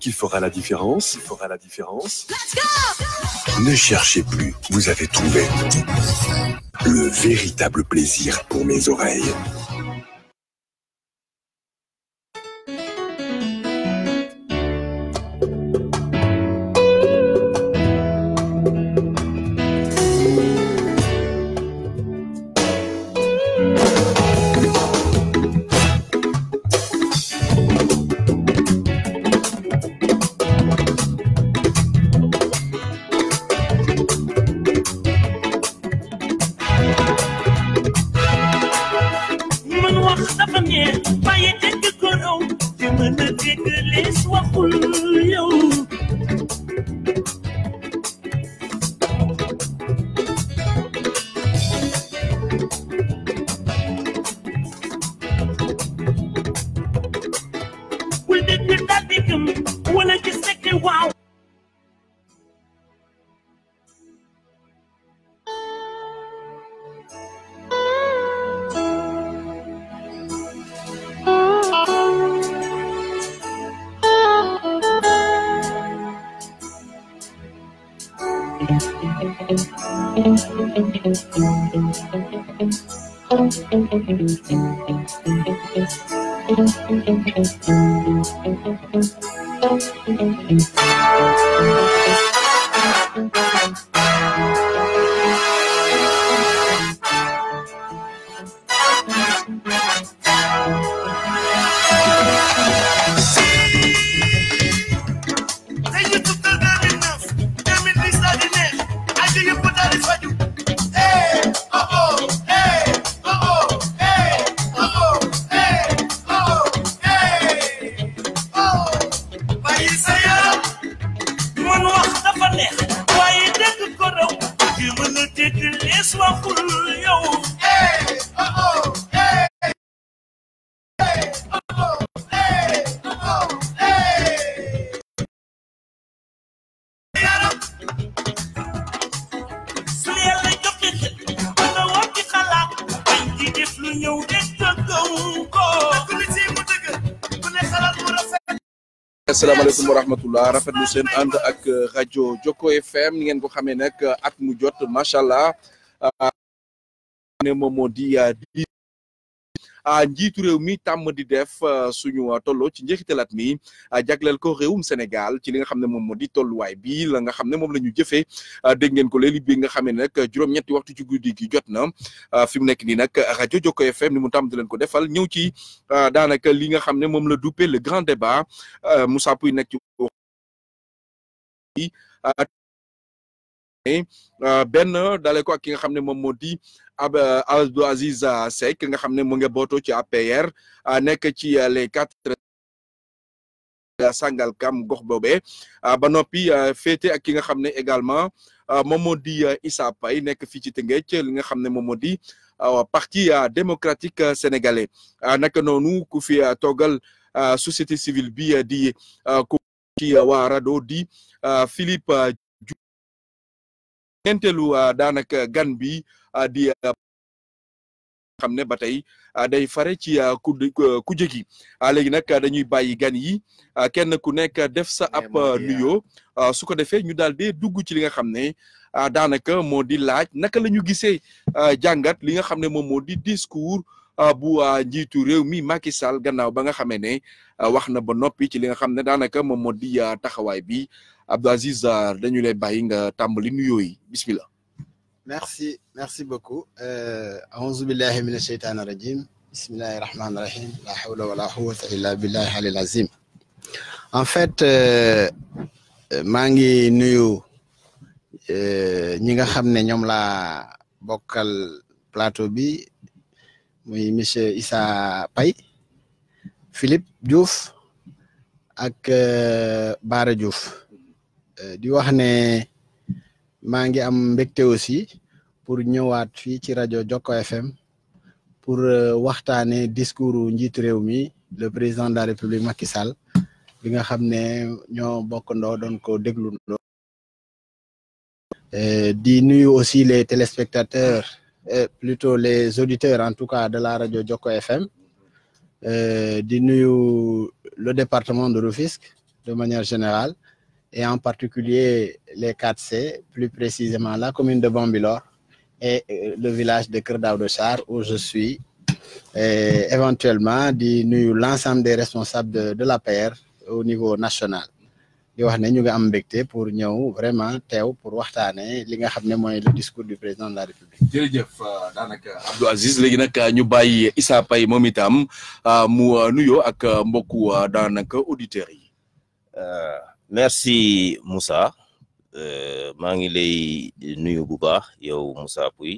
Qui fera la différence Qui fera la différence Ne cherchez plus, vous avez trouvé le véritable plaisir pour mes oreilles. Touba lu seen ànd ak euh, rajo Jokko FM ni ngeen ko xamee nag euh, at mu jot macha allah euh, ne moom moo di di njiitu réew mi tàmm di def suñu tolloo ci njeexitalat mi jagleel ko réewum Sénégal ci li nga xam ne moom moo di tolluwaay bi la nga xam ne moom la ñu jëfee dégg ngeen ko léegi bi nga xam nag juróom-ñetti waxtu ci guddi gi jot na fi mu nekk nii nag rajo Jokko FM nu mu tàmm di leen ko defal ñëw ci daanaka li nga xam ne moom la duppee le grand débat Moussa Pouy nekk Ah, ah, benn dale ko ak ki nga xam ne moom moo di ab ah, Abdou Aziz nga xam ne mu ngi bootoo ci APR nekk ci les quatre Sangalkam gox boobe ba noppi féete ak ki nga xam ne également moom moo di Issa Paye nekk fii ci Tëngéej li nga xam ne moom moo di a démocratique sénégalais naka noonu ku fi toogal société civile bi di ci euh, waa RADDHO di euh, Philippe euh, Diouf ñeenteelu daanaka gan bi di xam ne ba tey day fare ci kuje gi léegi nag dañuy bàyyi gan yi kenn ku nekk def sa ab nuyo su ko defee ñu daal di dugg ci li nga xam ne daanaka moo di laaj naka lañu ñu gisee jàngat li nga xam ne moom moo di discours Euh, bu euh, njiitu réew mi maki sal gannaaw ba nga xamee ne euh, wax na ba noppi ci li nga xam ne daanaka moom moo di taxawaay bi Abdou Aziz dañu lay bàyyi nga tàmbali nuyoo yi bismillah merci merci beaucoup aouzu billahi min asheytaani rajim bismillahi rahmani rahim la hawla wala quwwata illa billahi alil azim en fait maa ngi nuyu ñi nga xam ne ñoom laa bokkal plateau bi Oui, monsieur Issa Paye Philippe Diouf ak euh, Bara Diouf euh, di wax né maa ngi am mbecté aussi pour ñëwaat fi ci Radio Joko FM pour euh, waxtaane discours njiitu réew mi le président de la république Macky Sall bi nga xamné ñoo bokk ndo doon ko déglu. di nuyu aussi les téléspectateurs plutôt les auditeurs en tout cas de la radio Joko FM euh, du nu le département de Rufisque de manière générale et en particulier les 4C plus précisément la commune de Bambilor et euh, le village de Creda de char où je suis et éventuellement du nu l'ensemble des responsables de, de PR au niveau national di wax ne ñu ngi am mbégte pour ñëw vraiment teew pour waxtaane li nga xam ne mooy le discours du président de la république jërëjëf euh, daanaka abdou aziz léegi nag euh, ñu bàyyi isa pay moom itam euh, mu nuyo ak mbokku daanaka auditeurs yi merci moussa maa ngi lay nuyu bu baax yow moussa puy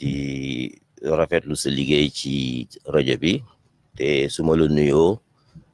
di rafetlu sa liggéey ci rajo bi te suma la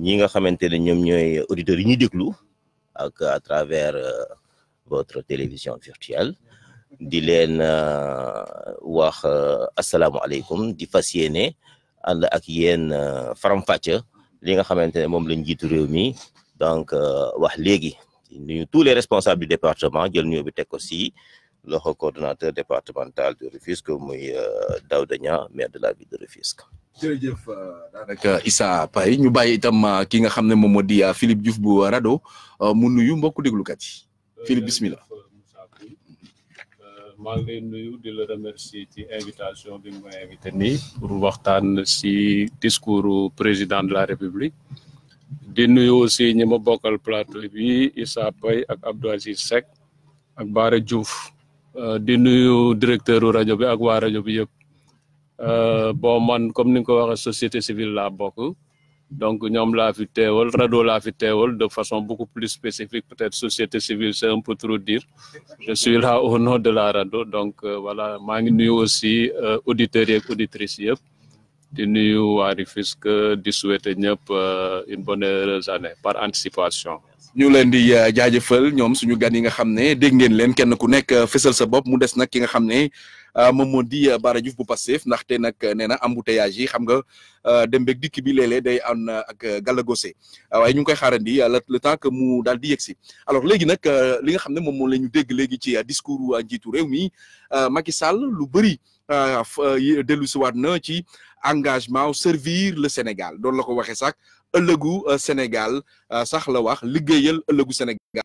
ñi nga xamantene ñom ñoy ñooy auditeurs yi ñi déglu ak à travers euh, votre télévision virtuelle di leen euh, wax euh, asalaamualeykum di fas and ak yéen faram fatia li nga xamantene mom lañ la njiitu réew mi donc wax légui nuyu tous les responsables du département jël nuyoo bi teg ko si loxo coordonnateur départemental de Rufisque muy Daouda Niang maire de la ville de Rufisque jërëjëf euh, daanaka ah. Issa Paye ñu bàyyi itam euh, ki nga xam ne moom moo di euh, Philippe Diouf bu Raddho mu nuyu mbokku déglukat yi Philippe bismillah maa ngi lay nuyu di la remercier ci invitation bi nga invité nii pour waxtaan si discours président de la république di nuyu aussi ñi ma bokkal plateau bi Issa Paye ak Abdou Aziz Seck ak Bara Diouf di nuyu directeur rajo bi ak waa rajo bi yëpp. Euh, bon man comme nous avons ko waxe société civile là beaucoup donc ñom la fi teewal rado la fi teewal de façon beaucoup plus spécifique peut-être société civile c'est un peu trop dire je suis là au nom de la rado donc euh, voilà ma ngi nuyu aussi euh, auditeurs et auditrices nous di nuyu waa Rufisque di souhaiter une bonne heureuse année par anticipation. ñu leen di jaajëfal ñoom suñu gan yi nga xam ne dégg ngeen leen kenn ku nekk fësal sa bopp mu des nag ki nga xam ne. Euh, moom moo di euh, Bara Diouf bu Pastef ndaxte nag euh, nee na embouteillage yi xam nga dem beeg dikk bi léeg day am ak gàllagose waaye ñu ngi koy xaarandi le temps que mu daal di yegg si alors léegi nag li nga xam ne moom moo la ñu dégg léegi ci discours njiitu réew mi Macky Sall lu bëri dellu si na ci engagement servir le Sénégal doon la ko waxee sax ëllëgu Sénégal sax la wax liggéeyal ëllëgu Sénégal.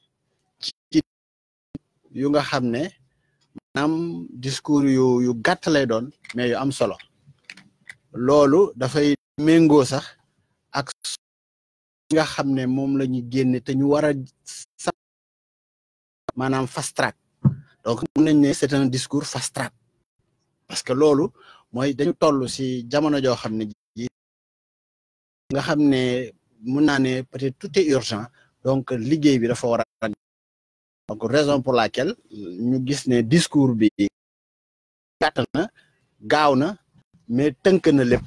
yu nga xam ne maanaam discours yu yu gàtt lay doon mais yu am solo loolu dafay méngoo sax ak nga xam ne moom la ñu génne te ñu war a sa maanaam fast track donc mun nañ ne c'est un discours fast parce que loolu mooy dañu toll si jamono joo xam ne ji nga xam ne mun naa ne peut-être tout est urgent donc liggéey bi dafa war a donc raison pour laquelle ñu gis ne discours bi gàtt gaaw na mais tënk na lépp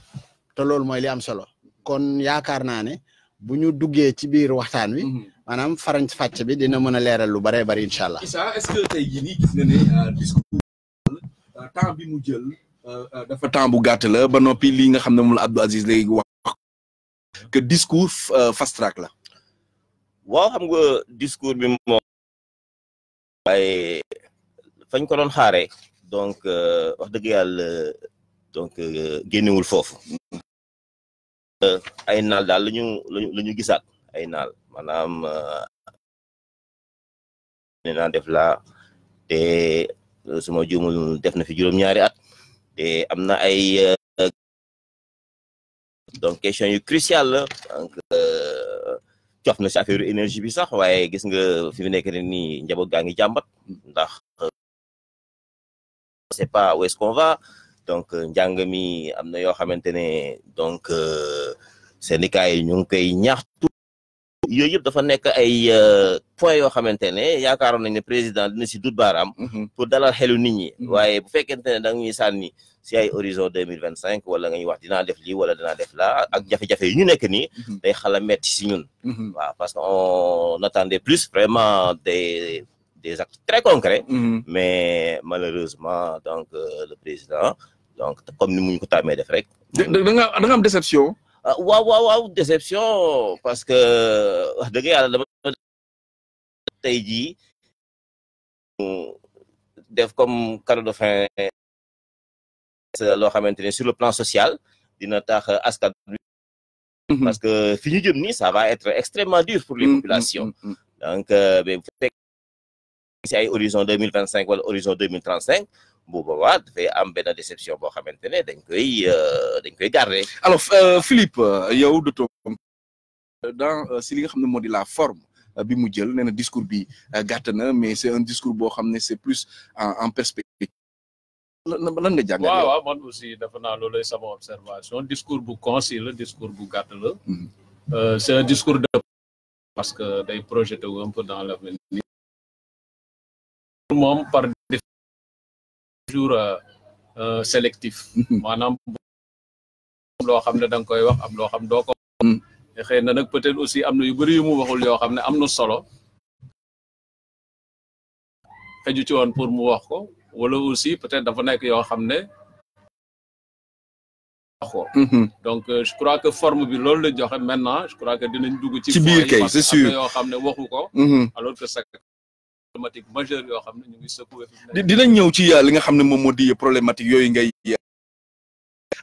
te loolu mooy li am solo kon yaakaar naa ne bu ñu duggee ci biir waxtaan wi mhm. maanaam farañ fàcc bi dina mën a leeral lu bare bari incha allah. Issa tey jii nii euh, euh, temps bi mu jël euh, dafa temps bu gàtt la ba noppi lii nga xam ne moom la Abdou Aziz léegi wax que discours fast track la. waaw xam discours bi ay fañ ko doon xaaree donc euh, wax dëgg yàlla donc euh, génnewul foofu euh, ay naal daal lañu lañu la ñu gisaat ay naal maanaam ne naa def la te suma juumul def na fi juróom-ñaari at te am na ay donc question yu crucial la donc cof na ci affaire énergie bi sax waaye gis nga fi mu nekk eh, ne sepa wes gaa ngi jàmbat ndax c'est pas où est-ce qu'on va donc mi amna eh, yo yoo xamante ne donc syndicat yi ñu ngi koy ñaxtu yooyu yëpp dafa nek ay eh, point yo xamante ne yaakaaroon nañ ne président dina si dut baram mhm. pour dalal xelu nit ñi mhm. waye bu fekkentene ñuy si ay horizon 2025, wala nga wax dina def li wala dinaa def la ak jafé jafé ñu nek ni mhm. day xala metti si ñun mhm. waaw parce que on attendait plus vraiment des des actes très concrets mhm. mais malheureusement donc euh, le président donc comme nous ko tamé def rek da nga da nga am déception ah, waaw waaw waaw déception parce que wax dëgg yàlla dama tey jii def comme cadeau de fin euh, loo xamante ne sur le plan social dina tax askan mhm. parce que fi ñu jëm nii ça va être extrêmement dur pour les mhm, populations mhm, donc euh, bu si ay horizon 2025 ou wala horizon 2035, mille trente cinq bu boobaa dafay am benn déception boo xamante ne dañ koy euh, dañ koy garder alors Philippe yow de dans si li nga xam ne moo di la forme bi mu jël nee na discours bi gàtt na mais c'est un discours boo xam ne c'est plus en perspective la nga jàngat waaw waaw aussi dafa naa loolay sama observation discours bu concis la discours bu gàtt la mhm. euh, c'est un discours de parce que day projeté wu un peu dans l'avenir moom par toujours euh, euh, sélectif mhm. maanaam loo xam ne da nga koy wax am loo xam doo ko mhm. xëy na nag peut-être aussi am na yu bëri mu waxul yoo xam ne am na solo xëju ci woon pour mu wax ko wala aussi peut-être dafa nekk yoo xam ne mhm. donc euh, je crois que forme bi loolu la joxe maintenant je crois que dinañ dugg ci biir kay c'est yoo xam ne waxu ko mhm. alors que c'est problématique majeure yoo xam ne ñu ngi secoué dinañ ñëw ci euh, li nga xam ne moom moo di problématique yooyu ngay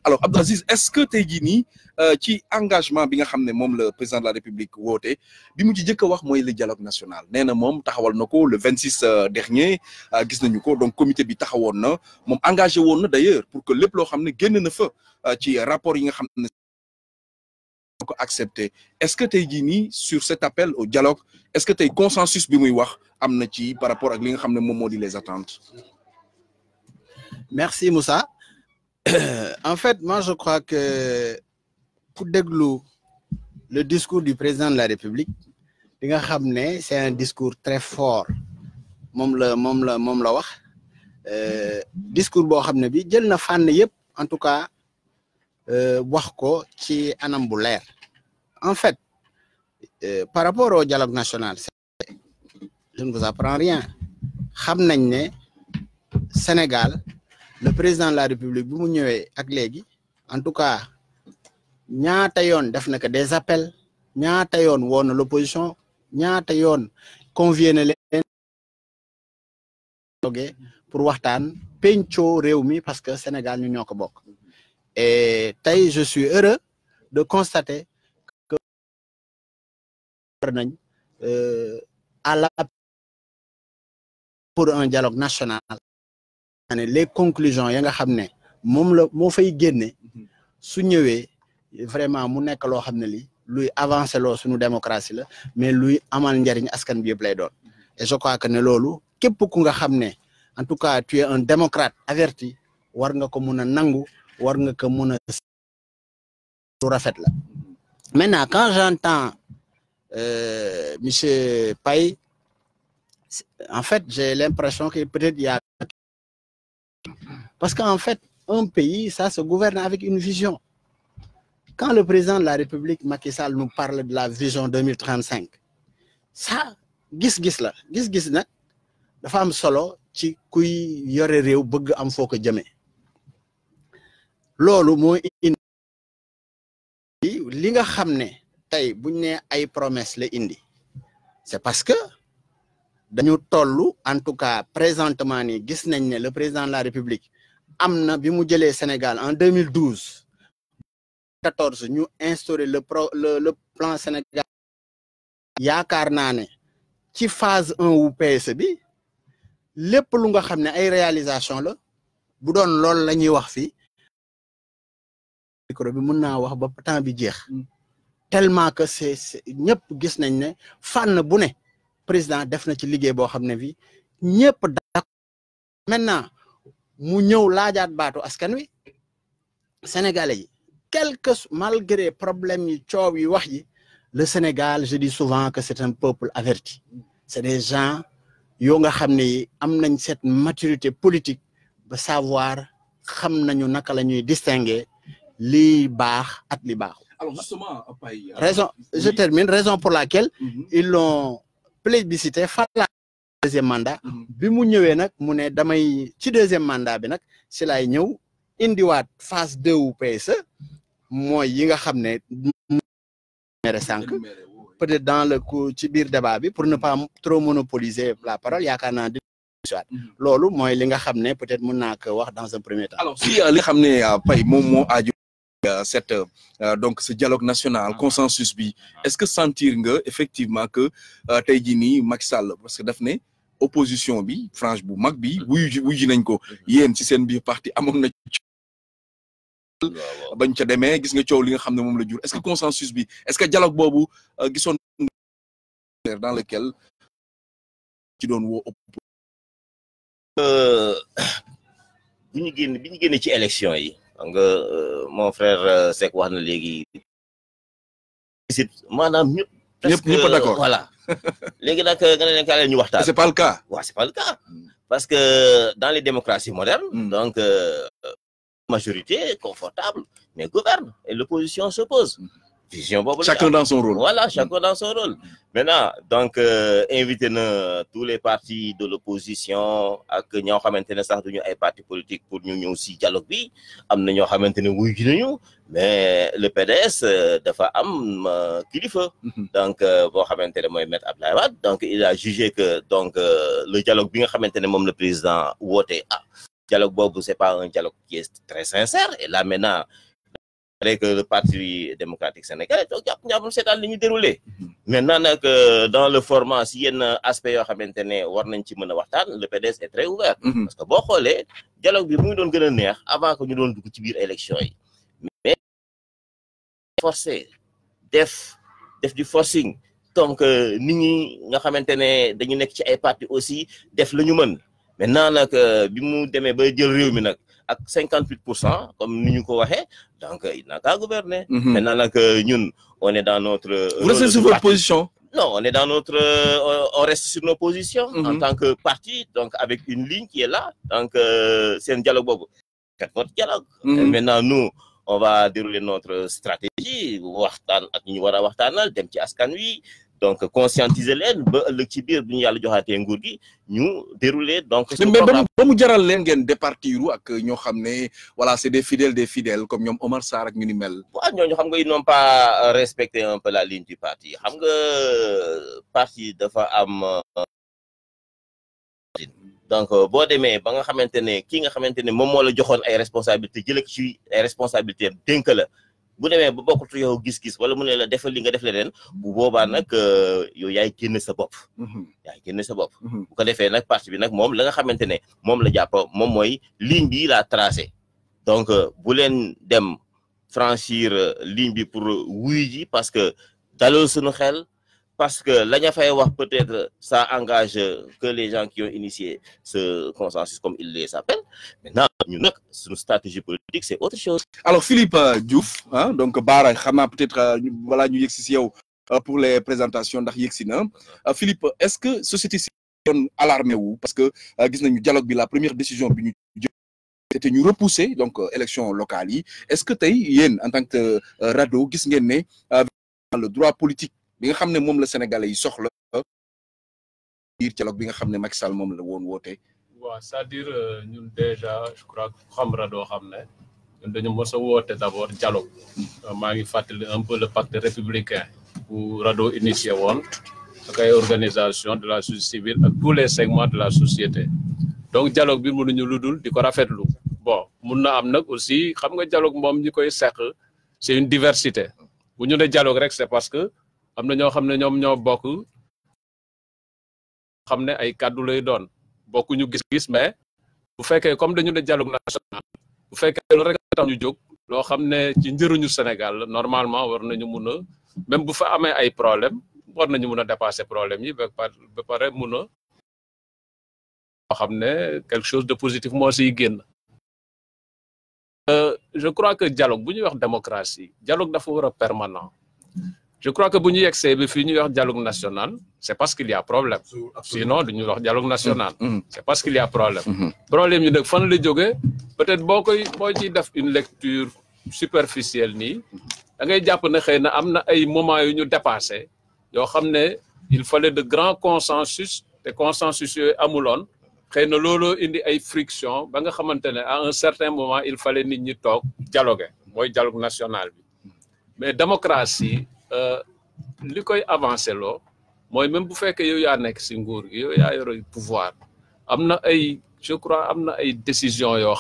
alors Abdelaziz, est-ce que tu jii euh, ci engagement bi nga mom le président de la république voté bi mu ci jëkk wax le dialogue national néna mom taxawal nako le 26 euh, dernier euh, gis nañu ko donc comité bi taxawoon na engagé d'ailleurs pour que lepp lo xamné ne na fa ci rapport yi nga ko accepté est-ce que tu sur cet appel au dialogue est-ce que tu consensus bi muy wax amna ci par rapport ak li nga xamné mom modi les attentes merci Moussa en fait, moi, je crois que pour déglouer le discours du président de la République, c'est un discours très fort. Mom la, mom la, la wax. Euh, discours bo xamné bi jël na en tout cas euh wax ko ci anam en fait euh, par rapport au dialogue national je ne vous apprends rien xam que né Sénégal le président de la république en tout cas ñaata yoon def des appels ñaata yoon l'opposition ñaata yoon convié na leen pour waxtaan pencho réumi parce que Sénégal ñu un pas et je suis heureux de constater que euh, à la pour un dialogue national ne les conclusions ya nga xam ne moom la fay su vraiment mu nekk loo xam li luy avancer lo suñu démocratie la mais luy amal njariñ askan bi yëpp lay doon et je crois que ne loolu képp ku nga xam en tout cas tu es un démocrate averti war nga ko mun nangu war nga ko mun a rafet la maintenant quand j'entends euh, monsieur Paye en fait j'ai l'impression que peut-être il y a parce qu'en fait, un pays, ça se gouverne avec une vision. Quand le président de la République, Macky Sall, nous parle de la vision 2035, ça, gis-gis la gis-gis nag dafa am solo ci kuy yore réew bëgg am foo ko jëmee loolu indi li nga xam ne tey buñ ne ay promesse la indi c'est parce que dañu toll en tout cas présentement ni gis nañ ne le président de la République amna Sénégal en 2012 14 ñu instauré le le plan Sénégal yaakaar de ci phase 1 ou PS bi lépp lu nga xamné ay réalisation la bu doon lool lañuy wax fi micro bi mën na wax ba temps bi jeex mm. tellement que c'est ñepp gis nañ né fan bu né président def na ci liggéey bo maintenant mu ñëw laajaat baatu askan wi sénégalais yi malgré problème yi coow yi wax yi le Sénégal je dis souvent que c'est un peuple averti c'est des gens qui ont cette maturité politique ba savoir xam nañu naka lañuy distinguer les baax et li baaxul. Euh, raison je termine raison pour laquelle mm-hmm. ils l'ont plébiscité deuxième mandat mm-hmm. bi mu ñëwé nak mu né damay ci deuxième mandat bi nak si laay ñëw waat phase 2 wu PSE mooy yi nga xamné mère 5, peut-être dans le coup ci bir débat bi pour ne pas mm-hmm. trop monopoliser la parole de soit lolu moy li nga xamné peut-être mun naa ko wax dans un premier temps. alors si li xamné pay euh, Paye mo moo euh, cette euh, donc ce dialogue national consensus bi est-ce que sentir nga effectivement que tey jii Macky Sall parce que daf opposition bi frange bu mag bi mm-hmm. wuyu nañ ko mm-hmm. ci parti bañ gis nga li nga la est-ce que consensus bi est-ce que dialogue bobu euh, gisone dans lequel ci euh, ci élection yi euh, mon frère wax na léegi ñëpp pas d'accord voilà Ce n'est ne ñu c'est pas le cas Ouais, c'est pas le cas mm. parce que dans les démocraties modernes mm. donc euh, majorité confortable mais gouverne et l'opposition s'oppose mm vision chacun dans son rôle voilà mm. chacun dans son rôle maintenant donc euh, inviter tous les partis de l'opposition à ñoo nous ne sax duñu ay parti politique pour nous aussi dialoguer. dialogue bi am oui, mais le PDS euh, dafa am euh, faut. Mm-hmm. donc vous xamante ne mooy maître donc il a jugé que donc le dialogue bi nga le président woote ah dialogue boobu c'est pas un dialogue qui est très sincère et là maintenant avec le Parti démocratique sénégalais donc jàpp jàpp seetaan li ñu déroulé maintenant nag dans le format s'il y a un aspect qui war nañ ci mën a waxtaan le PDS est eh, très ouvert mhm. parce que bon, eh. le dialogue est mu ngi avant que nous doon dugg ci biir élection eh. mais forcé def def du forcing donc nit ñi nga xamante ne dañu nekk ci ay parti aussi def la ñu mën maintenant nag bi mu demee ba jël réew mi nag 58% comme nous nous ko donc il n'a qu'à gouverner. Mhm. maintenant que euh, ñun on est dans notre. Euh, vous restez sur votre position. Non, on est dans notre, euh, on reste sur nos positions mhm. en tant que parti, donc avec une ligne qui est là. Donc c'est un dialogue. Quatre votre dialogue. Mhm. Maintenant nous, on va dérouler notre stratégie donc conscientiser leen ba ëllëg ci bir bu ñu yàlla joxaatee nguur gi ñu dérouler donc. mais ba mu jaral leen ngeen départiru ak ño xamné voilà c'est des fidèles des fidèles comme ñom Omar Sarr ak ñu ni mel. waaw ñooñu xam nga ils n'ont pas euh, respecté un peu la ligne du parti xam nga euh, parti dafa am. Euh, donc bo démé ba nga xamante ne kii nga xamante mom mo la joxone ay responsabilités jëlee ci ay responsabilités dénk la. bu demee ba bokkut yow gis wala mu ne la defal li nga def leneen bu boobaa nag euh, yow yaay génn sa bopp mm-hmm. yaay génn sa bopp mm-hmm. bu ko defee nag parti bi nag moom la nga xamante ne moom la jàpp moom mooy ligne bi la tracé donc euh, bu leen dem franchir euh, ligne bi pour wuy ji parce que dalal suñu xel parce que l'Agnafayewa, peut-être, ça engage que les gens qui ont initié ce consensus, comme ils les appellent. Maintenant, nous, une stratégie politique, c'est autre chose. Alors, Philippe euh, Diouf, hein, donc, Bara, Khama, peut-être, euh, voilà, nous euh, pour les présentations d'Arieksina. Euh, Philippe, est-ce que société civile alarmée ou parce que dialogue la première décision était nous repousser donc élection locale est-ce que tu en tant que radio, avec le droit politique bi nga xam mom la sénégalais yi soxla ci dialogue bi nga xam Macky Sall mom la won woote. wa cest dire euh, ñun déjà je crois que xam ra ne ñun dañu mësa a d'abord dialogue euh, ma ngi fàttali un peu le pacte républicain bu Rado initié woon ak ay organisation de la société civile ak tous les segments de la société donc dialogue bi mënu ñu luddul diko ko rafetlu bon mun na am nak aussi xam nga dialogue mom ñi koy seq c'est une diversité bu ñu ne dialogue rek c'est parce que am na ñoo xam ne ñoom ñoo bokk xam ne ay kàddu lay doon bokku ñu gis-gis mais bu fekkee comme dañu ne dialogue national bu fekkee loolu rek tax ñu jóg loo xam ne ci njëriñu Sénégal normalement war nañu mun a même bu fa amee ay problème war nañu mun a dépasser problème yi ba ba pare mun a xam ne quelque chose de positif moo siy génn euh, je crois que dialogue bu ñuy wax démocratie dialogue dafa war a permanent je crois que si nous avons un dialogue national, c'est parce qu'il y a problème. Sinon, nous avons un dialogue national. Mm-hmm. C'est parce qu'il y a problème. Le mm-hmm. problème, c'est que peut-être que une lecture superficielle, nous avons un moment où nous dépassé. Il fallait de grands consensus, des consensus amoulon. xeyna lolo indi ay friction ba nga à un certain moment il fallait nit nous tok dialoguer moy dialogue national Mais mais démocratie euh, li koy avancé là, moy même bu fekkee yow ya nek ci nguur yow ya yore pouvoir amna ay je crois amna ay décisions yo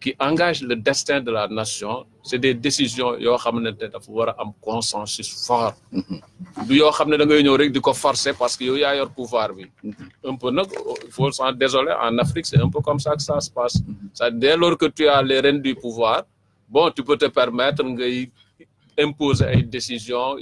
qui engage le destin de la nation c'est des décisions yo xamantene ne dafa am consensus fort mm-hmm. du yo xam da ngay rek diko forcer parce que yow a yor pouvoir bi mm-hmm. un peu nak faut s'en désolé. en Afrique c'est un peu comme ça que ça se passe ça mm-hmm. dès lors que tu as les rênes du pouvoir bon tu peux te permettre ngay imposer une décision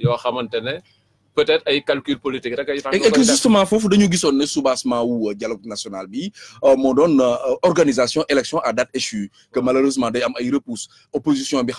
peut-être un calcul politique rek et que justement foofu sous nous disions dialogue national bi euh, moo euh, organisation élection à date échue que malheureusement day am ay repousse opposition bi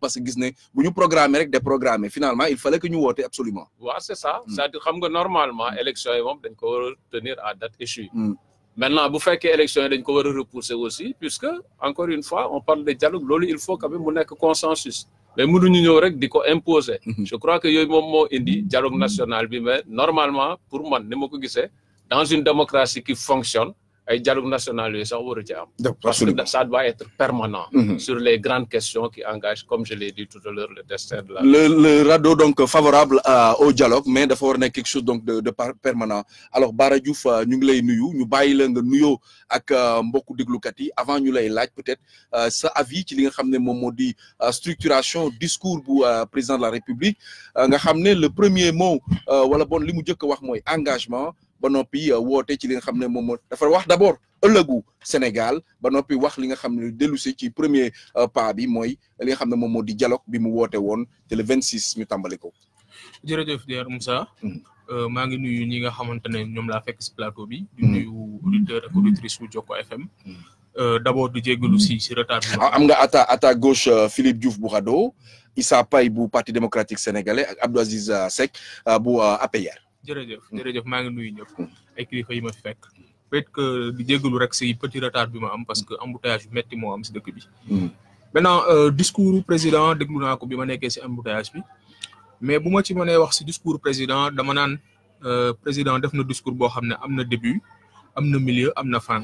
parce que nous avons programmé des programmes. finalement il fallait que nous votions absolument Oui, c'est ça hmm. c'est-à-dire normalement élection est encore dañ tenir à date échue hmm. maintenant bu que élection l'élection dañ ko repoussée repousser aussi puisque encore une fois on parle de dialogue il faut quand même ait un consensus mais mënuñu ñëw rek di ko imposer. Mhm. je crois que yooyu moom moo indi dialogue national bi mais normalement pour man ni ma ko gisee dans une démocratie qui fonctionne. ay dialogue national sax parce que ça doit être permanent mm-hmm. sur les grandes questions qui engagent comme je l'ai dit tout à l'heure le destin de la le, le radeau donc favorable au dialogue mais d'abord on a quelque chose donc de, permanent alors Bara nous euh, ñu ngi lay nuyu ñu avec beaucoup nga nuyoo euh, avant ñu lay laaj peut-être euh, sa avis ci li nga xam ne moom structuration discours bu président de la République nga xam ne le premier mot wala bon li mu engagement ba noppi euh, ci li nga xam ne dafa wax d'abord ëllëgu Sénégal ba noppi wax li nga xamné ne ci premier euh, pas bi moy li nga xamné ne moom di dialogue bi mu woté won té le 26 ñu tàmbali ko. jërëjëf Diar Moussa. Mhm. euh ma ngi nuyu ñi nga xamante ñom la fekk ci plateau bi. di mhm. nuyu auditeur ak auditrice bu Joko FM. Mhm. euh d'abord du djéglu si si retard ah, am nga à ta gauche euh, Philippe Diouf Bourado Rado Issa Paye bu parti démocratique sénégalais ak Abdou Aziz Seck bu APR jërëjëf mm. jërëjëf maa ngi nuyu ñëpp ay yi peut-être que rek petit retard am parce que embouteillage am si dëkk bi. Mm. maintenant euh, discours président mais ci wax discours président dama euh, président def na discours début milieu fin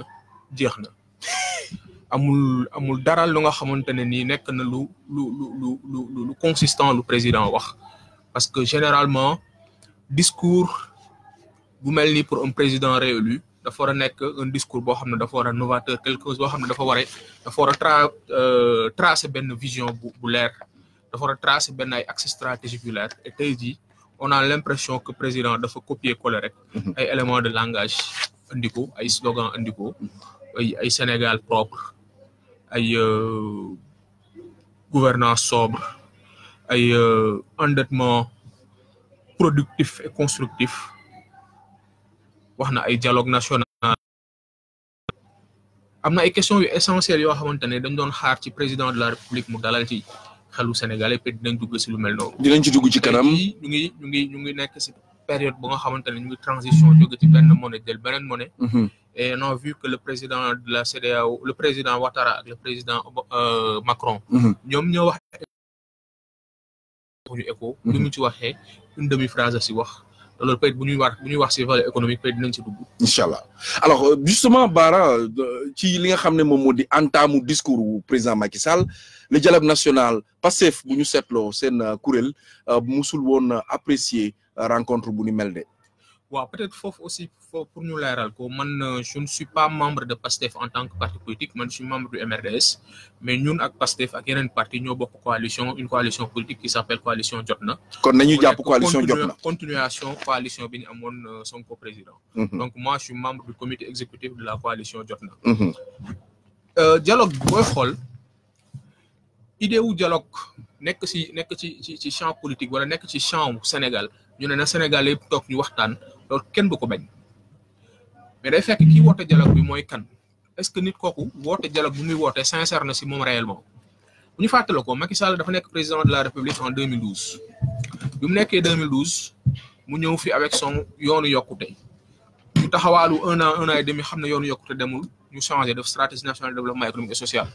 amul amul ne consistant président parce que généralement discours bu mel pour un président réélu dafa faut un discours boo xam ne dafa novateur quelque chose boo xam ne dafa war a dafa war a euh, tracer benn vision bu bu leer dafa war tracer benn ay axe stratégique yu et tey on a l'impression que président dafa copier coller rek. Mhm. ay éléments de langage indi des ay slogan indi ay ay Sénégal propre ay euh, gouvernance sobre ay euh, endettement. productif et constructif wax na ay dialogue national am na ay questions yu essentielles yoo xamante ne dañ doon xaar ci président de la république mu dalal ci xelu sénégalais peut dinañ dugg si lu mel noonu. dinañ ci dugg ci kanam ñu ngi ñu ngi ñu ngi nekk si période bu nga xamante ne ñu ngi transition jóge ci benn monnaie jël beneen monnaie. Mhm. et on a que le président de la CEDEAO le président Ouattara ak le président euh, Macron. Mhm. ñoom ñoo wax. pour ñu écho mhm. lu ñu ci une demi phrase si wax te loolu peut être bu ñuy wax bu ñuy wax si valeur économique peut être dinañ si dugg. alors euh, justement Bara ci li nga xamné mom moom moo di entamu discours wu président Macky Sall le dialogue national passef bu ñu seetloo seen euh, kuréel euh, musul won apprécier rencontre bu ni peut-être aussi pour nous euh, je ne suis pas membre de PASTEF en tant que parti politique je suis membre du MRDS mais nous ak PASTEF ak une parti coalition une coalition politique qui s'appelle coalition Jotna. kon nañu coalition Jotna continuation coalition bi amon euh, son président. Mhm. donc moi je suis membre du comité exécutif de la coalition Jotna. Mhm. Euh, dialogue boy booy idée ou dialogue nek ci nek ci ci champ politique wala nek ci champ Sénégal ñu ne na Sénégal nous toog ñu waxtaan. loolu kenn du ko bañ mais day fekk kii woote dialogue bi mooy kan est-ce que nit kooku woote dialogue bu muy wootee sincère na si moom réellement bu ñu fàttale ko Macky Sall dafa nekk président de la République en 2012 bi mu nekkee 2012 mu ñëw fi avec son yoonu yokkute ñu taxawaalu un an un demi xam ne yoonu yokkute demul ñu changé de stratégie nationale de développement économique et social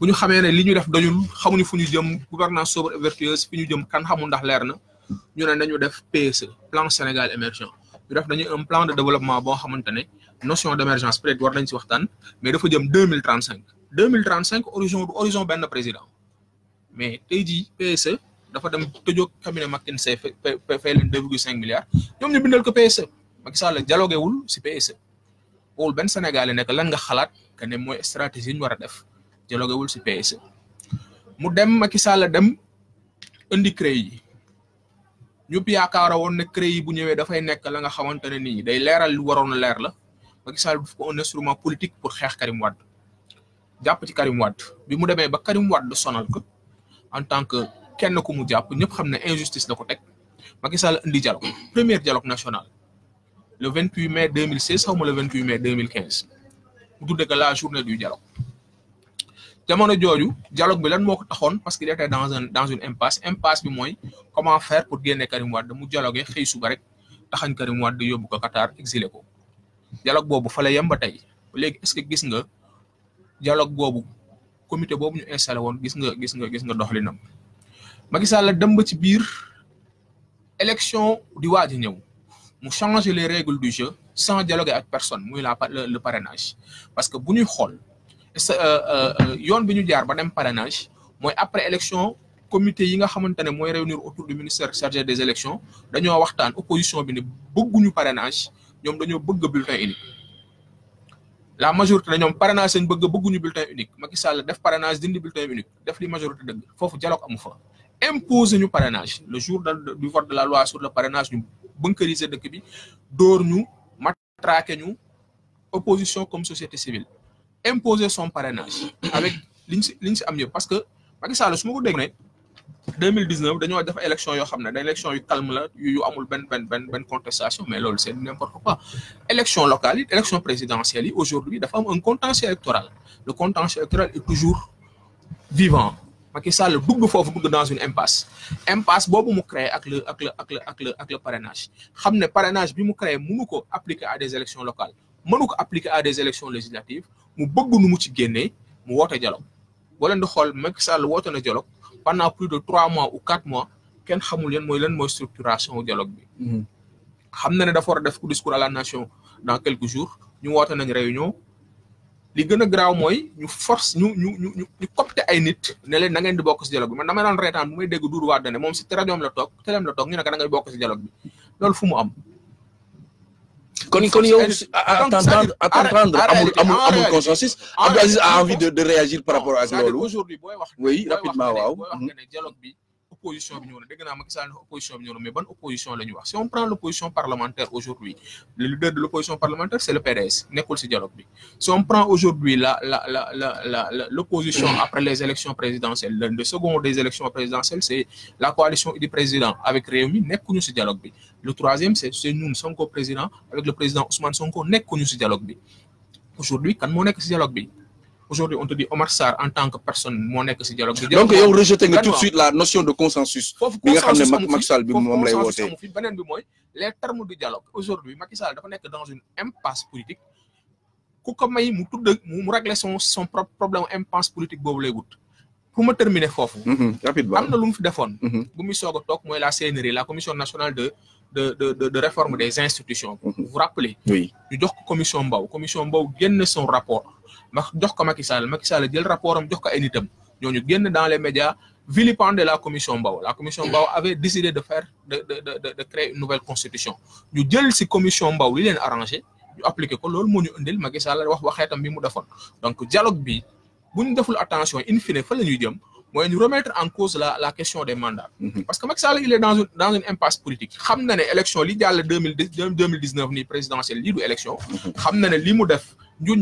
bu ñu xamee ne li ñu def doyul xamuñu fu ñu jëm gouvernance sobre et fi ñu jëm kan xamul ndax leer na ñu ne dañu def PC e, plan Sénégal émergent ñu def nañu un plan de développement bo xamantene notion d'émergence émergence peut être war nañ ci waxtan mais dafa jëm 2035 2035 horizon horizon ben président mais tay jii PC e dafa dem tejo cabinet McKinsey fay leen deux milliards ñom ñu bindal ko PC e. Macky Sall dialogué wul si PC wol ben Sénégalais nek lan nga xalat que ne moy stratégie ñu wara def dialogué wul si PSE mu dem Macky Sall dem indi créé ñëpp yaakaara woon ne CREI bu ñëwee dafay nekk la nga xamante ne nii day leeral lu waroon leer la Macky Sall def ko un instrument politique pour xeex Karim Wade jàpp ci Karim Wade bi mu demee ba Karim Wade sonal ko en tant que kenn ku mu jàpp ñëpp xam ne injustice na ko teg Macky Sall indi dialogue premier dialogue national le 28 mai 2016 xaw ma le 28 mai 2015 mu tuddee ko la journée du dialogue jamono joju dialogue bi lan moko taxone parce qu'il était dans un dans une impasse impasse bi moy comment faire pour génne Karim Wade mu dialogue xëy suba rek taxañ Karim Wade yóbbu ko Qatar exilé ko dialogue bobu fa la yem ba tey léegi est-ce que gis nga dialogue bobu comité bobu ñu installé won gis nga gis nga gis nga doxlinam Macky Sall dem ba ci biir élection di waaj ñew mu changer les règles du jeu sans dialoguer avec personne muy la le parrainage parce que bu ñuy euh, euh, yoon bi ñu jaar ba dem parrainage mooy après élection comité yi nga xamante ne mooy réunir autour du ministère chargé des élections dañoo waxtaan opposition bi ne bëgguñu parrainage ñoom dañoo bëgg bulletin unique la majorité ne ñoom parrainage lañ bëgg bëgguñu bulletin unique Macky Sall def parrainage dindi bulletin unique def li majorité dëgg foofu dialogue amu fa imposer ñu parrainage le jour du vote de la loi sur le parrainage ñu bunkeriser dëkk bi dóor ñu matraqué ñu opposition comme société civile imposer son parrainage avec liñ si parce que Macky Sall su ma ko 2019 il def élection eu xam ne da élection calme la yu amul ben ben ben ben contestation mais lol c'est n'importe quoi élection locale élection présidentielle aujourd'hui dafa am un contentieux électoral le contentieux électoral est toujours vivant Macky Sall fois, vous dugg dans une impasse impasse boobu vous créé ak le ak le ak le ak le parrainage vous ne parrainage bi appliquer à des élections locales mënu ko appliquer à des élections législatives mu bëgg nu mu ci génné mu woote dialog wala leen xol xool Macky Sall woote na dialog pendant plus de 3 mois ou 4 mois kenn xamul yeen moy lan moy structuration dialog bi hmm. xamna na ne dafa war a def discours à la nation dans quelques jours ñu woote nañ réunion li gëna graw moy ñu force ñu ñu ñu ñu copte ay nit ne leen na ngeen di bokk ci dialogue bi man dama daan reetaan bu may dégg duur wa dane mom ci rajoom la tok teleem la tok ñu ne ko da ngay bokk ci dialogue bi lool fu mu am à t'entendre à consensus a envie de réagir par rapport à aujourd'hui. oui rapidement si on prend l'opposition parlementaire aujourd'hui le leader de l'opposition parlementaire c'est le PDS si dialogue si on prend aujourd'hui la l'opposition après les élections présidentielles le second des élections présidentielles c'est la coalition du président avec Réumi, ne ce dialogue le troisième c'est nous, sommes Sonko président avec le président Ousmane Sonko connu ce dialogue aujourd'hui quand mon est ce dialogue Aujourd'hui, on te dit Omar Sarr en tant que personne, on nek que ce dialogue. Donc, ils ont rejeté tout de suite la notion de consensus. Mais les termes de dialogue. Aujourd'hui, Macky Sall est dans une impasse politique. mu il a régler son, son propre problème impasse politique. Pour me terminer, mm-hmm, mm-hmm. bu mi y tok moy la CNR, la Commission nationale de de, de, de, réforme des institutions. Mm-hmm. Vous vous rappelez, oui. la commission Mbao. La commission Mbao genn son rapport ma jox ko Macky Sall Macky Sall jël rapport am jox ko ay nitam ñooñu génn dans les médias vilipender la commission Mbaw la commission Mbaw avait décidé de faire de de de de créer une nouvelle constitution ñu jël si commission Mbaw li leen arrangé ñu appliquer ko loolu moo ñu indil Macky Sall wax waxeetam bi mu defoon donc dialogue bi bu ñu deful attention in fine fa la ñuy jëm mooy ñu remettre en cause la la question des mandats. Mhm. parce que Macky Sall il est dans une dans une impasse politique xam na ne élection li jàll 2019 ni présidentielle lii du élection. Mhm. xam na ne li mu def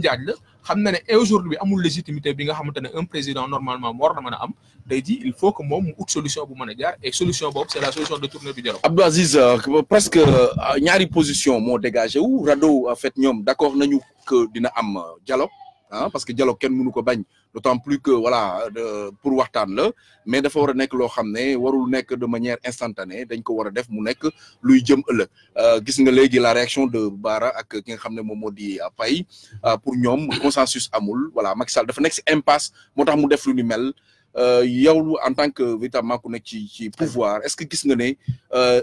jaaj xam na ne aujourd'hui amul légitimité bi nga xamante ne un président normalement mort, war na mën a am day di il faut que moom mu ut solution bu mën jaar et solution boobu c'est la solution de tourner du dialogue. Abdou Aziz euh, presque euh, ñaari position moo dégagé Ou Rado en fait ñoom d'accord nañu que dina am euh, dialogue hein, parce que dialogue kenn mënu ko bañ d'autant plus que voilà pour waxtaan là mais dafa war nek lo xamné ne warul nek de manière instantanée dañ ko wara def mu nek luy jëm euh gis nga légui la réaction de Bara ak ki nga xamné mom modi moo di euh, Faye euh, pour ñom consensus amul voilà Macky Sall dafa nek impasse motax mu def lu ni mel euh, yow en tant que véritablement ku nek ci pouvoir est-ce que gis nga euh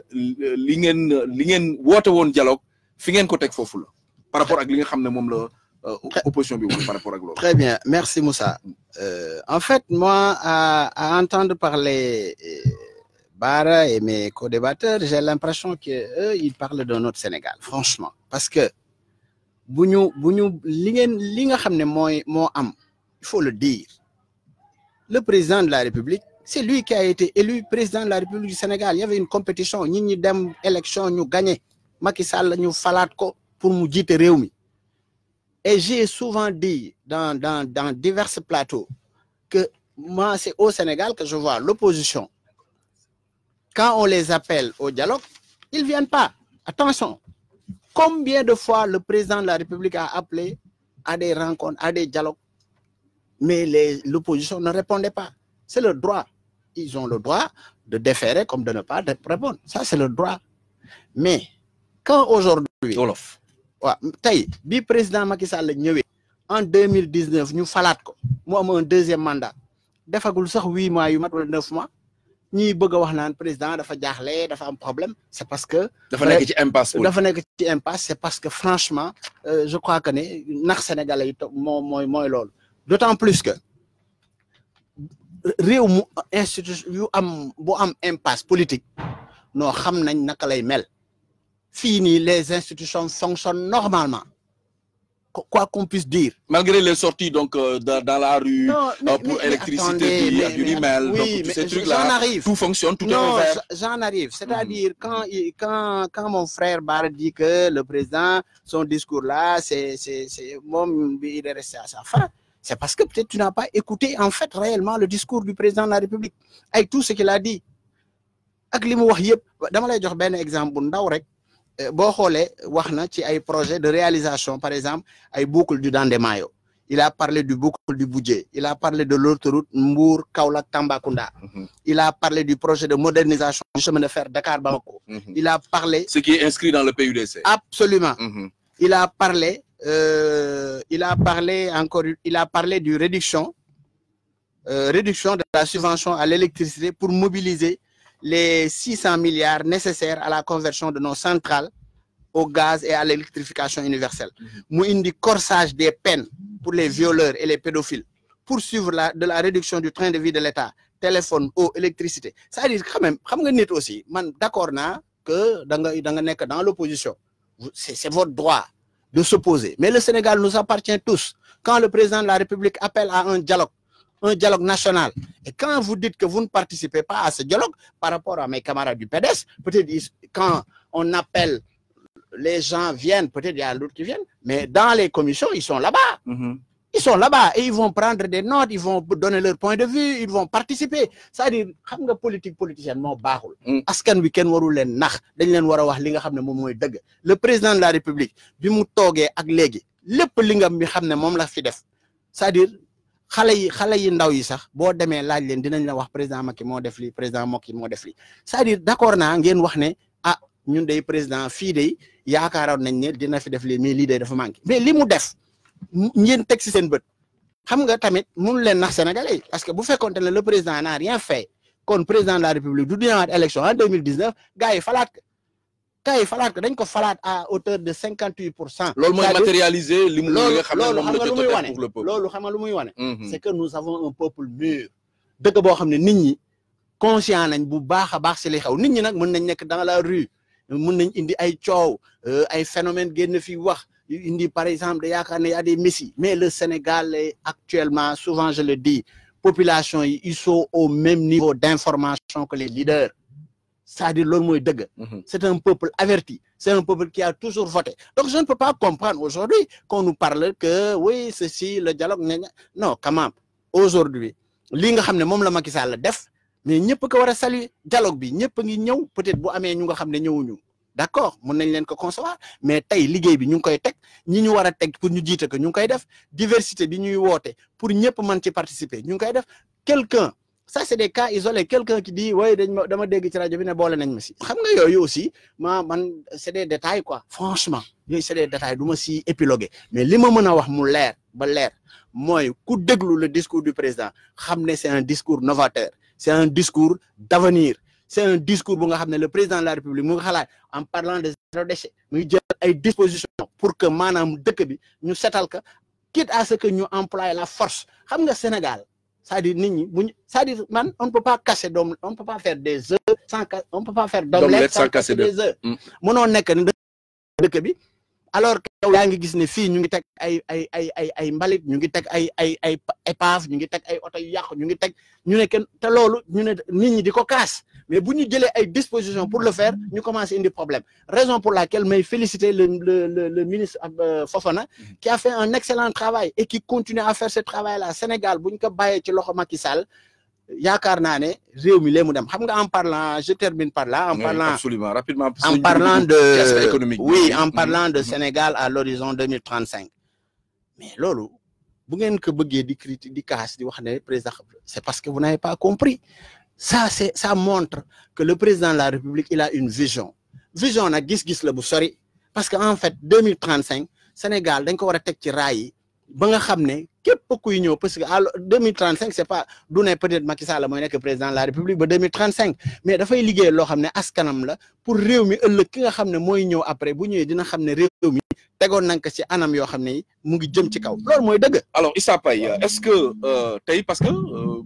li ngeen li ngeen won dialogue fi ngeen ko tek fofu la par rapport ak li nga xamné mom la euh, opposition par rapport très bien merci Moussa euh, en fait moi à entendre parler euh, Bara et mes co-débatteurs j'ai l'impression que ils parlent de notre Sénégal franchement parce que il faut le dire le président de la République c'est lui qui a été élu président de la République du Sénégal il y avait une compétition ñi eu dem élection ñu gagné Macky Sall ñu falat pour mu et j'ai souvent dit dans, dans, divers plateaux que moi, c'est au Sénégal que je vois l'opposition. Quand on les appelle au dialogue, ils ne viennent pas. Attention, combien de fois le président de la République a appelé à des rencontres, à des dialogues, mais l'opposition ne répondait pas. C'est le droit. Ils ont le droit de déférer comme de ne pas répondre. Ça, c'est le droit. Mais quand aujourd'hui... Olof. Ouais, tey bi président Macky Sall en 2019, ñu falat ko mu am un deuxième mandat defagul sax 8 mois yu mat wala 9 mois ñi bëgg wax naan président dafa jaxlé dafa am problème c'est parce que. dafa nek ci impasse dafa nek ci impasse c'est parce que franchement euh, je crois que né nax sénégalais yi moy moy lool d'autant plus que réew mu institution yu am bu am impasse politique noo xam nañ naka lay mel fini, les institutions fonctionnent normalement quoi qu'on puisse dire. Malgré les sorties donc euh, dans, la rue euh, pour l'électricité, électricité, il y a du ces trucs-là, tout fonctionne, tout non, est Non, J'en arrive. C'est-à-dire hmm. quand, quand, quand mon frère Barre dit que le président, son discours-là, c'est il est resté à sa fin. C'est parce que peut-être tu n'as pas écouté en fait réellement le discours du président de la République avec tout ce qu'il a dit. Avec les mots, je vais vous donner un exemple. Il a qui projet de réalisation par exemple une boucle du Mayo. il a parlé du boucle du budget. il a parlé de l'autoroute Mbour Kaula tambakunda mhm. il a parlé du projet de modernisation du chemin de fer Dakar Bamako mhm. il a parlé ce qui est inscrit dans le PUDC absolument mhm. il a parlé euh, il a parlé encore il a parlé du réduction euh, réduction de la subvention à l'électricité pour mobiliser les 600 milliards nécessaires à la conversion de nos centrales au gaz et à l'électrification universelle. Nous mhm. mm corsage des peines pour les violeurs et les pédophiles. Poursuivre la, de la réduction du train de vie de l'État, téléphone, eau, électricité. Ça veut dire quand même, quand même aussi, d'accord que dans, dans l'opposition, c'est votre droit de s'opposer. Mais le Sénégal nous appartient tous. Quand le président de la République appelle à un dialogue, un dialogue national. Et quand vous dites que vous ne participez pas à ce dialogue, par rapport à mes camarades du PDS, peut-être quand on appelle, les gens viennent, peut-être il y a d'autres qui viennent, mais dans les commissions, ils sont là-bas. Mhm. Ils sont là-bas et ils vont prendre des notes, ils vont donner leur point de vue, ils vont participer. C'est-à-dire, xam nga politique politicienne barre, mm. askan wi le président de la république bi mu toogee ak nga la cest dire xale yi xale yi ndaw yi sax boo demee laaj leen dinañ la wax président Macky moo def lii président Macky moo def lii cest à na d'accord naa wax ne ah ñun day président fii dey yaakaaroon nañ ne dina fi def lii mais lii day dafa manqué mais li mu def ngeen teg si seen bët xam nga tamit mënu leen nax sénégalais yi parce que bu fekkoonte ne le président n'a rien fait kon président de la république du dinawaat élection en deux mille dix neuf gars yi tey falaat dañ ko falaat à hauteur de 58%. huit moy matérialiser li nga xam mom pour le peuple loolu xam nga lu mhm. c'est que nous avons un peuple mûr deug bo xamné nit ñi conscient nañ bu baaxa baax ci li xew nit ñi nak mën nañ nek dans la rue mën nañ indi ay coow euh, ay phénomène génn fi wax indi par exemple da yaakaar a des messi mais le Sénégal est actuellement souvent je le dis population ils sont au même niveau d'information que les leaders c'est-à-dire loolu mooy dëgg mhm. c'est un peuple averti c'est un peuple qui a toujours voté donc je ne peux pas comprendre aujourd'hui qu'on nous parle que oui ceci le dialogue non Kamab, aujourd'hui li nga xam ne la Macky Sall def mais ñëpp ko war a saluer dialogue bi ñëpp ngi ñëw peut-être bu amee ñu nga xam d'accord mon nañ leen ko concevoir mais tey liggéey bi ñu ngi koy teg ñi ñu pour ñu jiite que ñu koy def diversité bi ñuy woote pour ñëpp pas ci participer Nous ngi koy def quelqu'un ça c'est des cas isolés quelqu'un qui dit ouais dama dégg ci radio bi né bolé nañ ma si xam nga aussi c'est des détails quoi franchement c'est des détails duma si mais li ma mën wax mu leer ba moy ku déglu le discours du président c'est un discours novateur c'est un discours d'avenir c'est un discours bu nga le président de la république en parlant des zéro déchet une ngi jël dispositions pour que nous, dëkk bi ñu sétal ka quitte à ce que ñu employions la force xam nga Sénégal c'est-à-dire man on ne peut pas casser on ne peut pas faire des œufs sans on peut pas faire d'omelette casser des œufs mm. alors que yow yaa ngi gis ne fii ñu ngi teg ay ay ay ay ne te mais si nous avons ay dispositions pour le faire nous à avoir des problèmes. raison pour laquelle je féliciter le ministre euh, Fofana mhm. qui a fait un excellent travail et qui continue à faire ce travail là Sénégal Si ko ci je termine par là en parlant absolument rapidement en mhm. parlant de oui en parlant de Sénégal à l'horizon 2035 mais lolo, vous ko que di c'est parce que vous n'avez pas compris ça ça montre que le président de la République il a une vision vision a gis-gis le bu sori parce que en fait 2035 Sénégal d'un ko war a été ci raay yi ba nga xam ne képp parce que alors 2035 c'est pas du ne peut-être Macky Sall mooy que président de la République ba 2035 mais il liggéey loo xam ne askanam la pour réew le qui ki nga xam ne mooy après bu ñëwee dina xam ne réew mi tegoon nañ ci anam yoo xam mu ngi alors Issa Paye est-ce que euh, parce que. Euh,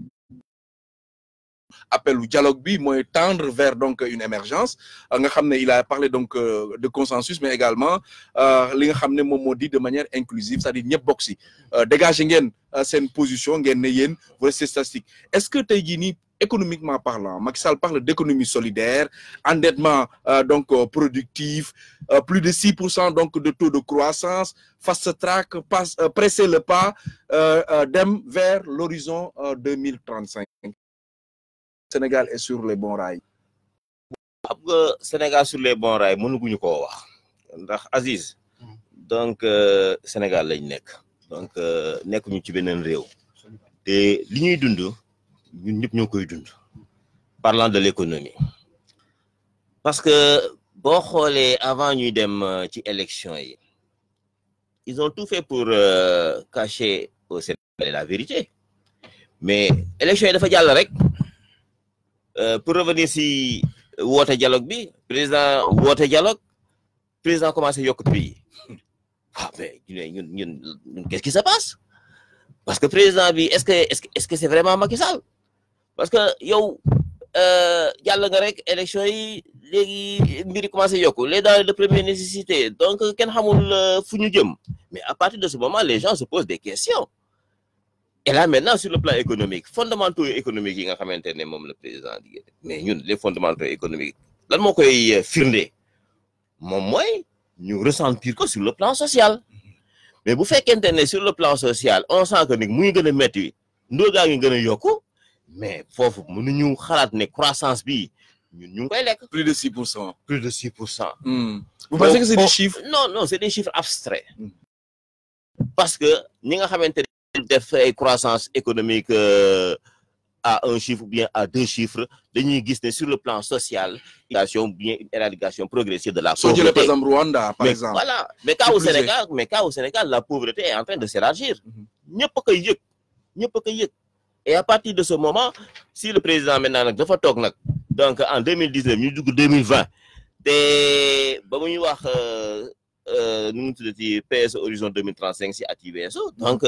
appel au dialogue bi tendre vers donc une émergence euh, nga il a parlé donc euh, de consensus mais également euh, li nga xamné de manière inclusive c'est-à-dire ñepp cette dégager ngène position ngène statistique est-ce que tu économiquement parlant Macky parle d'économie solidaire endettement donc productif plus de 6 donc de taux de croissance face track passe presser le pas vers l'horizon 2035 Sénégal est sur les bons rails. xam nga Sénégal sur les bons rails mënuguñu ne wax ndax Aziz donc euh, Sénégal est nek, donc euh, nekkuñu ci beneen réew te li ñuy dund nous nous ñoo koy dund parlant de l'économie parce que bon, avant ñuy dem euh, ci élection ils ont tout fait pour cacher au Sénégal la vérité mais élection yi de la rek euh, pour revenir si Water dialogue bi président Water dialogue président commencé à bi ah qu'est-ce qui se passe parce que président bi est-ce que est-ce que c'est vraiment Macky parce que yow yalla euh, nga rek élection yi légui mbir commencé les premières de première nécessité donc Ken xamul euh, fuñu jëm mais à partir de ce moment les gens se posent des questions et là maintenant sur le plan économique fondamentaux économiques yi nga xamante ne même le président mais ñun les fondamentaux économiques lan moo koy euh, firnde moi, nous ñu ressentir que sur le plan social mais vous faites ne sur le plan social on sent que nous, mu ngi gën de métti ndóol gaa mais nous, nous, yokku mais nous croissance bi plus de 6%. plus de 6%. Hmm. vous pensez que c'est des chiffres. non non c'est des chiffres abstraits. Hmm. parce que ñi nga xamante faire une croissance économique euh, à un chiffre ou bien à deux chiffres de nous sur le plan social éradication bien éradication progressive de la pauvreté Rwanda par exemple voilà mais quand au Sénégal la pauvreté est en train de s'élargir Nous ne pouvons pas et à partir de ce moment si le président maintenant dafa donc en 2019, 2020, nous neuf ñu euh, euh, PS horizon 2035 activé. donc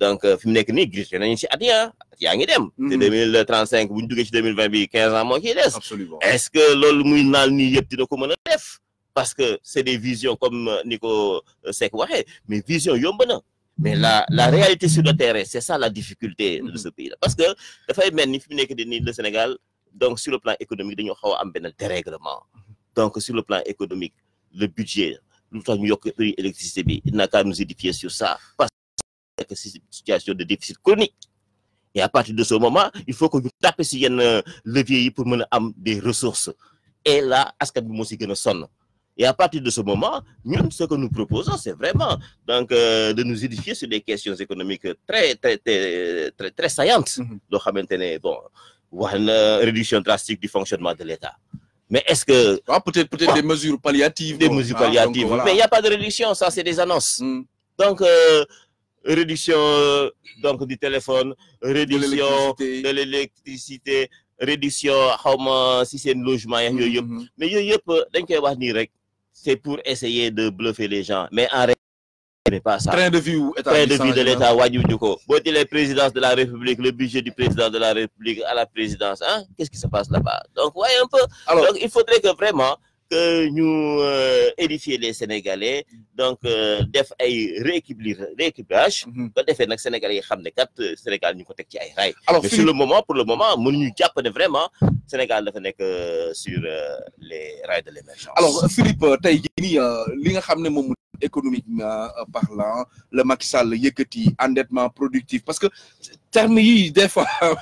donc fi mu ni nii gis nañu si at ya at yaa ngi dem. te deux mille trente ci bi quinze ans moo est ce que loolu muy naan nii yëpp dina ko parce que c'est des visions comme euh, Nico ko Mais euh, les mais vision yomb na mais la réalité sur le terrain c'est ça la difficulté de mhm. ce pays là parce que dafay mel ni fi mu nekk pas le Sénégal donc sur le plan économique il xaw a am benn dérèglement donc sur le plan économique le budget nous tax yokk prix électricité bi de nous édifier sur ça c'est une situation de déficit chronique et à partir de ce moment il faut que vous tapions sur un euh, levier pour mener à des ressources et là askan ce que nous sommes. et à partir de ce moment nous ce que nous proposons c'est vraiment donc euh, de nous édifier sur des questions économiques très très très très très saillantes Donc, mm-hmm. à ne bon une réduction drastique du fonctionnement de l'État mais est-ce que ah, peut-être peut-être des mesures palliatives des mesures palliatives ah, mais il n'y a pas de réduction ça c'est des annonces mm. donc euh, réduction donc du téléphone, réduction de l'électricité, réduction si si un logement mm-hmm. mais c'est pour essayer de bluffer les gens mais en réalité pas ça train de vue de vie de l'État Vous ko les de la République le budget du président de la République à la présidence hein, qu'est-ce qui se passe là-bas donc voyez un peu donc il faudrait que vraiment que nous euh, édifier les sénégalais donc euh, def ay rééquilibrage. Mhm. ba defee nag sénégalais yi xam ne kat euh, Sénégal ñu ko ci ay alors mais sur le moment pour le moment mon jàpp ne vraiment Sénégal dafa que sur les rails de l'émergence alors Philippe tu as dit, li nga xam économiquement euh, parlant le maxal, le endettement productif parce que termes des fois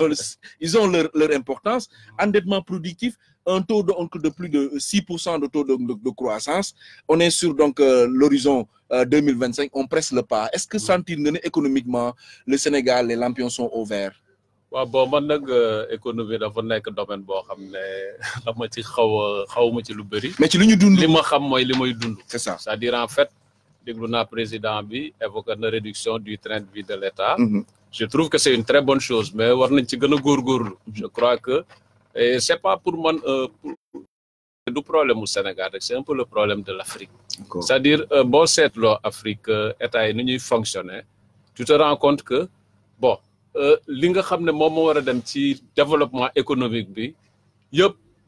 ils ont leur importance endettement productif un taux de de plus de 6 de taux de, croissance on est sur donc euh, l'horizon 2025 euh, on presse le pas est-ce que sentir économiquement le Sénégal les lampions sont au vert. Wa bon man nak économie dafa domaine qui xamné dama ci xaw mais ci luñu dund c'est ça c'est-à-dire en fait. Le président bi évoqué une réduction du train de vie de l'État mhm. je trouve que c'est une très bonne chose mais war nañ ci gën je crois que et c'est pas pour man le euh, problème au Sénégal c'est un peu le problème de l'Afrique c'est-à-dire cette euh, loi Afrique euh, état ni ñuy fonctionner tu te rends compte que bon li nga développement économique bi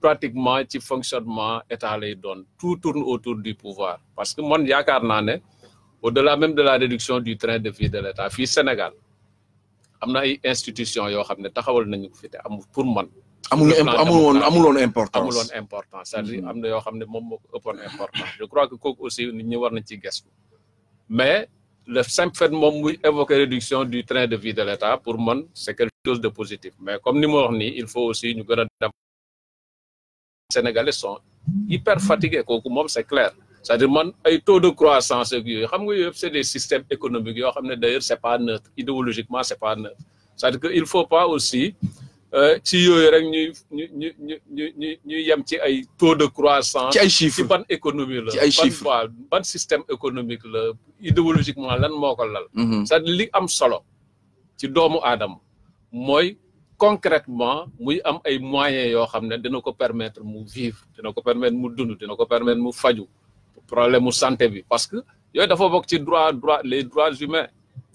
pratiquement ci fonctionnement état lay donne tout tourne autour du pouvoir parce que mon yaakaar naa au-delà même de la réduction du train de vie de l'état fi Sénégal amna ay institutions yo xamné taxawal nañu fi té pour man. amul woon amul won importance amul won importance c'est-à-dire amna yo xamné mom je crois que kok aussi nit ñi war nañ ci mais le simple fait de muy évoquer réduction du train de vie de l'état pour man c'est quelque chose de positif mais comme ni mo wax il faut aussi ñu gëna sénégalais sont hyper fatigués c'est clair c'est-à-dire taux de croissance ak xam nga yooyu c'est des systèmes économiques yoo xam d'ailleurs c'est pas neutre idéologiquement c'est pas neutre c'est-à-dire que il faut pas aussi euh, ci yoy rek ñuy ñuy yem ci ay taux de croissance. ci ay chiffres ci ban économie la. ci ay chiffres ban système économique la idéologiquement lan moko lal. ça mhm. li am solo ci doomu adam moy concrètement muy am ay moyens yo, nous dina ko permettre de vivre dina ko permettre mu dund dina ko permettre mu faju problème mu santé bi parce que yoy dafa bok ci droit droit les droits humains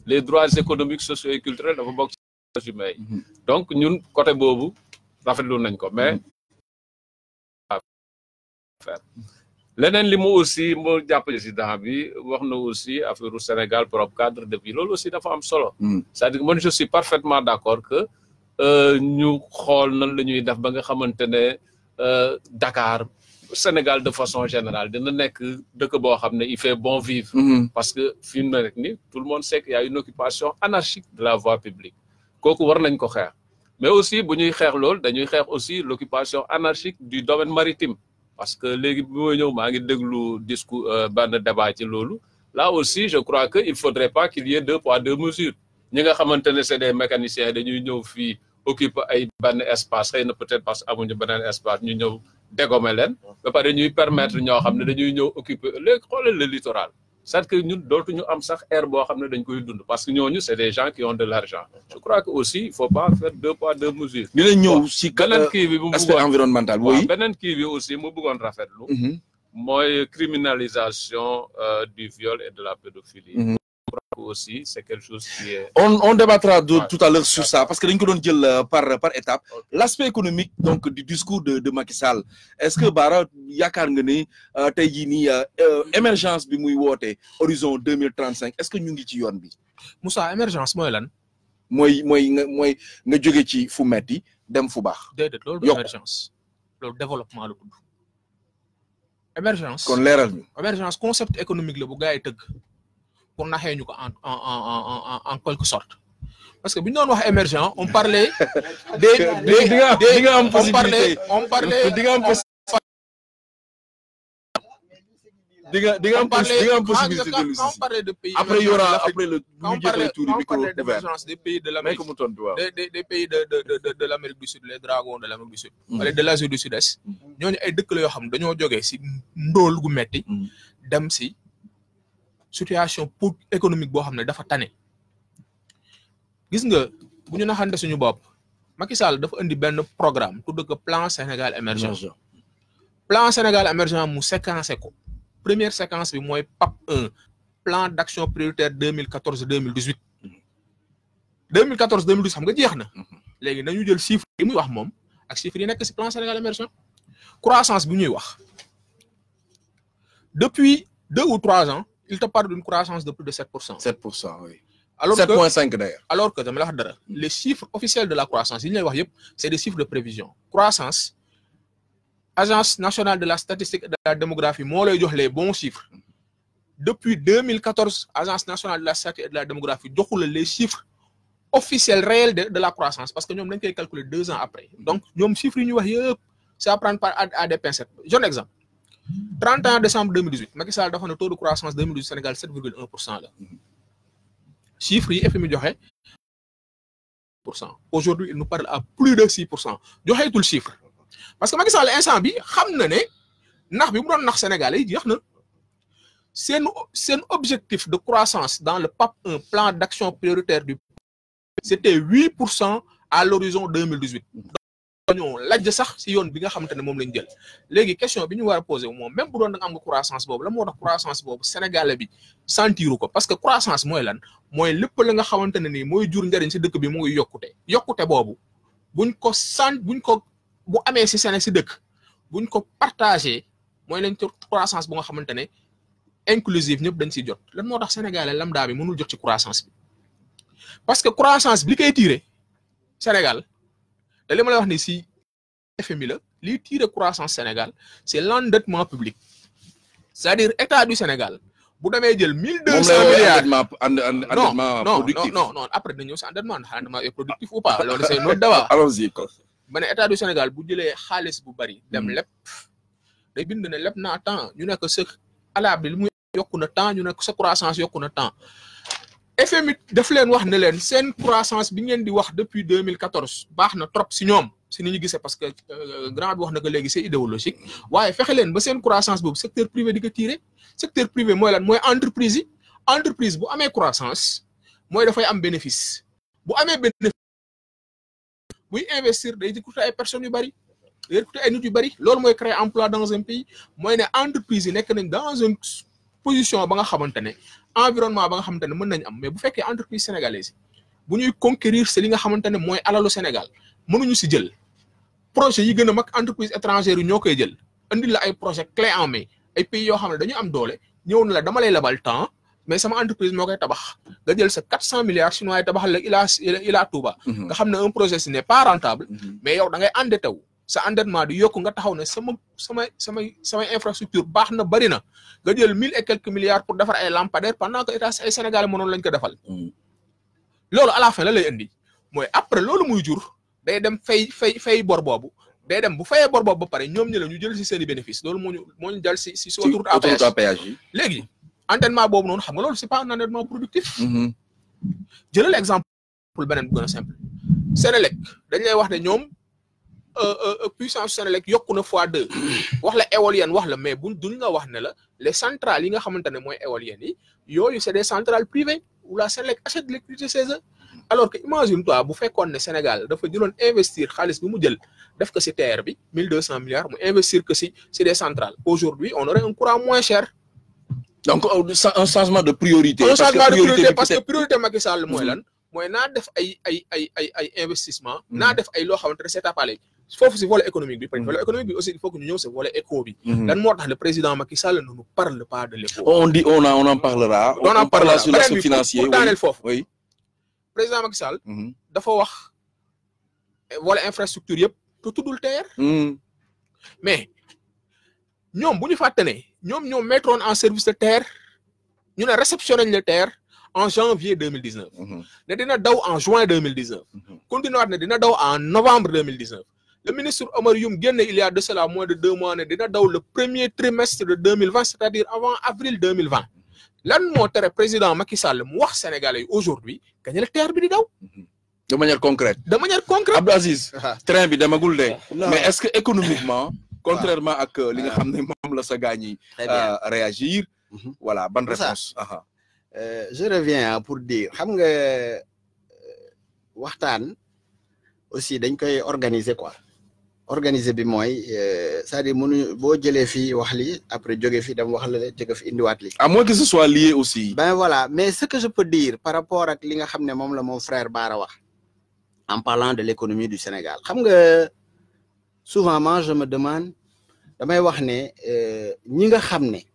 les droits économiques sociaux et culturels dafa bok ci droits humains mm-hmm. donc ñun côté avons rafetlu nañ ko mais mm-hmm. leneen li mu aussi mu jàpp président bi wax aussi affaire Sénégal propre cadre de vie loolu aussi dafa am solo mm-hmm. c'est-à-dire moi je suis parfaitement d'accord que euh, ñu xool nan la ñuy def ba nga xamante ne euh, Dakar Sénégal de façon générale dina nekk dëkk boo xam ne il fait bon vivre. Mm-hmm. parce que fi mu ne rek ni tout le monde sait qu'il y a une occupation anarchique de la voie publique kooku war nañ ko xeex mais aussi bu ñuy xeex lool dañuy xeex aussi l'occupation anarchique du domaine maritime parce que léegi bi ma ñëw maa ngi déglu discours euh, benn débat ci loolu là aussi je crois que il faudrait pas qu'il y ait deux poids deux mesures ñi nga xamante ne c'est des mécaniciens dañuy ñëw fii occupe ay benn espace peut-être parce qu'ils ont un espace ñu ñëw dégommer leen ils permettre ñoo xam dañuy occuper le, le littoral c'est-à-dire que ñun avons am sax air boo xam ne dañ koy dund parce que nous, c'est des gens qui ont de l'argent je crois que aussi il faut pas faire deux poids deux mesures Mais nous si beneen kii bi bu aspect environnemental oui nous kii bi aussi mu bëggoon rafetlu mhm. criminalisation euh, du viol et de la pédophilie mhm aussi, c'est quelque chose qui est... On, on débattra de, tout à l'heure sur ça, parce que nous avons euh, par, par étape. L'aspect économique donc, du discours de, de Macky Sall, est-ce que Bara Yakar Ngene, euh, euh, émergence bi muy woté horizon 2035 est-ce que ñu ngi ci Moussa émergence mooy lan. Moi, mooy nga mooy nga jóge ci fu metti dem fu émergence développement la émergence kon l'air émergence concept économique le bu est pour naxee ñu ko en en en en quelque sorte parce que bu ñu doon wax émergent on parlait. des des des on parlait on parlait. di nga di nga am possibilité de lutte on parlait de pays après il y aura après le ñu jëlee tour bi micro ouvert des pays de l'Amérique mu tontu waaw des des pays de de de de l'Amérique du Sud les dragons de l'Amérique du Sud mm. wala de l'Asie du Sud-Est mm. ñooñu ay dëkk la yoo xam dañoo jógee ci ndol gu metti mm. dem ci situation économique boo xam dafa tané gis nga bu ñu naxante suñu bop Macky Sall dafa indi ben programme tudde ko plan Sénégal émergent plan Sénégal émergent mu séquencé ko première séquence bi moy PAP 1 plan d'action prioritaire 2014 2018 2014 2018 xam nga jeex mhm. légui nañu jël chiffre yi muy wax mom ak chiffre yi nek ci plan Sénégal émergent croissance bi ñuy wax depuis deux ou trois ans il te parle d'une croissance de plus de 7%. 7%, oui. 7,5 d'ailleurs. Alors que, les chiffres officiels de la croissance, c'est des chiffres de prévision. Croissance, Agence nationale de la statistique et de la démographie, moi, les bons chiffres. Depuis 2014, Agence nationale de la statistique et de la démographie, les chiffres officiels réels de, la croissance, parce que nous avons calculé deux ans après. Donc, nous avons chiffres, c'est à prendre à, à des pincettes. J'ai un exemple. 31 décembre 2018 Macky taux de croissance 2018 Sénégal 7,1 chiffre aujourd'hui il nous parle à plus de 6 Joxe tout le chiffre parce que Macky Sall instant bi objectif de croissance dans le PAP 1 plan d'action prioritaire du c'était 8 à l'horizon 2018 ñoo lajj sax si yoon bi nga xamante ne moom lañ jël léegi question bi ñu war a posé moom même bu doon da nga am nga croissance boobu la moo croissance boobu sénégalais bi sentiru ko parce que croissance mooy lan mooy lépp la nga xamante ne nii mooy jur njëriñ si dëkk bi mu yokkute yokkute boobu buñ ko sant buñ ko bu amee si Sénégal dëkk buñ ko partagé mooy lañ ci croissance bu nga xamante ne inclusive ñëpp dañ siy jot lan moo tax sénégalais lambda bi mënul jot ci croissance bi parce que croissance bi li koy tiré Sénégal te li ma si FMI la liy tiire croissance Sénégal c'est l'endettement public cest dire état du Sénégal bu demee jël mille deux cent milliards non non non non après dañu ñëw si endettement ndax endettement productif ou pas loolu c'est notre débat allons état du Sénégal bu jëlee xaalis bu bari dem hmm. lépp day bind ne lépp naa temps ñu nekk sa alable li mu yokku na temps ñu nekk sa croissance yokku na temps FMI daf leen wax ne leen seen croissance bi ngeen di wax depuis 2014 baax na trop si ñoom si ni ñu gisee parce que euh, grand bi wax na ko léegi c'est idéologique waaye fexe leen ba seen croissance boobu secteur privé di ko tirer secteur privé mooy lan mooy entreprise yi entreprise bu amee croissance mooy dafay am bénéfice bu amee bénéfice buy investir day recruter ay personnes yu bari day recruter ay nit yu bari loolu mooy créer emploi dans un pays mooy ne entreprise yi nekk nañ dans un position ba nga xamante ne environnement ba nga xamante ne mën nañ am mais bu fekkee entreprise sénégalaise bu ñuy conquérir si li nga xamante ne mooy alalu Sénégal ñu si jël projet yi gën a mag entreprise étrangère yi ñoo koy jël andi la ay projet clé en main ay pays yoo xam ne dañu am doole ñëw la dama lay labal temps mais sama entreprise moo koy tabax nga jël sa quatre cent milliards chinois yi tabaxal la Ila Ila Touba. Mhm. nga xam ne un projet si n'est pas mhm. mais yow da ngay endetté wu sa endettement du yokku nga taxaw ne sama sama sama sama infrastructure baax na bari na nga jël 1000 et quelques milliards pour defar ay lampadaire pendant que état ay sénégalais mënon lañ ko defal mm. lolu à la fin la lay indi moy après lolu muy jur day dem fay fay fay bor bobu day dem bu fayé bor bobu ba paré ñom ñi la ñu jël ci seen bénéfice lolu moñu moñu dal ci ci si si si légui à péage yi endettement boobu noonu xam nga lolu c'est pas un endettement productif mm-hmm. jël l'exemple pour benen bu gëna simple Sénélec dañ lay wax né ñom Euh, euh, euh, puissance Senelec yokku na fois 2 wax la éolienne wax la mais buñ duñ nga wax ne la les centrales yi nga xamante moy éolienne éoliennes yi yoyu c'est des centrales privées où la Senelec achète l'électricité chez eux alors que imagine toi bu quoi ne Sénégal dafa jëloon investir xaliss bi mu jël def ko ci terre bi 1200 milliards mu investir que ci c'est des centrales aujourd'hui on aurait un courant moins cher donc un changement de priorité un changement de priorité parce que priorité Macky Sall moy mhm. lan moy na def ay ay ay ay investissement mhm. na def ay lo xamante c'est à parler il faut volet économique mm. l'économie. économique aussi il faut que nous nous volet éco bi. Mm-hmm. le président Macky Sall ne nous parle pas de l'éco. on dit on en on en parlera. on en parlera sur l'action financier le oui. Le président Macky Sall. Mm-hmm. dafa wax volet infrastructure tout le tuddul Terre. Mm-hmm. mais nous on nous, fàtte Nous en service de Terre. Nous ne réceptionné le Terre en janvier 2019. Nous dina daw en juin 2019. Nous continuons dina daw en novembre 2019. Le ministre Omar Youm il y a de cela moins de deux mois, déjà dans le premier trimestre de 2020, c'est-à-dire avant avril 2020. L'année nous le président Macky Sall, moi, Sénégalais, aujourd'hui, gagne le terre De manière concrète. De manière concrète. Abdelaziz, ah. bien, mais est-ce que économiquement, contrairement à ce que les membres se gagné, réagir, mhm. voilà, bonne réponse. Ah, ah. Euh, je reviens hein, pour dire, xam nga euh, aussi organisé quoi organisé bi mooy euh, c'est-à-dire mënu bo jëlee fi wax li après jóge fi dam wax la le jóge indi wat li à moins que ce soit lié aussi ben voilà mais ce que je peux dire par rapport ak li nga xamné mom la mon frère Bara wax en parlant de l'économie du Sénégal xam nga souvent moi, je me demande damay wax ne euh, ñi nga xamné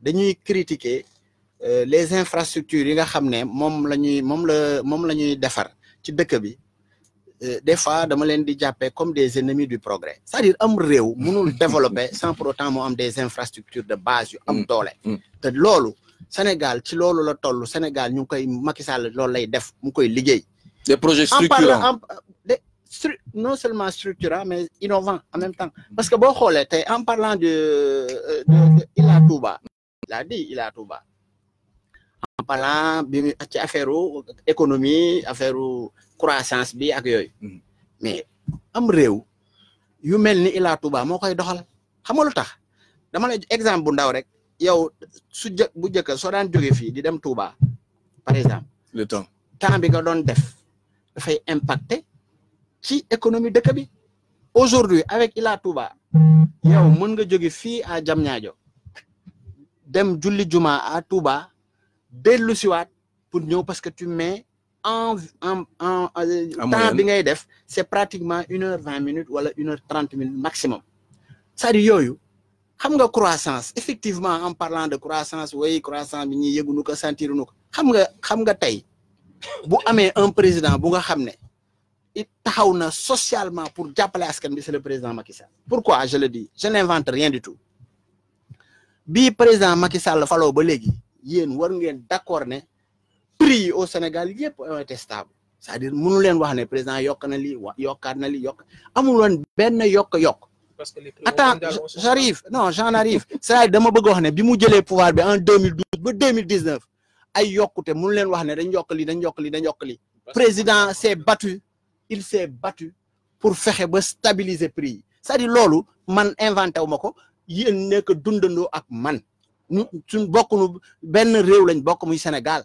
dañuy critiquer euh, les infrastructures yi nga xamné mom lañuy mom la mom lañuy ci dëkk bi euh, des fois dama leen comme des ennemis du progrès c'est-à-dire am peut mënul développer sans pour autant avoir des infrastructures de base yu am mm, doole mm. Sénégal ci loolu la Sénégal nous ngi Macky Sall lay def mu koy des projets structurants non seulement structurants mais innovants en même temps parce que bon, en parlant euh, de de Ila Touba a dit Ila Touba en parlant bi ci affaires... économie croissance bi ak mm-hmm. mais am rew yu y Ila Touba doxal xam nga dama exemple bu ndaw rek yow bu Touba par exemple. le temps temps bi def aujourd'hui avec Ila Touba yow nga à dem julli à Touba pour parce que tu mets en en en euh, temps c'est pratiquement 1h20 minutes 1 h heure 30 minutes maximum ça quand dire xam croissance effectivement en parlant de croissance oui croissance bi ñuy yëgunu ko sentir ko xam nga xam nga bu un président bu nga socialement pour askan bi c'est le président Macky Sall pourquoi je le dis je n'invente rien du tout le président Macky Sall falo ba d'accord né prix au Sénégal yëpp ont été stable c'est-à-dire mënu leen wax le président yokk na li wa na li yok. amul woon benn yokk-yokk. parce que les attends j'arrive non j'en arrive c'est-à-dire dama bëgg wax ne bi mu le pouvoir bi en 2012 ba 2019 ay yokkute mënu leen wax ne dañ pas, li dañ yok li dañ yok li président s'est battu il s'est battu pour fexe ba stabiliser prix c'est-à-dire loolu man inventé wu ma ko yéen nekk dundandoo ak man Nous, suñ bokk nu benn réew lañ bokk muy Sénégal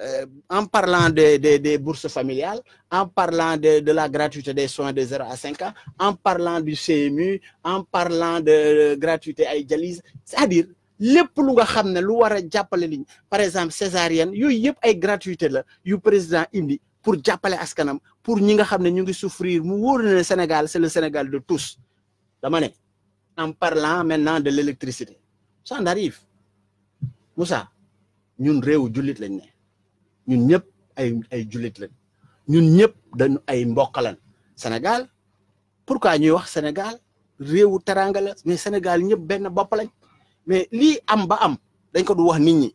Euh, en parlant des bourses familiales, en parlant de, la gratuité des soins de 0 à 5 ans, en parlant du CMU, en parlant de gratuité à dialyse, c'est-à-dire les plus nga lu faire, par exemple césarienne y a une gratuité le yu président indi pour les askanam pour ñi nga souffrir nous, Sénégal c'est le Sénégal de tous en parlant maintenant de l'électricité ça en arrive Moussa ñun sommes jullit lañ ñun ñëpp ay ay jullit lañ ñun ñëpp dañu ay mbokk lañ Sénégal pourquoi ñuy wax Sénégal réewu teranga la mais Sénégal ñëpp benn bopp mais lii am ba am dañ ko du wax nit ñi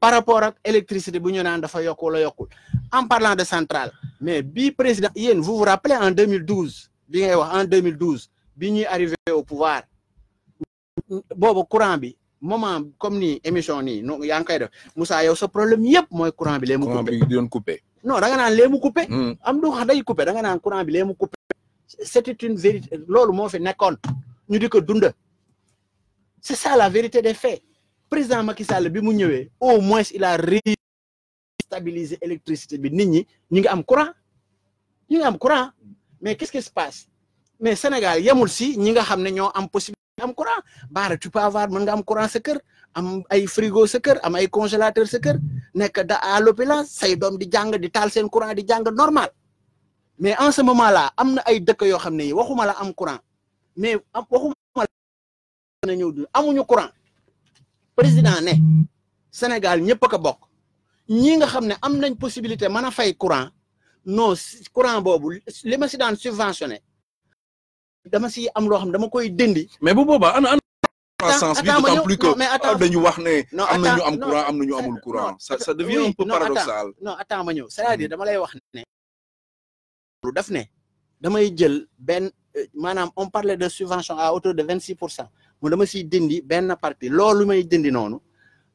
par rapport ak électricité bu ñu naan dafa yokk wala yokkul en parlant de centrale mais bi président yéen vous vous rappelez en 2012 bi ngay wax en 2012 bi ñuy arrivé au pouvoir boobu courant bi. moment comme ni émission ni no y a koy def Moussa yow ce problème y'a moy courant bi lee mu coupé hmm. courant bi couper non da nga naan lee mu coupé am do wax day da nga courant bi lee mu coupé c'était une vérité lolu mo fi nous ñu di ko dunda c'est ça la vérité des faits président Macky Sall bi mu ñëwé au moins il a stabiliser électricité bi nit ñi ñu ngi am courant ñu ngi am courant mais qu'est-ce qui se passe mais Sénégal yamul si ñi nga xamné ne am possibilité am courant baara tu peux avoir mën nga am courant sa kër am ay frigo sa kër am ay congélateur sa kër nekk da à l'hôpital say doom di jàng di tal seen courant di jàng normal mais en ce moment là am na ay dëkk yoo xam ne yi waxuma la am courant mais am waxuma la ñëw du amuñu courant président ne Sénégal ñëpp a ko bokk ñi nga xam ne am nañ possibilité mën a fay courant no courant boobu li ma si daan subventionné dama si am loo xam dama koy dindi. mais bu boobaa ana ana. croissance bi d'autant plus que dañu wax ne. am na ñu am courant am na ñu amul courant. ça ça devient un peu paradoxal. non ma ñëw cest à mm-hmm. dama lay wax ne. lu daf ne damay jël benn euh, maanaam on parlait de subvention à hauteur de vingt six pour cent mu dama siy dindi benn partie loolu may dindi noonu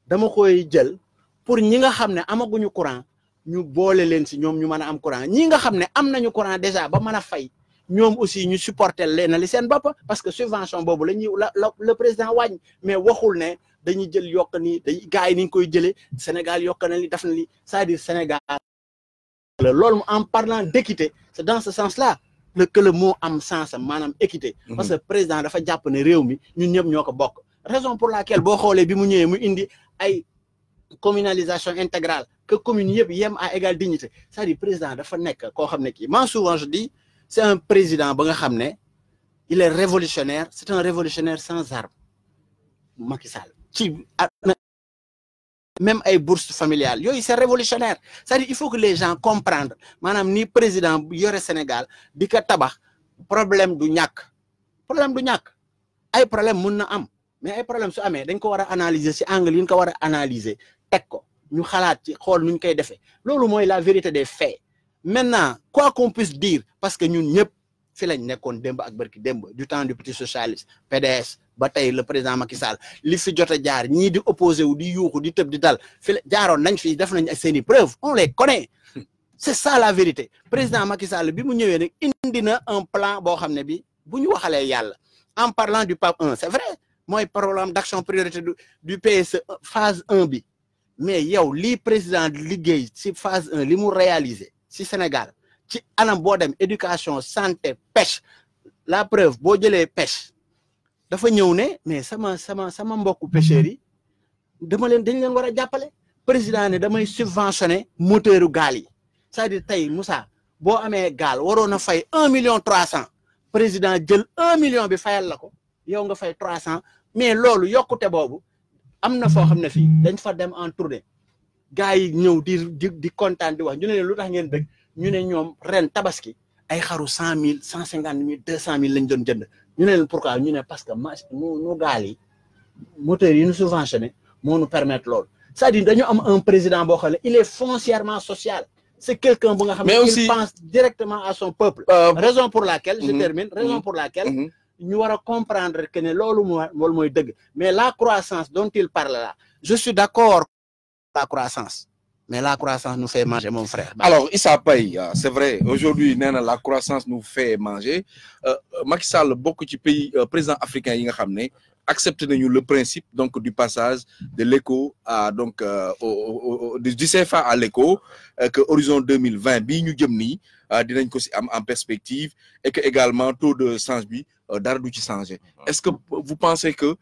dama koy jël pour ñi nga xam ne amaguñu courant ñu boole leen si ñoom ñu mën a am courant ñi nga xam ne am nañu courant déjà ba mën a fay. ñoom aussi ñu supporter leen li seen bopp parce que subvention bobu la ñuy le président wàññi mais waxul né dañuy jël yok ni dañuy gaay ni ngui koy jëlee Sénégal yok na li daf na li c'est-à-dire Sénégal. loolu en parlant d'équité c'est dans ce sens-là que le mot am sens manam équité. Mhm. parce que président dafa japp né réew mi ñun ñëpp ñoko bok raison pour laquelle bo xolé bi mu ñëwé mu indi ay communalisation intégrale que commune yeb yem à égale dignité c'est-à-dire président dafa nek ko xamné ki man souvent je dis c'est un président ba nga il est révolutionnaire c'est un révolutionnaire sans arme Macky Sall ci même ay bourses familiales il c'est révolutionnaire c'est-à-dire il faut que les gens comprendre Madame ni président bu yore Sénégal bika ko tabax problème du ñàkk problème du ñàkk ay problème mun am mais ay problème su amé. dañ ko war analyser ci angle yi ñu ko war analyser teg ko ñu xalaat ci xool nu ñu koy defee loolu mooy la vérité des faits maintenant quoi qu'on puisse dire parce que nous ne fi lañ nekkoon démb ak barki du temps du petit socialiste PDS ba le président Macky Sall li fi jot jaar ñi di opposé wu di yuuxu di teub di dal fi jaaroon nañ fi def nañ preuve on les connaît c'est ça la vérité président Macky Sall bi mu ñëwé nak indi un plan bo xamné bi en parlant du PAP 1 c'est vrai moy programme d'action priorité du du PSE phase 1 bi mais yow li président liguey ci phase 1 li mu réalisé si Sénégal, si Alain Bodem, éducation, santé, pêche, la preuve, Bodjele pêche, il faut que nous mais ça m'a beaucoup de pêcherie, beaucoup pêché. Je vais le président, a subventionné le moteur de Gali. Ça veut dire que Moussa, si vous on Gal, vous avez 1 million 300, le président a 1,3 million de faire là. Il y a 300, mais l'eau, il a un de l'eau. Il y a un de l'eau, il a un de gars nous di di content di wax ñu ne lutax ngeen deug ñu ne ñom ren tabaski ay xaru 100000 150000 200000 lañ doon ñu ne pourquoi ñu ne parce que nous, nous nu gaal yi moteurs yi nous subventionné nous nu permettre lool c'est-à-dire dañu am un président bo il est foncièrement social c'est quelqu'un bu nga xam il pense directement à son peuple euh, raison pour laquelle je mhm. termine raison mhm. pour laquelle mhm. ñu wara comprendre que né loolu mo loolu mooy mais la croissance dont il parle là je suis d'accord la croissance. Mais la croissance nous fait manger, mon frère. Bah. Alors, il s'appelle ah, c'est vrai, aujourd'hui, la croissance nous fait manger. Euh, euh Macky Sall, beaucoup de pays euh, présents africains, acceptent le principe donc, du passage de l'éco à donc euh, du CFA à l'éco euh, que horizon 2020 nous ñu en perspective et que également taux de change bi est-ce que vous pensez que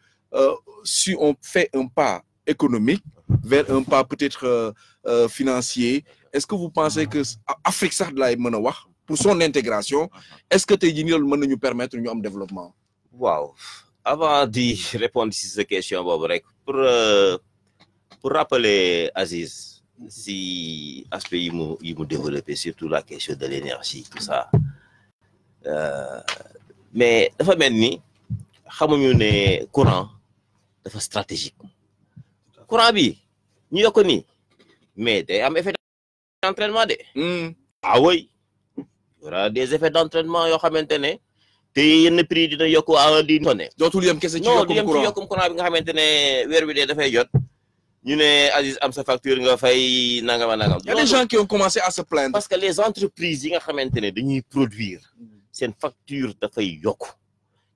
si on fait un pas économique vers un pas peut-être euh, euh, financier est-ce que vous pensez que l'Afrique pour son intégration est-ce que tey jii nous permettre un développement. Wow. avant de répondre à cette question euh, pour rappeler Aziz si aspect il développer surtout la question de l'énergie tout ça mais dafa mel ni courant stratégique courant bi ñu yoko ni mais day am effet d'entraînement de. Hmm. ah oui y des effets d'entraînement yo xamante té te yenn prix dina yokk à di toné dootul yëm kessé ci yokkum courant non du yem ci yokkum courant bi nga xamante ne weer dé da fay jot. ñu né Aziz am sa facture nga fay nangama nangam. y a des gens qui ont commencé à se plaindre. parce que les entreprises yi nga xamante dañuy produire sen facture da fay dafay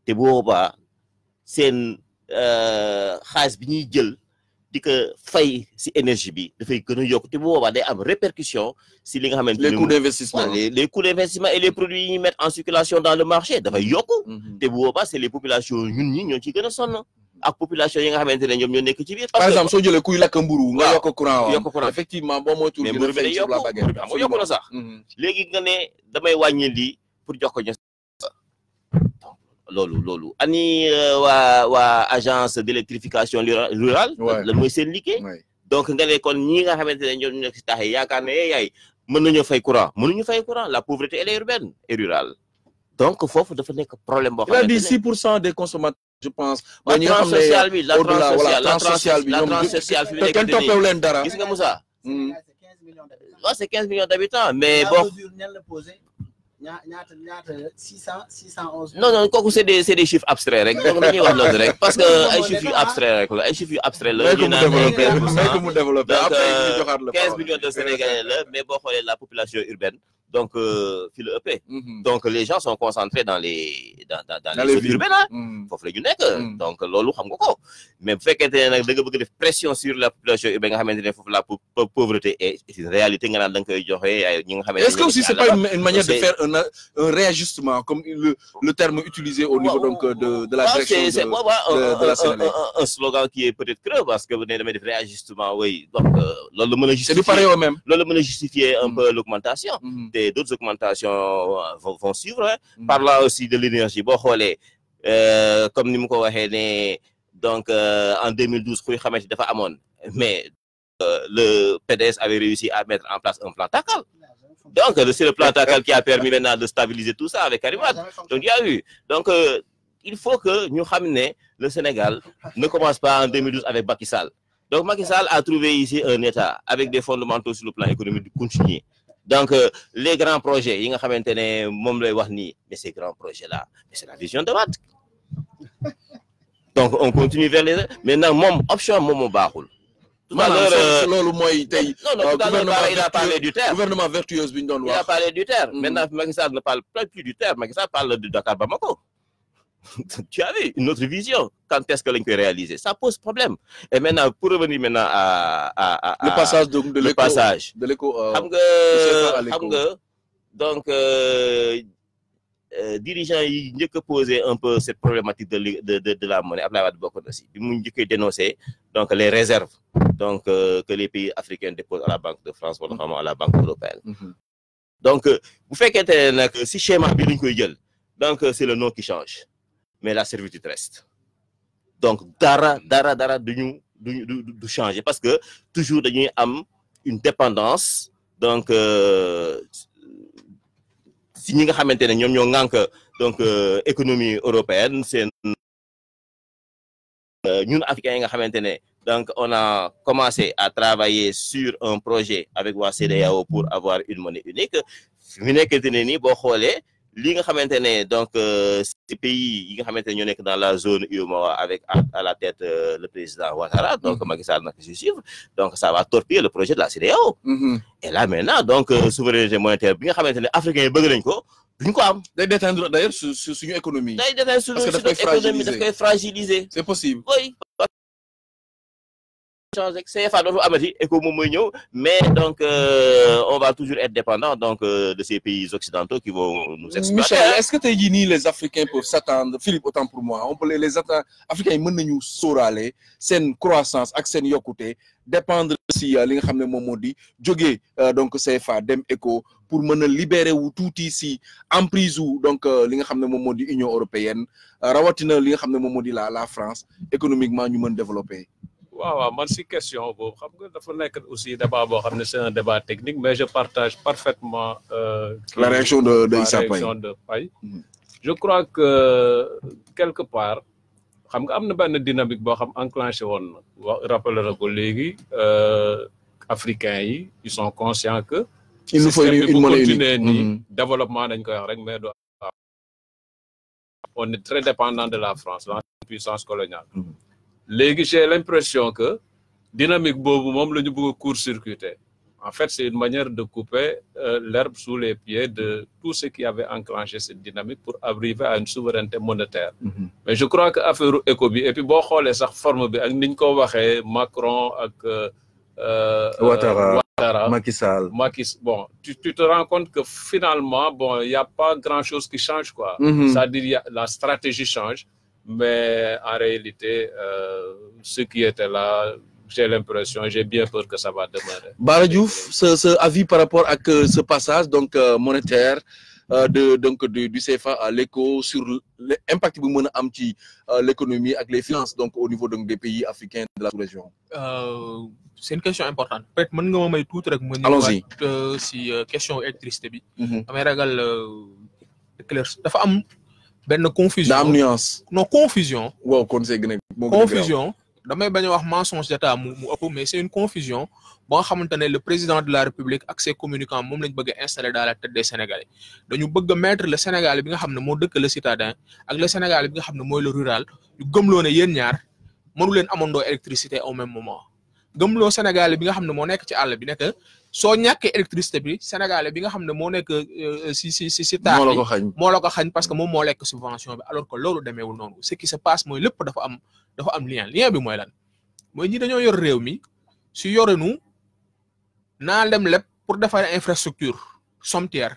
té te sen euh xaalis bi ñuy jël que ko fay si énergie bi fait que nous yok te bu des day am répercussions si li nga les coûts d'investissement les coûts d'investissement et les produits yi ñuy mettre en circulation dans le marché dafay yokk mhm. te bu boobaa c'est les populations ñun ñi ñoo ci gëna a mhm. ak population yi nga xamante ñom ñoo nekk ci biir. par exemple so jël kuy lakk mburu nga yok courant courant effectivement bo moytuwul. tour mburu bi day yokk yok na sax. Mhm. légui nga né damay wañi li pour jox ko lolou lolou ani euh, wa wa agence d'électrification rurale Le mooy seen liggéey donc ngalé kon ñi nga xamante ñu nekk si taax eh, yaay fay courant ñu fay courant la pauvreté elle est urbaine et rurale donc fofu dafa nek problème bo xam il a dit 6 des consommateurs je pense La ñi sociale la tranche sociale bi la tranche sociale fi mu nekk kenn toppewu dara gis nga Moussa hmm. c'est 15 millions d'habitants mais bon ñaa ñaata ñaata six cent six cent non non kooku c'est des c'est des chiffres abstraits rek donc dañuy parce que ay chiffres abstraits rek ay chiffres abstraits la ñu naan mu ah. développé donc euh, quinze millions de Sénégalais la mais boo xoolee la population urbaine donc euh, fil EP mm -hmm. donc les gens sont concentrés dans les dans dans, dans, dans les villes urbaines Faut hein. mhm. foofu la ñu mhm. donc lolo xam nga ko mais bu fekkente ne nag da bëgg pression sur la population urbaine nga xamante ne la pauvreté est une réalité nga naan da nga koy ñi nga est-ce que aussi c'est pas une manière de faire un un réajustement comme le le terme utilisé au niveau donc euh, de de la direction de la Sénélec un slogan qui est peut-être creux parce que bu ne damay def réajustement oui donc euh, loolu mën a justifier c'est pareil au même justifier un mm. peu l'augmentation mm d'autres augmentations euh, vont, suivre. Hein. Mm. aussi de l'énergie. Bon, euh, comme nous avons donc euh, en 2012, mais le PDS avait réussi à mettre en place un plan TACAL. Donc, c'est le plan TACAL qui a permis maintenant de stabiliser tout ça avec Karimad. Donc, il eu. Donc, il faut que nous ramenions le Sénégal ne commence pas en 2012 avec Sall. Donc Macky Sall a trouvé ici un État avec des fondamentaux sur le plan économique de continuer donc euh, les grands projets yi nga a ne moom lay wax ni mais ces grands projets là c'est la vision de Wade donc on continue vers les maintenant mon option moom moo barul. Euh, euh, tout à l'heure non non il a parlé du terre gouvernement vertueux il a parlé du terre mm. maintenant Macky ne parle plus du terre Macky parle de Dakar Bamako. tu avais une autre vision. Quand est-ce que l'on peut réaliser Ça pose problème. Et maintenant, pour revenir maintenant à, le passage donc de l'éco, passage de l'éco, euh, donc euh, euh il n'y a poser un peu cette problématique de de de, la monnaie Abdoulaye Wade bokkoon aussi dénoncer donc les réserves donc euh, que les pays africains déposent à la Banque de France ou à la Banque européenne. Mm-hmm. donc vous faites que si schéma bi donc c'est le nom qui change mais la servitude reste donc dara hmm. dara dara de nous changer parce que toujours nous am une dépendance donc euh, si nous avons maintenant, ne donc euh, économie européenne c'est euh, nous africains nga donc on a commencé à travailler sur un projet avec waa hmm. pour avoir une monnaie unique mu ne li nga xamantene donc euh, ces pays yi nga xamantene ñu ñoo nekk dans la zone UEMOA avec à la tête euh, le président Ouattara donc mhm. Macky Sall nak si suivre donc ça va torpiller le projet de la CEDEAO mhm. et là maintenant donc euh, souveraineté monétaire bi nga xamantene africains yi bëgg lañ ko duñ ko am day détendre d'ailleurs suñu économie day déteindre suñu économie daf koy fragiliser c'est possible oui change CFA amati ECO mais donc euh, on va toujours être dépendant donc euh, de ces pays occidentaux qui vont nous exploiter. Hein. Michel est-ce que tu les Africains peuvent s'attendre Philippe autant pour moi on peut les les Africains peuvent nous nañu C'est croissance ak une yokkute dépendre si euh, li nga xam ne donc CFA dem ECO pour mën libérer wu tout ici, emprise donc li nga Union européenne rawatine li nga la la France économiquement nous devons développer waaw waaw man si question boobu xam nga dafa nekk aussi débat boo xam ne c'est un débat technique mais je partage parfaitement. Euh, la réaction de de Issa Paye réaction de Paye. Mm. je crois que quelque part xam nga am na benn dynamique boo xam enclenché woon na wax rappelé na ko léegi euh, africains yi ils sont conscients que. il nous faut une monnaie unique continuer nii mm-hmm. développement dañ ko wax rek mais du. on est très dépendant de la France la puissance coloniale. Mm-hmm j'ai l'impression que dynamique bobu la court-circuiter en fait c'est une manière de couper euh, l'herbe sous les pieds de tout ce qui avait enclenché cette dynamique pour arriver à une souveraineté monétaire mm-hmm. mais je crois que affaire et puis bo xolé sax forme bi ak niñ ko Macron ak euh, euh, Ouattara Macky Sall bon tu, te rends compte que finalement bon il n'y a pas grand chose qui change quoi mm-hmm. c'est-à-dire la stratégie change mais en réalité, euh, ce qui était là, j'ai l'impression, j'ai bien peur que ça va demeurer. Baradjouf, ce, ce, avis par rapport à ce passage donc, euh, monétaire euh, de, donc, du, CFA à l'éco sur l'impact que mën a am ci euh, l'économie et les finances donc, au niveau donc, des pays africains de la région euh, C'est une question importante. Peut-être que je vais tout rek mëna Allons-y. une question électricité bi. Mhm. Amé ragal dafa am ben confusion dans nuance. non confusion. wow confusion damay bañ wax mensonge d'état mu mu ëpp mais c'est une confusion ba nga le président de la république ak ses communicants mom lañ bëgg installer dans la tête des sénégalais dañu bëgg mettre le sénégalais bi nga xam mo dëkk le citadin ak le sénégalais bi nga xam moy le rural ñu gëmloo ne yéen ñaar mënu leen amandoo électricité au même moment gëmloo sénégalais bi nga xam mo nekk ci àll bi nekk soo ñàkkee électricité bi sénégalais bi nga xam ne moo nekk euh, si si si si taar moo la ko xañ parce que moom moo lekk subvention bi alors que loolu demeewul noonu ce qui se passe mooy lépp dafa am dafa am lien lien bi mooy lan mooy ñi dañoo yor réew mi si yorenu naa dem lépp pour defar infrastructure somtière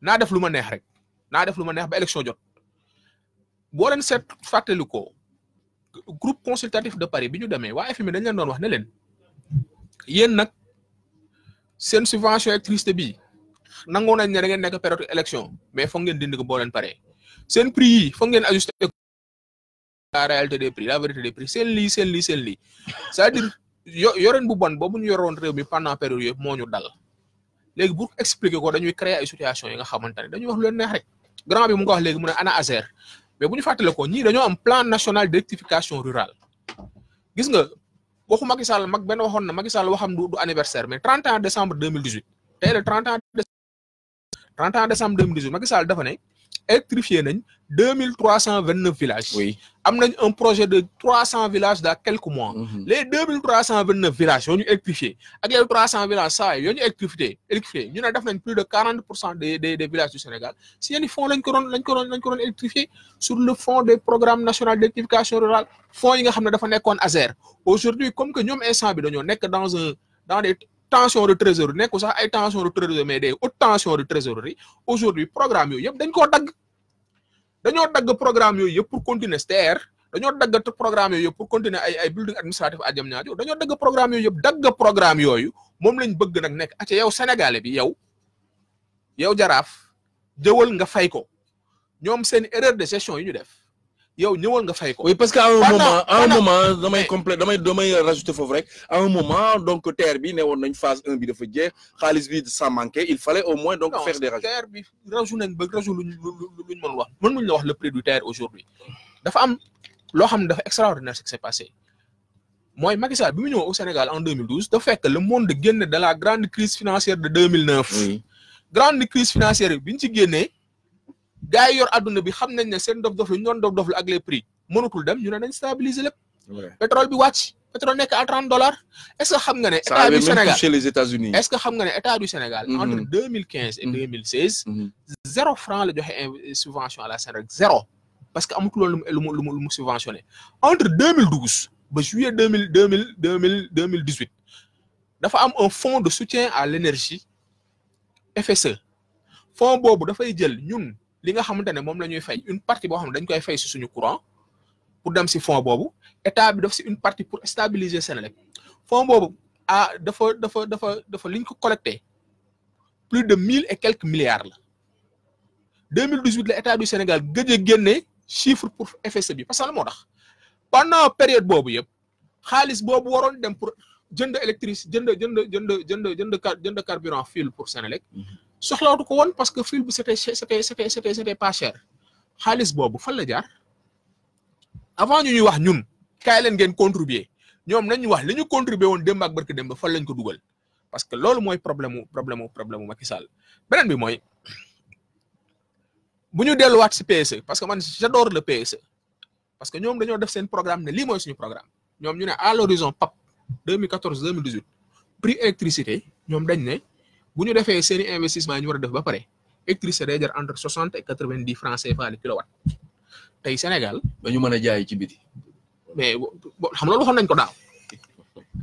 naa def lu ma neex rek naa def lu ma neex ba élection jot boo leen set fàttali ko groupe consultatif de Paris bi ñu demee waa FMI dañ leen doon wax ne leen yéen nag seen subvention électricité bi nangoo nañ ne da ngeen nekk période élection mais foog ngeen dindi ko boo leen paree seen prix yi foog ngeen ajusté la réalité des prix la vérité des prix seen lii seen lii seen lii yo yoreen bu bon boobu ñu yoroon réew mi pendant période yooyu moo ñu dal léegi pour expliquer ko dañuy créer ay situation yi nga xamante ne dañuy wax lu leen neex rek grand bi mu ko wax léegi mu ne ana ASER mais bu ñu fàttale ko ñii dañoo am plan national d' rectification rurale gis waxu Macky Sall mag benn waxoon na Macky Sall waxam du du anniversaire mais 31 décembre 2018 tey le 31 décembre 31 décembre 2018 Macky Sall dafa ne. électrifié 2329 villages. oui am un projet de 300 villages dans quelques mois. Mhm. les 2329 villages ont ñu électrifié ak les 300 villages ça, yoo ñu électrifié électrifié ñu plus de 40% des des des villages du Sénégal si on fonds lañ ko électrifié sur le fond des programmes nationaux d'électrification rurale fonds yi nga xam aujourd'hui comme que sommes instant bi dans un dans des tension de trésorerie nekkul sax ay tension de trésorerie mais des hautes tensions de trésorerie aujourd'hui programme yooyu yëpp dañ koo dagg dañoo dagg programme yooyu yëpp pour continuer STER dañoo dagg programme yooyu yëpp pour continuer ay ay building administratif à Diamniadio dañoo dagg programme yooyu yëpp dagg programme yooyu moom lañ bëgg nag nekk aca yow sénégalais bi yow yow jaraaf jëwal nga fay ko ñoom seen erreur de gestion yi ñu def oui parce qu'à un moment à un moment damay complet damay rajouter à un moment donc terre bi ne nañ phase 1, bi dafa bi il fallait au moins donc faire des rajouts. terre bi la le prix du terre aujourd'hui dafa am lo xam extraordinaire ce qui s'est passé Moi, Macky bi au Sénégal en 2012 fait que le monde génne de la grande crise financière de 2009. grande crise financière biñ ci gars yi yor aduna bi xam nañ ne seen dof-dof yi ñu doon dof-dof la ak les prix mënatul dem ñu ne nañ stabiliser lépp. pétrole bi wàcc pétrole nekk à 30 dollars. est ce que xam nga ne état du Sénégal chez les États-Unis est ce que xam nga ne état du Sénégal. entre 2015 et 2016. Mhm. Mhm. zéro franc la joxe subvention à la Sénégal zéro. parce que amatuloon lu mu lu mu lu mu subventionné entre 2012 ba juillet 2000 2000 2000 2018 dafa am un fonds de soutien à l' énergie FSE fonds boobu dafay jël ñun. li nga xamante ne moom la ñuy fay une partie boo xam ne dañ koy fay si suñu courant pour dem si fonds boobu état bi def si une partie pour stabiliser Senelec fonds boobu ah dafa dafa dafa dafa liñ ko collecté plus de mille et quelques milliards la 2018 la état du Sénégal gëj a génne chiffre pour FSE bi parce que moo tax pendant période boobu yëpp xaalis boobu waroon dem pour jënd électricité jënd jënd jënd jënd jënd carburant fuel pour Senelec soxlaatu ko won parce que film bi c'était c'était c'était c'était c'était pas cher khalis bobu fa la jaar avant ñu ñuy wax ñun kay leen ngeen contribuer ñoom nañu wax liñu contribuer won dem ak barki démb fa lañ ko duggal parce que lolu moy problème problème problème Macky Sall benen bi moy bu ñu wat ci PSE parce que man j'adore le PSE parce que ñom dañu def seen programme ne li moy suñu programme ñom ñu ne à l'horizon PAP 2014 2018 prix électricité ñom dañ ne bu ñu defee seen investissement ñu war a def ba pare électricité day jar entre 60 et 90 francs CFA le kilowatt tey Sénégal. ba ñu mën a jaay ci biti. mais xam loolu xam nañ ko daaw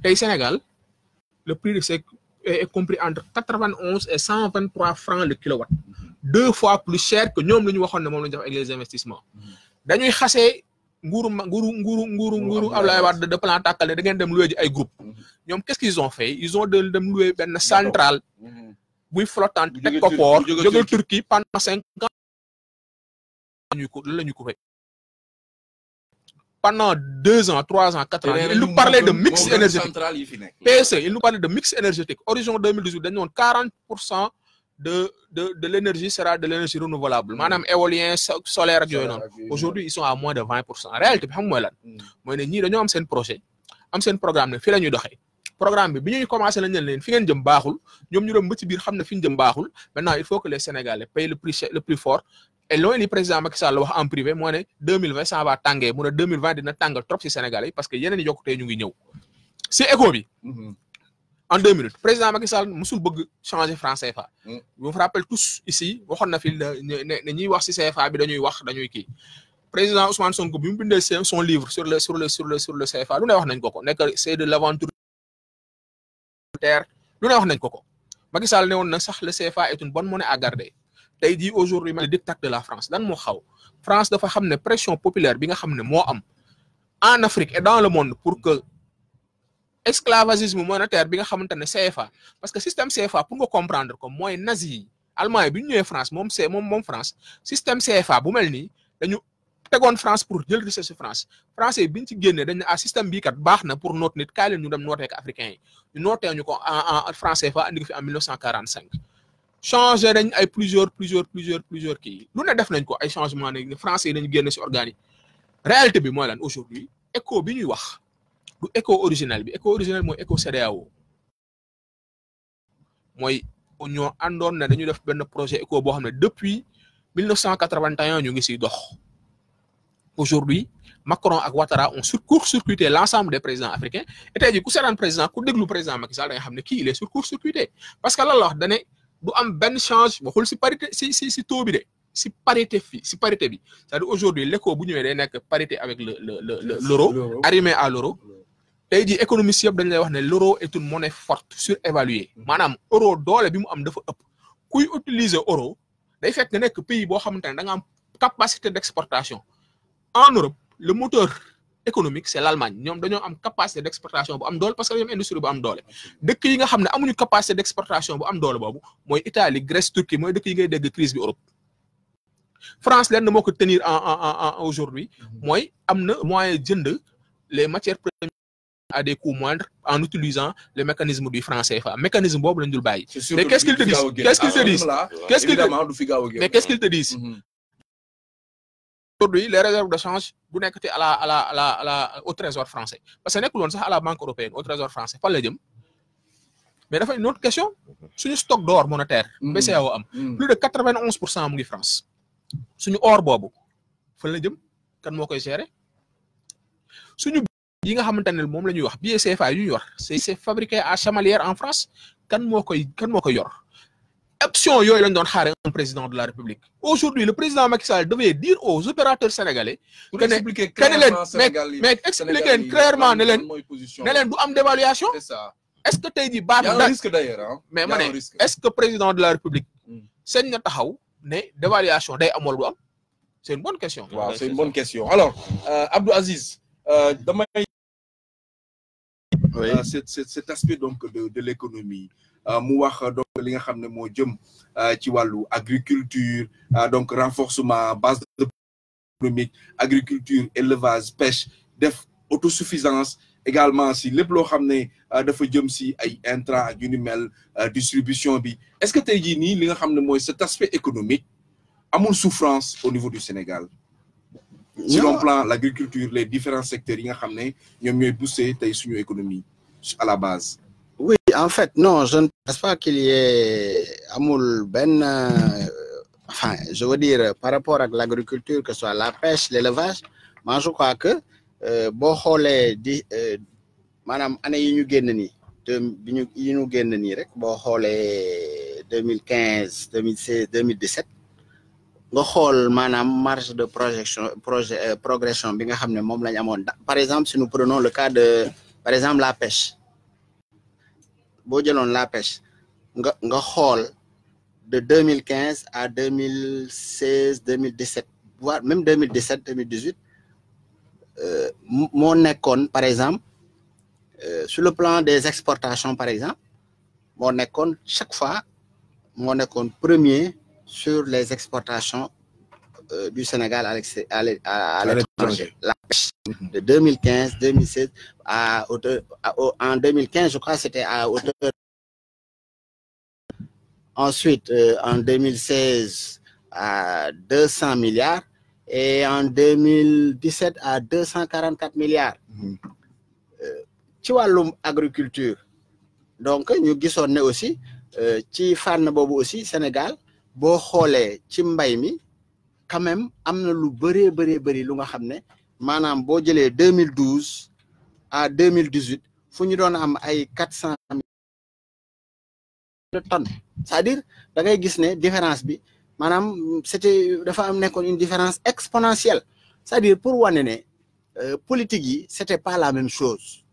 tey Sénégal le prix c'est est compris entre 91 et 123 francs le kilowatt mhm. deux fois plus cher que ñoom la ñu waxoon ne moom lañu def ak les investissements mhm. dañuy xasee. nguru nguru nguru nguru nguru Abdoulaye Wade de plan takale da ngeen dem loué ji ay groupe mm-hmm. ñom qu'est-ce qu'ils ont fait ils ont de dem loué ben centrale mm-hmm. buy flottante de ko port jóge Turquie pendant cinq ans lañu ko lañu ko fay pendant 2 ans 3 ans 4 ans il nous parlait de mix énergétique PC, e, il nous parlait de mix énergétique horizon 2018, mille dix 40% de, de, de l'énergie sera de l'énergie renouvelable. Mm. Madame éolien, solaire, Aujourd'hui, ils sont à moins de 20%. En réalité, nous avons un projet, un programme, nous avons programme bi bi ñu commencé lañ leen fi ngeen jëm baaxul ñoom ñu doon ba ci biir xam fi ñu jëm baaxul maintenant il faut que les sénégalais payent le prix le plus fort et loin li président Macky Sall wax en privé moo ne 2020, ça va tàngee mu ne 2020, dina tàngal trop ci sénégalais parce que yeneen yokkutee ñu ngi ñëw si éco bi. Mm-hmm en deux minutes président Macky Sall musul changer CFA. Mm. vous rappelle tous ici CFA président Ousmane Sonko son livre sur le CFA c'est de l'aventure le CFA une bonne monnaie à garder aujourd'hui de la France France pression populaire en Afrique et dans le monde pour que esclavagisme monétaire bi nga xamante CFA parce que système CFA pour nga comprendre comme mooy nazi allemand bi ñu France mom c'est mom France système CFA bu melni dañu tegoon France pour jël richesse France français biñ ci génnee dañ ah, na système bi kat baxna pour noot nit kaay leen ñu dem noter ak africain yi ñu ñu ko en en franc andi fi en 1945 changer nañ ay plusieurs plusieurs plusieurs plusieurs qui, lu ne def nañ ko ay changement ne français yi dañu génne si organes réalité bi moy lan aujourd'hui écho bi ñuy wax bu original bi éco original moy éco CEDEAO moy ñoo àndoon ne dañu def ben projet éco bo xam depuis 1981 ñu ngi ci dox aujourd'hui Macron ak Ouattara ont sur court-circuité l'ensemble des présidents africains et à dire ku seetaan président ku déglu président Macky Sall da nga xam ki il est sur court-circuité parce que là, la wax dane du am ben change waxul ci parité ci ci ci taux bi de ci parité fii parité bi c'est-à-dire aujourd'hui l'éco bu ñëwee day nek parité avec le le le l'euro arrimé à l'euro les économistes économiste yeb dañ lay wax né l'euro est une monnaie forte surévaluée manam mhm. euro doole bi mu am dafa ëpp kuy utiliser euro day fekk nga pays bo xamante da nga am capacité d'exportation en Europe le moteur économique c'est l'Allemagne ñom dañu am capacité d'exportation bu am doole parce que dañoo industrie bu am doole dëkk yi nga xamné amuñu capacité d'exportation bu am doole bobu moy Italie Grèce Turquie moy dëkk yi ngay dégg crise bi Europe France lenn moko tenir en en en aujourd'hui moy mhm. amna moyen jënd les matières premières à des coûts moindres en utilisant le mécanisme du français, CFA. Mécanisme Bob ah, Mais qu'est-ce qu'ils te disent Qu'est-ce qu'ils te disent Qu'est-ce qu'ils te Mais qu'est-ce qu'ils te disent Aujourd'hui, les réserves de change, vous n'êtes à la, à la, à la, au trésor français. Parce que nous à la Banque européenne, au trésor français. Pas le Mais il y a une autre question. Sur le stock d'or monétaire, mm-hmm. BCAO, mm-hmm. plus de 91% en France. Sur l'or or, il faut le dire. Quand nous gérer yi nga xamante ne moom la ñuy wax billet CFA yu ñuy wax c'est fabriqué à Chamalières en France kan moo koy kan moo koy yor option yooyu lañ doon xaare un président de la République aujourd'hui le président Macky Sall devait dire aux opérateurs sénégalais que ne que mais mais expliquer clairement ne leen ne leen du am dévaluation est-ce que tey jii baat hein. mais ma ne est-ce que président de la République hmm. sañ na taxaw ne dévaluation day am du am c'est une bonne question waaw c'est une bonne question alors euh, Abdou Aziz euh, damay euh, cet, aspect donc de, l'économie. Euh, l'agriculture, euh, donc renforcement base économique agriculture élevage pêche autosuffisance également si les si distribution bi est-ce que cet aspect économique amul souffrance au niveau du Sénégal si l'on prend l'agriculture les différents secteurs il y a mieux poussé pousser économie à la base. oui en fait non je ne pense pas qu'il y ait un ben euh, enfin je veux dire par rapport à l'agriculture que ce soit la pêche l'élevage moi je crois que euh, boo xoolee di euh, année yi ñu nga xool maanaam marge de projection projet euh, progression bi nga ne par exemple si nous prenons le cas de par exemple la pêche boo la pêche nga de 2015 à 2016 2017 voire même 2017 2018 euh, moo par exemple euh, sur le plan des exportations par exemple moo chaque fois mon nekkoon premier sur les exportations euh, du Sénégal à l'étranger. La de 2015, 2016, à, en 2015, je crois, c'était à hauteur. Ensuite, euh, en 2016, à 200 milliards et en 2017 à 244 milliards. Tu mm-hmm. euh, vois agriculture donc ñu guissons aussi ci fànn aussi Sénégal bo xolé ci mbay mi quand même amna lu bëree bëree bëri lu nga xamné manam bo 2012 à 2018, eu fu ñu doon am ay tonnes c'est-à-dire da ngay gis né différence bi manam c'était dafa am une différence exponentielle c'est-à-dire pour wane né euh, politique yi c'était pas la même chose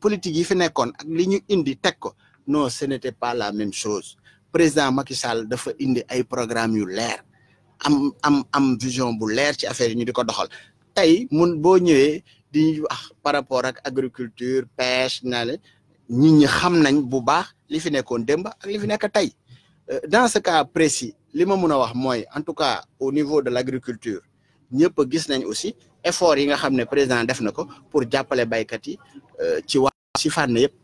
politique yi fi nekkoon ak li ñu indi ko non ce n'était pas la même chose président Macky Sall dafa indi ay programme yu leer am am am vision bu leer ci affaire yi ñu diko doxal tay mun bo ñëwé di wax par rapport ak agriculture pêche naa ne nit ñi xam nañ bu baax li fi nekkoon démb ak li fi nekk tey euh, dans ce cas précis li ma mun a wax mooy en tout cas au niveau de l' agriculture ñëpp gis nañ aussi effort yi nga xam ne président def na ko pour jàppale baykat yi euh, ci wa ci fànn yëpp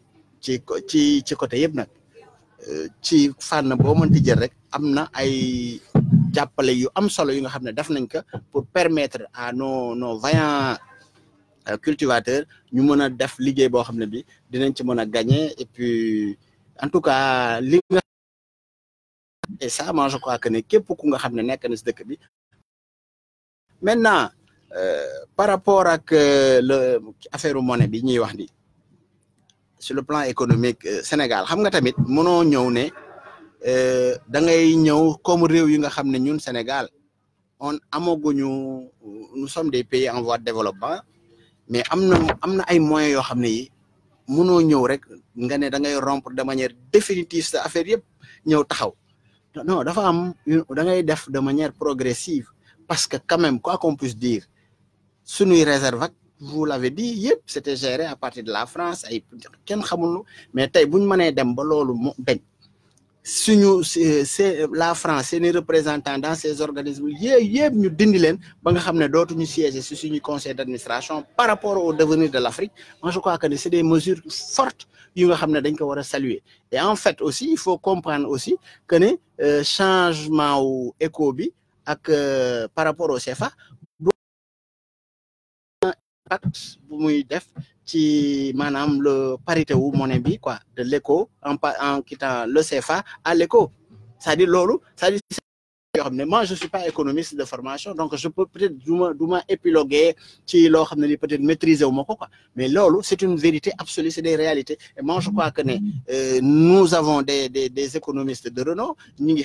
ci ci ci côté yëpp nag ci fànn boo mënti jël rek am na ay jàppale yu am solo yu nga xam ne def nañ ko pour permettre à nos nos vaillants euh, cultivateurs ñu mën a def liggéey boo xam ne bi dinañ ci mën a gagner et puis en tout cas li nga et ça moi je crois que ne képp ku nga xam ne nekk na si dëkk bi maintenant euh, par rapport ak euh, le affaire monnaie bi ñuy wax ni sur le plan économique euh, Sénégal xam nga tamit mënoo ñëw euh da ngay ñëw comme réew yi nga xamné ñun Sénégal on nous sommes des pays en voie de développement mais amna amna des pays ay moyens yo xamné yi ñëw rek nga ne da ngay rompre de manière définitive cette affaire ñëw taxaw non dafa am da ngay def de manière progressive parce que quand même quoi qu'on puisse dire suñuy réserve ak vous l'avez dit c'était géré à partir de la France mais c'est la France les représentants dans ces organismes Yep, yëpp ñu dindi leen ba nga siéger conseil d'administration par rapport au devenir de l'Afrique moi je crois que c'est des mesures fortes que saluer et en fait aussi il faut comprendre aussi que les euh, changement au ECOBI bi euh, par rapport au CFA qui def ci manam le parité ou mon bi quoi de l'éco en en quittant le CFA à l'éco ça dit lolu ça dit mais moi je suis pas économiste de formation donc je peux peut-être du épiloguer ci lo ne ni peut-être maîtriser ou mon quoi mais lolu c'est une vérité absolue c'est des réalités et moi je crois que euh, nous avons des des des économistes de renom ni ngi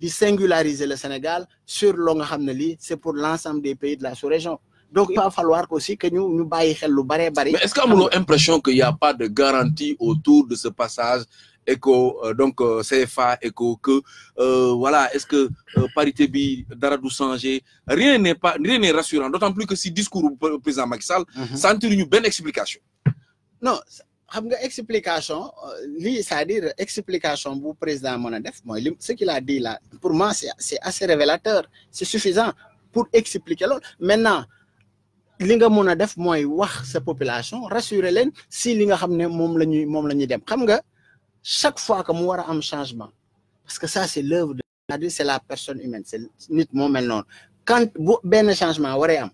de singulariser le Sénégal sur loo c'est pour l'ensemble des pays de la sous-région donc il va falloir aussi que nous nous baillons le lu mais est-ce qu'on a l'impression que y a pas de garantie autour de ce passage ECO euh, donc euh, CFA éco que euh, voilà est-ce que parité bi dara du rien n'est pas rien n'est rassurant d'autant plus que si discours président Macky Sall. Mhm. une bonne explication. non xam nga explication euh, li c'est-à-dire explication bu président mën a def mooy li ce qu'il a dit là pour moi c'est c'est assez révélateur c'est suffisant pour expliquer loolu maintenant li nga mën a def mooy wax sa population rassurer leen si li nga xam ne moom la ñuy moom la ñuy dem xam nga chaque fois que mu war a am changement parce que ça c'est l'œuvre de cest c'est la personne humaine c'est nit moo mel noonu quand bu benn changement waree am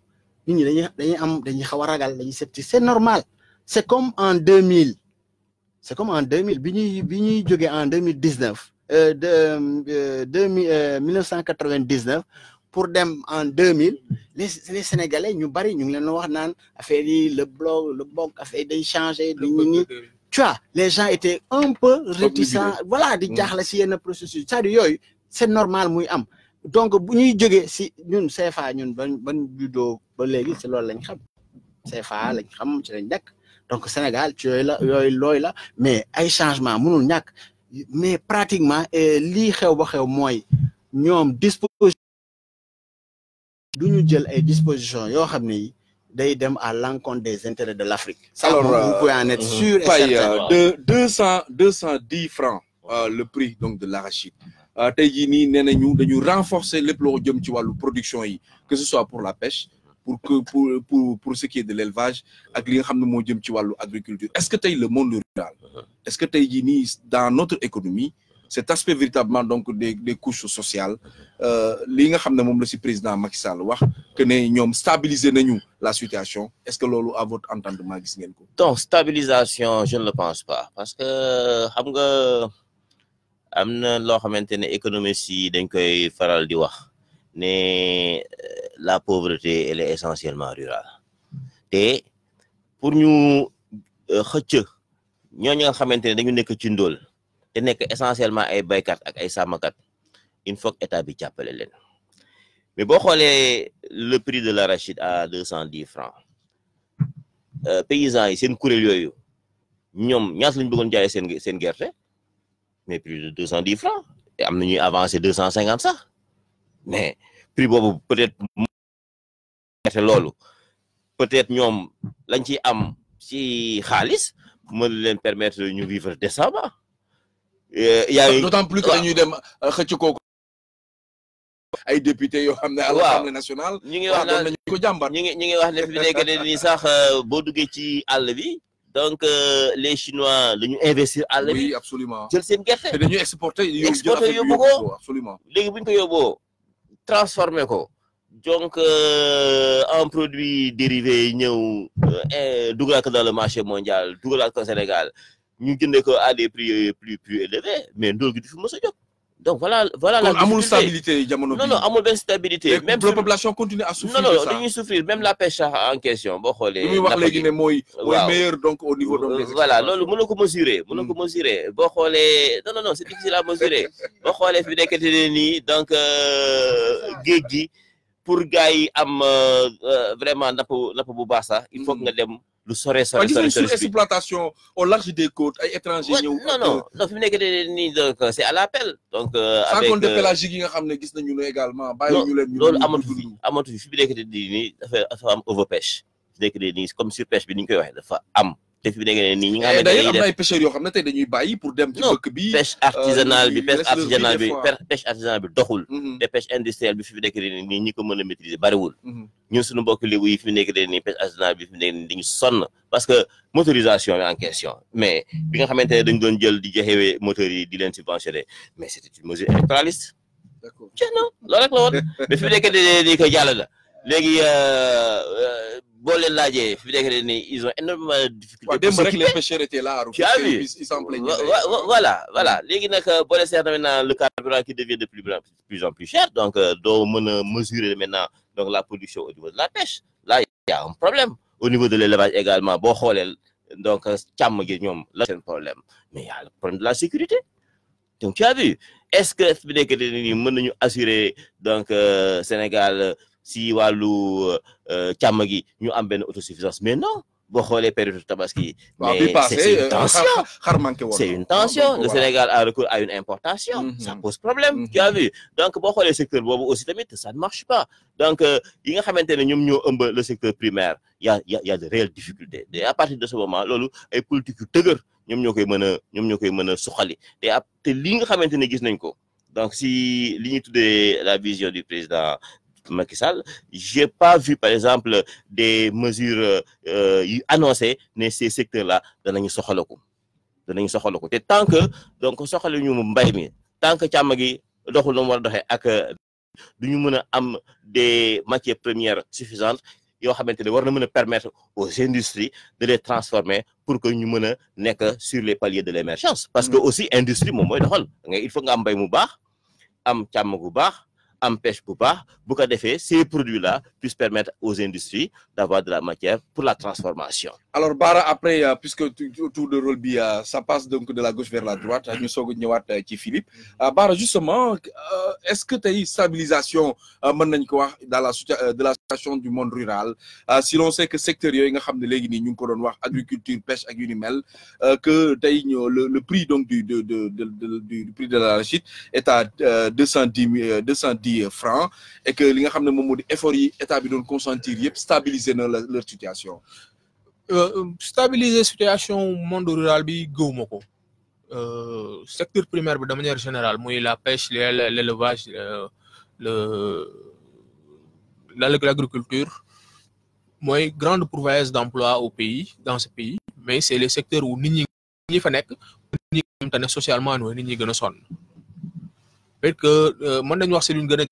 nit ñi dañuy dañuy am dañuy xaw a ragal dañuy sceptique c'est normal c'est comme en 2000 c'est comme en 2000 Bini Bini bi en 2019 euh, de euh, deux 1999 euh, pour dem en 2000 les les sénégalais ñu bari ñu ngi leen wax naan affaire le blog, le blog affaire fait des du ñu ni tu vois les gens étaient un peu réticents voilà di mm. la si yenn processus c'est-à-dire c'est normal muy am donc bu ñuy jógee si ñun CFA ñun ban ban juddoo ba légui si loolu lañ xam CFA lañ xam ci lañ nekk donc Sénégal tu là, la es là, euh, la mais ay changement mënul ñàkk mais pratiquement ce xew ba xew mooy ñom disposition duñu jël ay dispositions yo xamné day dem à l'encontre des intérêts de l'Afrique. alors ah vous pouvez en être euh, sûr et certain. de 200, 210 francs euh, le prix donc de l'arachide nous avons renforcé nee dañu renforcer lepp lo jëm ci production yi que ce soit pour la pêche pour que pour pour pour ce qui est de l'élevage ak li est-ce que tu as le monde rural uh-huh. est-ce que tu as dans notre économie cet aspect véritablement donc des couches sociales uh-huh. euh, li nga ne sais la si président Macky Sall que nous avons stabiliser la situation est-ce que tu à votre entendement donc stabilisation je ne le pense pas parce que xam nga am na loo économistes dañ koy mais eh, la pauvreté elle est essentiellement rurale Et pour nous eh, xëcc ñooñu nga xamante dañu ci essentiellement ay baykat ak ay samakat une fois que état bi mais le prix de l'arachide à 210 francs, francs eh, paysans c'est une kuréel yooyu ñom ñass luñu bëggon seen mais plus de 210 francs et am 250 ñuy mais prix bobu peut-être c'est lolu peut-être ñom lañ ci am ci xaalis me leen permettre ñu vivre décemment euh, yaa ngi d'autant plus que dañuy dem euh, xëcc ko ay député yo xamné ala xamné national ñi ngi wax nañ ko jambar ñi ngi ñi ngi wax né fi nekk ne ni sax euh, bo duggé ci all bi donc les chinois lañu investir all bi oui absolument jël seen gexé dañu exporter exporter yóbbu absolument légui buñ ko yobbo transformer ko donc euh, en produit dérivé ñëw euh, dugal ko dans le marché mondial dugal Sénégal ñu jëndee ko à des prix plus plus élevés mais ndóol gi du fi donc voilà voilà la amul stabilité jamono non non amour de stabilité. même la population continue à souffrir. non non à souffrir même la pêche ah, en question Bon, xoolee. li muy meilleur donc au niveau. donc euh, voilà non, mën na ko mesurer. mën ko hmm. mesurer boo xoolee non non non c'est difficile à mesurer On xoolee fi nekkati ni donc euh, Gigi, gi pour gars yi am euh, vraiment napp napp bu baax ça, il faut que hmm. nga du sore sore sore sore plantation au large des côtes ay étrangers non non euh, non fi que nekk donc euh, c'est à l'appel donc euh, avec sans compter pélagique yi nga xam gis nañu ne également bayu ñu leen loolu amatu fi amatu fi fi mu ni dafa dafa am overpêche fi nekk ni comme surpêche bi ni ñu koy waxe dafa am te fi dégg nii ñi nga eh, xam ne dañuy def am ay pêcheurs yoo xam ne tey dañuy bàyyi pour dem. bi euh, pêche artisanale bi pêche mm-hmm. te pêche industrielle bi fi nekk nii ñi ko mën a maîtriser bariwul. Mm-hmm. ñun suñu mbokk fi nekk nii pêche artisanale bi fi nekk nii sonn parce que motorisation en question mais bi nga xamante ne doon jël di joxewee moteurs yi di leen subventionné mais c' une mesure électoraliste. d' accord jeex na loolu fi mu nekk nii nii koy jàll bon les ni ils ont énormément de difficultés pour s'occuper les pêcheurs étaient là vu ils s'en plaignaient voilà voilà les nak bolé les c'est maintenant le carburant qui devient de plus, en plus cher donc euh, do meuna mesurer maintenant donc la production au niveau de la pêche là il y a un problème au niveau de l'élevage également bo donc euh, cham gi ñom c'est un problème mais il y a le problème de la sécurité donc tu as vu est-ce que vu nek ni mëna ñu assurer donc euh, Sénégal si Walou càmm nous ñu am autosuffisance mais non tabaski. c'est une tension le Sénégal a recours à une importation. Mhm. ça pose problème mhm. tu as vu. donc boo les secteur aussi ça ne marche pas donc euh, le secteur primaire il a y a de réelles difficultés et à partir de ce moment lolo ay politique de a donc si la vision du président je n'ai J'ai pas vu, par exemple, des mesures euh, annoncées, dans ces secteurs-là, dans Dans tant que, donc, tant que nous avons des matières premières suffisantes nous devons permettre aux industries de les transformer pour que nous ne que sur les paliers de l'émergence parce que mm. aussi industrie mooy il faut que nous ayons mu baax am càmm empêche pêche pas pas, ces produits là puissent permettre aux industries d'avoir de la matière pour la transformation. alors Bara après euh, puisque autour de rôle euh, ça passe donc de la gauche vers la droite ñu soog ñëwaat ci Philippe euh, Bara justement est-ce que tu as une stabilisation dans la de la situation du monde rural si l'on sait que secteur nous nga agriculture pêche ak que le prix donc du du prix de l'arachide est à 210 210 francs, et que les gens qui ont eu l'effort di effort yi état consentir stabiliser leur situation euh, euh, stabiliser situation monde rural bi gëwuma euh, secteur primaire de manière générale la pêche l'élevage le l'agriculture y grande pourvoyeuse d'emploi au pays dans ce pays mais c'est le secteur où nous sommes socialement peut-être que euh, mën nañu wax si luñ gën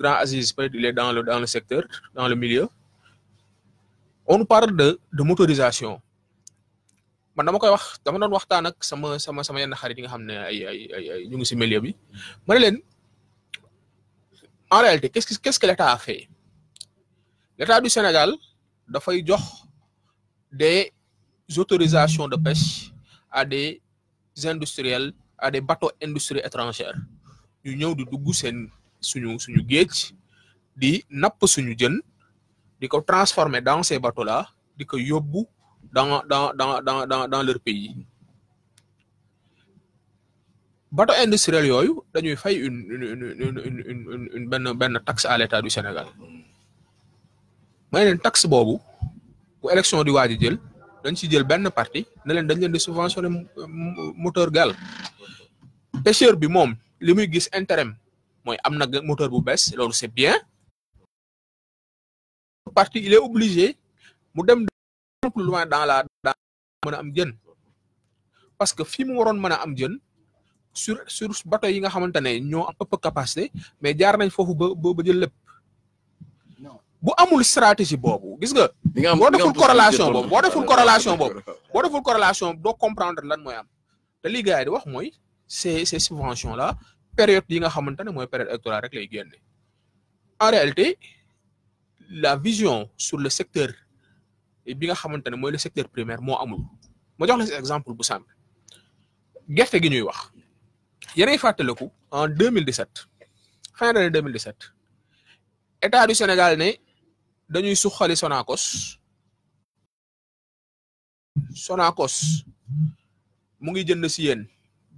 grand Aziz peut-être il est dans le dans le secteur dans le milieu on nous parle de de motorisation man dama koy wax dama doon waxtaan ak sama sama sama yenn xarit yi nga xam ne ay ay ay ñu ngi si milieu bi ma ne leen en réalité qu'est-ce qu'est-ce que l'État a fait l'État du Sénégal dafay jox des autorisations de pêche à des industriels à des bateaux industrie étrangère ñu ñëw di dugg seen suñu suñu géej di napp suñu jën di ko transformer dans ces bateaux là di ko yóbbu dans dans dans dans dans dans leur pays bateau industriel yooyu dañuy fay une une une une une une une benn benn taxe à l'état du Sénégal may leen taxe boobu bu élection di waaj jël dañ ci jël benn parti ne leen dañ leen di subventionner moteur gal pêcheur bi mom li gis intérêt moy amna moteur bu bess lolu c'est bien parti il est obligé mu dem plus loin dans la dans am jeun parce que fi mu waron am jeun sur sur bateau yi nga xamante ne ñoo am peu capacité mais jaar nañ fofu ba ba jël lepp bu amul stratégie bobu gis nga bo deful corrélation bobu bo deful corrélation bobu bo deful corrélation do comprendre lan moy am te li gaay di wax moy ces ces subventions là période yi nga xamante ne période électorale rek lay en réalité la vision sur le secteur bi nga xamante ne le secteur primaire moo amul moi jox la si exemple bu simple gerte gi ñuy wax yeneen fàttaliku en 2017 fin de 2017 état du Sénégal ne dañuy suqali Sonacos Sonacos mu ngi jënd si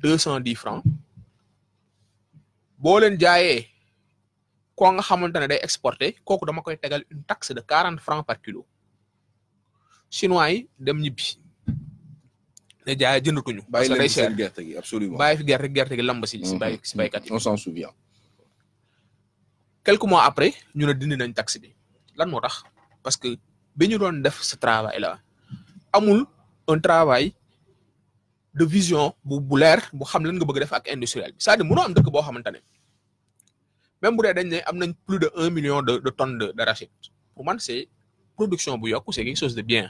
deux cent dix francs boo leen jaayee koo nga xamante ne day exporter kooku dama koy tegal une taxe de quarante francs par kilo chinois yi dem ñibbi ne jaay jëndatuñu. parce que day cher bàyyi gerte gi absolument bàyyi fi gerte gerte gi lamb si. si mm-hmm. bay si baykat yi on s'en souvient. mois après ñu ne dindi nañ taxe bi lan moo tax parce que bi ñu doon def ce travail amul un travail. de vision bu bu leer bu xam lan nga bëgg def ak industriel bi c'est-à-dire mënoo am dëkk boo xamantane même bu dee dañ ne am nañ plus de 1 million de de tonnes de d'arachide pour man c'est production bu yokku c'est quelque chose de bien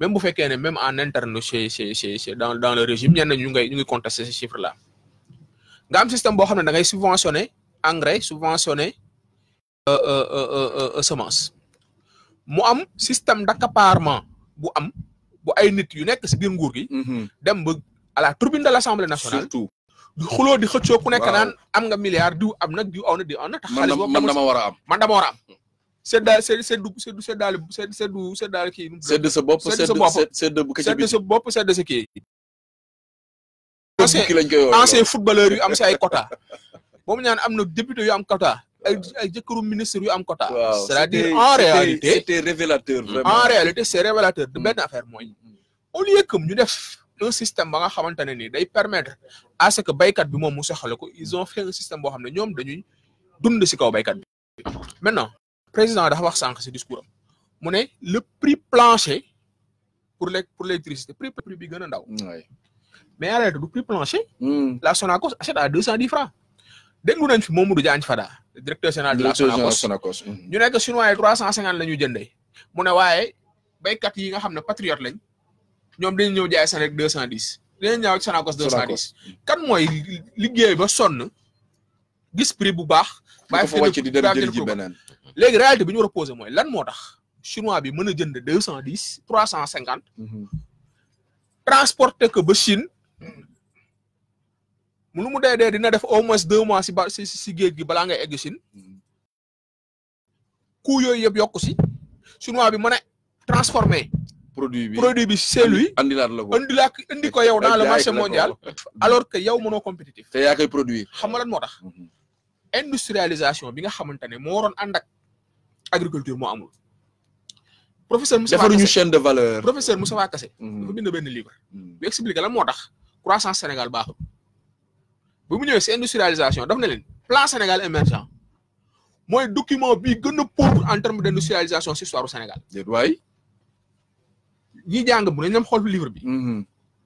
même bu fekkee ne même en interne chez chez chez chez dans dans le régime ñen ñu ngay ñu ngi contester ces chiffres là nga am système boo xam ne da ngay subventionner engrais subventionner euh, euh, euh, euh, semence mu am système d'accaparement bu am bu ay nit yu nekk si biir nguur gi dem ba à la tribune de l'Assemblée nationale. surtout di xuloo di xëccoo ku nekk naan am nga milliard diw am nag diw aw na diw aw na. tax xaalis boobu man dama war a am man dama war a am. seddaal sedd seddu seddu seddaal sedd seddu seddaal kii. sedd sa bopp sedd sa bopp sedd bu kii sedd sa bopp sedd sa kii. ancien footballeur yu am si ay quota boobu ñaan am na député yu am quota ay ay jëkkëru ministre yu am quota c'est-à-dire en réalité c'était révélateur vraiment en réalité c'est révélateur de benn affaire mooy au lieu que ñu def un système ba nga xamante ne ni day permettre à ce que béykat bi moom mu soxla ko ils ont fait un système boo xam ne ñoom dañuy dund si kaw baykat bi. maintenant président dafa wax sànq si discours am mu ne le prix plancher pour le pour l'électricité prix prix bi gën a ndaw. mais en réalité du prix plancher. Hmm. la Sonacos achète à deux cent dix francs. déglu nañ fi Mamadou Diagne Fada. directeur général de la Sonacos hmm. ñu nekk chinois yi trois cent cinquante la ñuy jënde mu ne waaye béykat yi nga xam ne patriote lañ. ñom dañ ñew jaay Sénégal 210 dañ ñëw Sonacos 210 kan moy liggéey ba son gis prix bu baax bay fi ci di dem jël ji benen légui réalité biñu ñu war a lan motax chinois bi mëna jënd 210 350 transporter ko ba Chine mu lu mu dee dina def au moins 2 mois si ci si si gi bala nga égg Chine mhm. ku yoy yeb yokku si chinois bi mëna transformer produit bi produit bi c'est lui andilaat la ko andilaat andi ko yow dans le marché mondial alors que yow mënoo compétitif te yaa koy produire xam nga lan moo tax mhm. industrialisation bi nga xamante ne moo waroon ànd ak agriculture moo amul professeur Moussa Kassé defaruñu chaîne de valeur professeur Moussa Kassé mhm. dafa bind benn livre bu mhm. expliqué moo tax croissance Sénégal baaxul bu mu ñëwee si industrialisation daf na leen plan Sénégal émergent mooy document bi gën a pauvre en terme d' industrialisation ñi jang bu ne xol xool livre bi. Mm-hmm.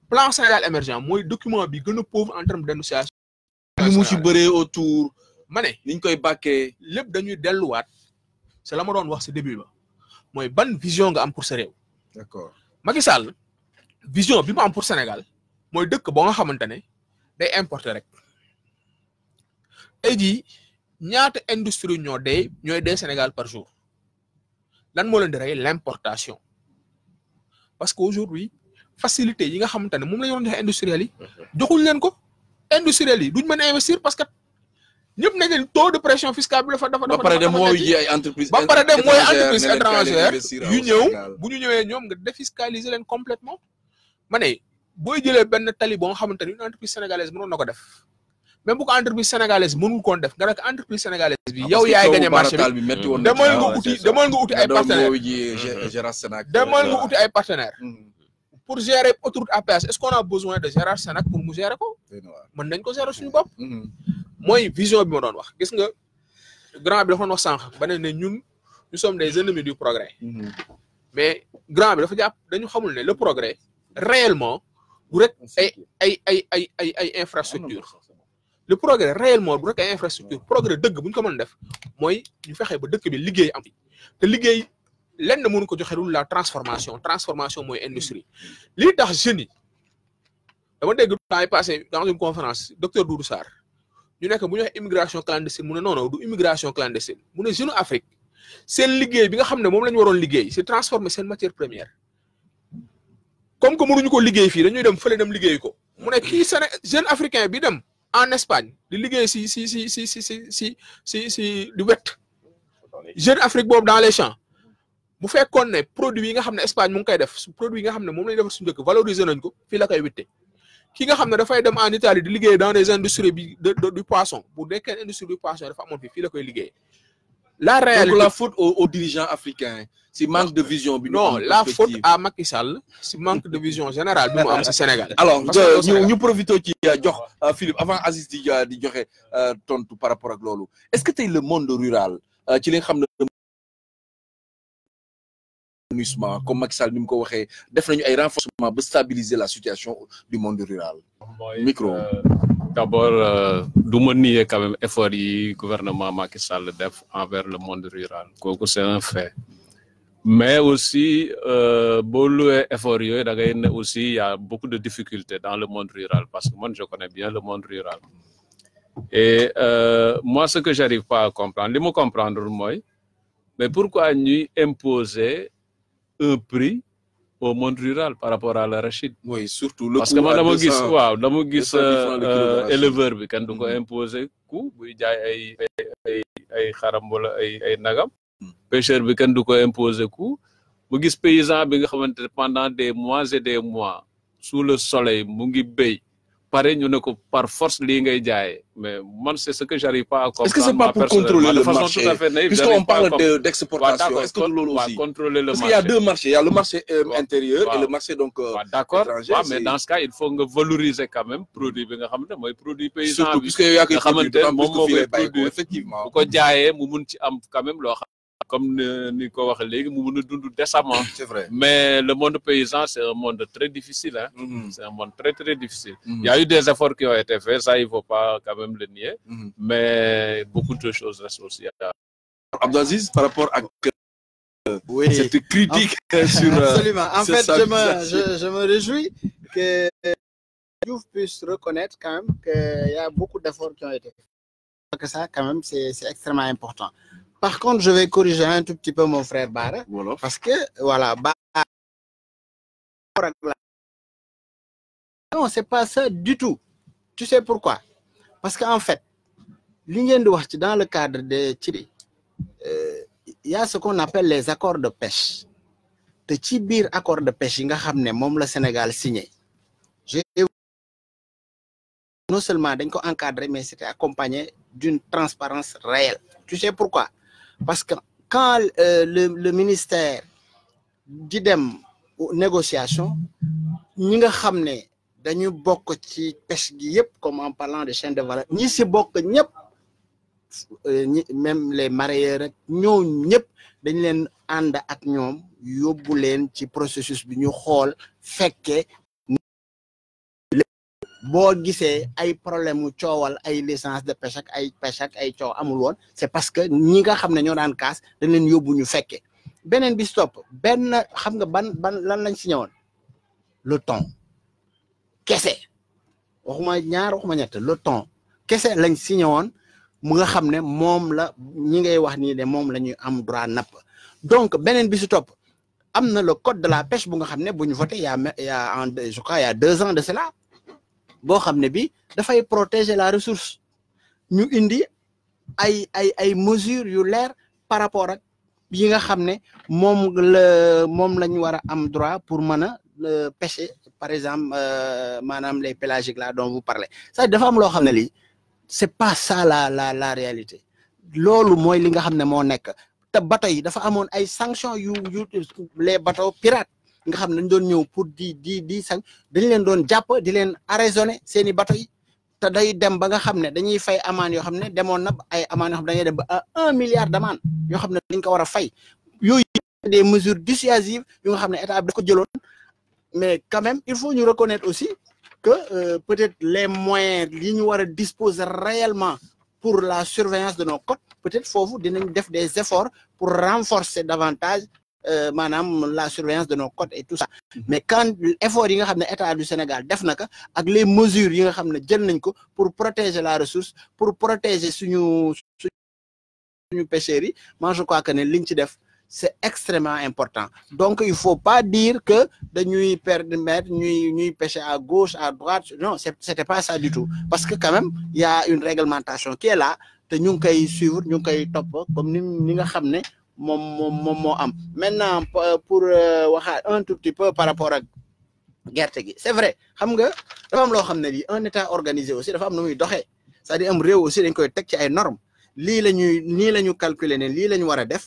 plan Sénégal émergent moy document bi gëna a pauvre en terme d'annonciation énonciation. mu ci bëree autour. mané ne niñ koy baké lepp dañuy déllu wat c'est la ma doon wax ci début ba. moy ban vision nga am pour sa réew. d'accord Macky Sall vision bi ma am pour Sénégal moy dëkk bo nga xamante day importer rek. tey ñaata industrie ñoo dé ñoy dé Sénégal par jour lan mo leen di ray l'importation parce que aujourd'hui facilité yi nga xamante ne moom la ñu doon joxe industriel mhm. leen ko industriel yi duñ mën a investir parce que ñëpp nañ leen taux de pression fiscale bi dafa dafa dafa. ba pare dem mooy ji ay entreprises. ba pare dem mooy entreprise étrangère yu ñëw bu ñëwee ñoom nga défiscaliser leen complètement ma ne booy jëlee benn tali boo nga xamante ni une entreprise sénégalaise mënoon na ko def. même bu ko entreprise sénégalaise mënul koon def nga nekk entreprise sénégalaise bi ah, yow yaay gagné marché bi demal nga nga uti ay partenaire hmm. demal nga uti ay partenaire hmm. pour gérer autoroute à péage est-ce qu'on a besoin de Gérard Sénac pour mu gérer ko mën nañ ko gérer suñu bopp hmm. mooy vision bi ma doon wax gis nga grand bi dafa doon wax sànq ba ne ñun nous sommes des ennemis du progrès mais grand bi dafa jàpp dañu xamul ne le progrès réellement du rek ay ay ay ay ay ay infrastructure le progrès réellement progrès progrès deug buñ ko def ñu ba bi liggéey am liggéey la transformation transformation moy industrie li tax passé dans une conférence docteur Doudou Sarr ñu nek immigration clandestine mu non immigration clandestine mu Afrique C'est liggéey bi nga c'est transformer seen matière première comme que ñu ko liggéey dem dem liggéey ko jeune africain en Espagne di liggéey si si si si si si si si si du wet jeune Afrique boobu dans les champs bu fekkoon ne produit yi nga xam ne Espagne mu ngi koy def su produit yi nga xam ne moom la ñu defar suñu dëkk valoriser nañ ko fii la koy witte ki nga xam ne dafay dem en Italie di liggéey dans des industries bi du poisson pour des industries du poisson dafa amoon fii fii la koy liggéey la la faute aux, dirigeants africains c'est manque de vision non la faute à Macky Sall c'est manque de vision générale du Alors, Sénégal. alors euh, ñu ñu ci euh, euh, Philippe avant Aziz di di joxe tontu par rapport à Glolo. est-ce que tu es le monde rural ci comme Macky Sall ni renforcement pour stabiliser la situation du monde rural. micro euh, d'abord euh, nous quand même l'effort du gouvernement Macky Sall envers le monde rural c'est un fait mais aussi euh, aussi il y a beaucoup de difficultés dans le monde rural parce que moi je connais bien le monde rural et moi ce que j'arrive pas à comprendre je comprendre moi mais pourquoi nous imposer un prix au monde rural par rapport à l'arachide. Oui, surtout le Parce que moi, je suis waaw euh, euh, éleveur qui a imposé un coût buy j'ai, ay nagam pêcheur qui a imposé un imposer coût suis un paysan bi nga pendant des mois et des mois sous le soleil mu ngi pare ñu ne ko par force li ngay jaay mais man c'est ce que j'arrive pas à comprendre. est-ce que c'est pas pour contrôler le marché puisqu'on parle de d'exportation est-ce que lolo aussi contrôler le marché parce qu'il y a deux marchés il y a le marché euh, intérieur et le marché donc euh, d'accord mais dans ce cas il faut nga valoriser quand même produit bi nga xam moy produit paysan surtout puisque yow yaa koy produit nga produit effectivement bu ko jaayé mu mun ci am quand même lo xam comme nous, ko nous nous nous nous décemment. c'est vrai mais le monde paysan c'est un monde très difficile hein. mm -hmm. c'est un monde très très difficile. Mm -hmm. il y a eu des efforts qui ont été faits ça il ne faut pas quand même le nier. Mm -hmm. mais beaucoup de choses restent aussi à. Abdaziz par rapport à. Cette critique sur. Euh, absolument en fait je me je, me réjouis que. Diouf puisse reconnaître quand même qu'il y a beaucoup d'efforts qui ont été faits. que ça quand même c'est extrêmement important. Par contre, je vais corriger un tout petit peu mon frère Barre, ah, Parce que, voilà, Barre. Non, c'est pas ça du tout. Tu sais pourquoi? Parce qu'en fait, dans le cadre de Thierry, il euh, y a ce qu'on appelle les accords de pêche. Les ci de pêche yi nga le Sénégal signé non seulement dañ encadré mais c'était accompagné d'une transparence réelle tu sais pourquoi parce que quand euh, le, ministère dit des négociations, nous savons que nous avons beaucoup de pêches, comme en parlant de chaîne de valeur. Nous savons que nous même les marées, nous avons beaucoup de pêches, nous avons beaucoup de pêches, nous avons fait de boo gisee ay problème mu coowal ay licence de pêche ak ay pêche ak ay coow amul woon c'est parce que ñi nga xam ne ñoo daan kaas dañ leen yóbbu ñu fekkee beneen bi stop ben, xam nga ban ban lan lañ si ñëwoon le ton kese waxuma ñaar waxuma ñett le temps. kese lañ si ñëwoon mu nga xam ne la ñi ngay wax nii de mom la ñuy am droit napp donc beneen bi si topp am le code de la pêche bu nga xam ne voté il y a je crois il y a deux ans de cela boo xam ne bi dafay protéger la ressource ñu indi ay ay ay mesures yu leer par rapport ak yi nga xam ne moom la moom la ñu war a am droit pour mën a euh, pêcher par exemple euh, maanaam les pélagiques là dont vous parlez ça dafa am loo xam ne lii c'est pas ça la la la réalité loolu mooy li nga xam ne moo nekk te bateau yi dafa amoon ay sanctions yu yu les bateaux pirates nga xam doon ñëw pour di di di sañ dañ leen doon jàpp di leen arraisonné seeni i bato yi te day dem ba nga xam ne dañuy fay amende yoo xam ne demoon na ay amende yoo xam dañuy dem ba un milliard d'amende yoo xam ne dañ ko war a fay yooyu des mesures dissuasives yu nga xam ne état bi da ko jëloon mais quand même il faut ñu reconnaître aussi que euh, peut-être les moyens yi ñu war disposer réellement pour la surveillance de nos côtes peut-être foofu dinañ def des efforts pour renforcer davantage euh, la surveillance de nos côtes et tout ça mhm. mais quand l'effort yi nga du Sénégal def na les mesures pour protéger la ressource pour protéger nos pêcheries moi je crois que c'est extrêmement important donc il ne faut pas dire que dañuy mètre, ñuy ñuy pêcher à gauche à droite non ce n'était pas ça du tout parce que quand même il y a une réglementation qui est là Nous nous ngi suivre top, ngi comme nous le nga moom moom moom moo am maintenant euh, pour euh, waxaat un tout petit peu par rapport ak gerte gi c'est vrai xam nga dafa am loo xam ne un état organisé aussi dafa am nu muy doxee c'est-à-dire am réew aussi dañ koy teg ci ay normes Li la ni lañu calculer né li lañu wara def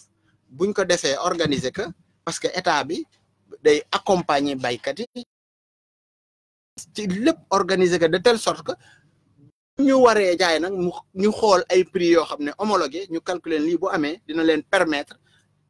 buñ ko défé organiser que parce que état bi day accompagner baykat yi ci lepp organiser que de telle sorte que ñu waré jaay nak ñu xol ay prix yo xamné homologué ñu calculer li bu amé dina leen permettre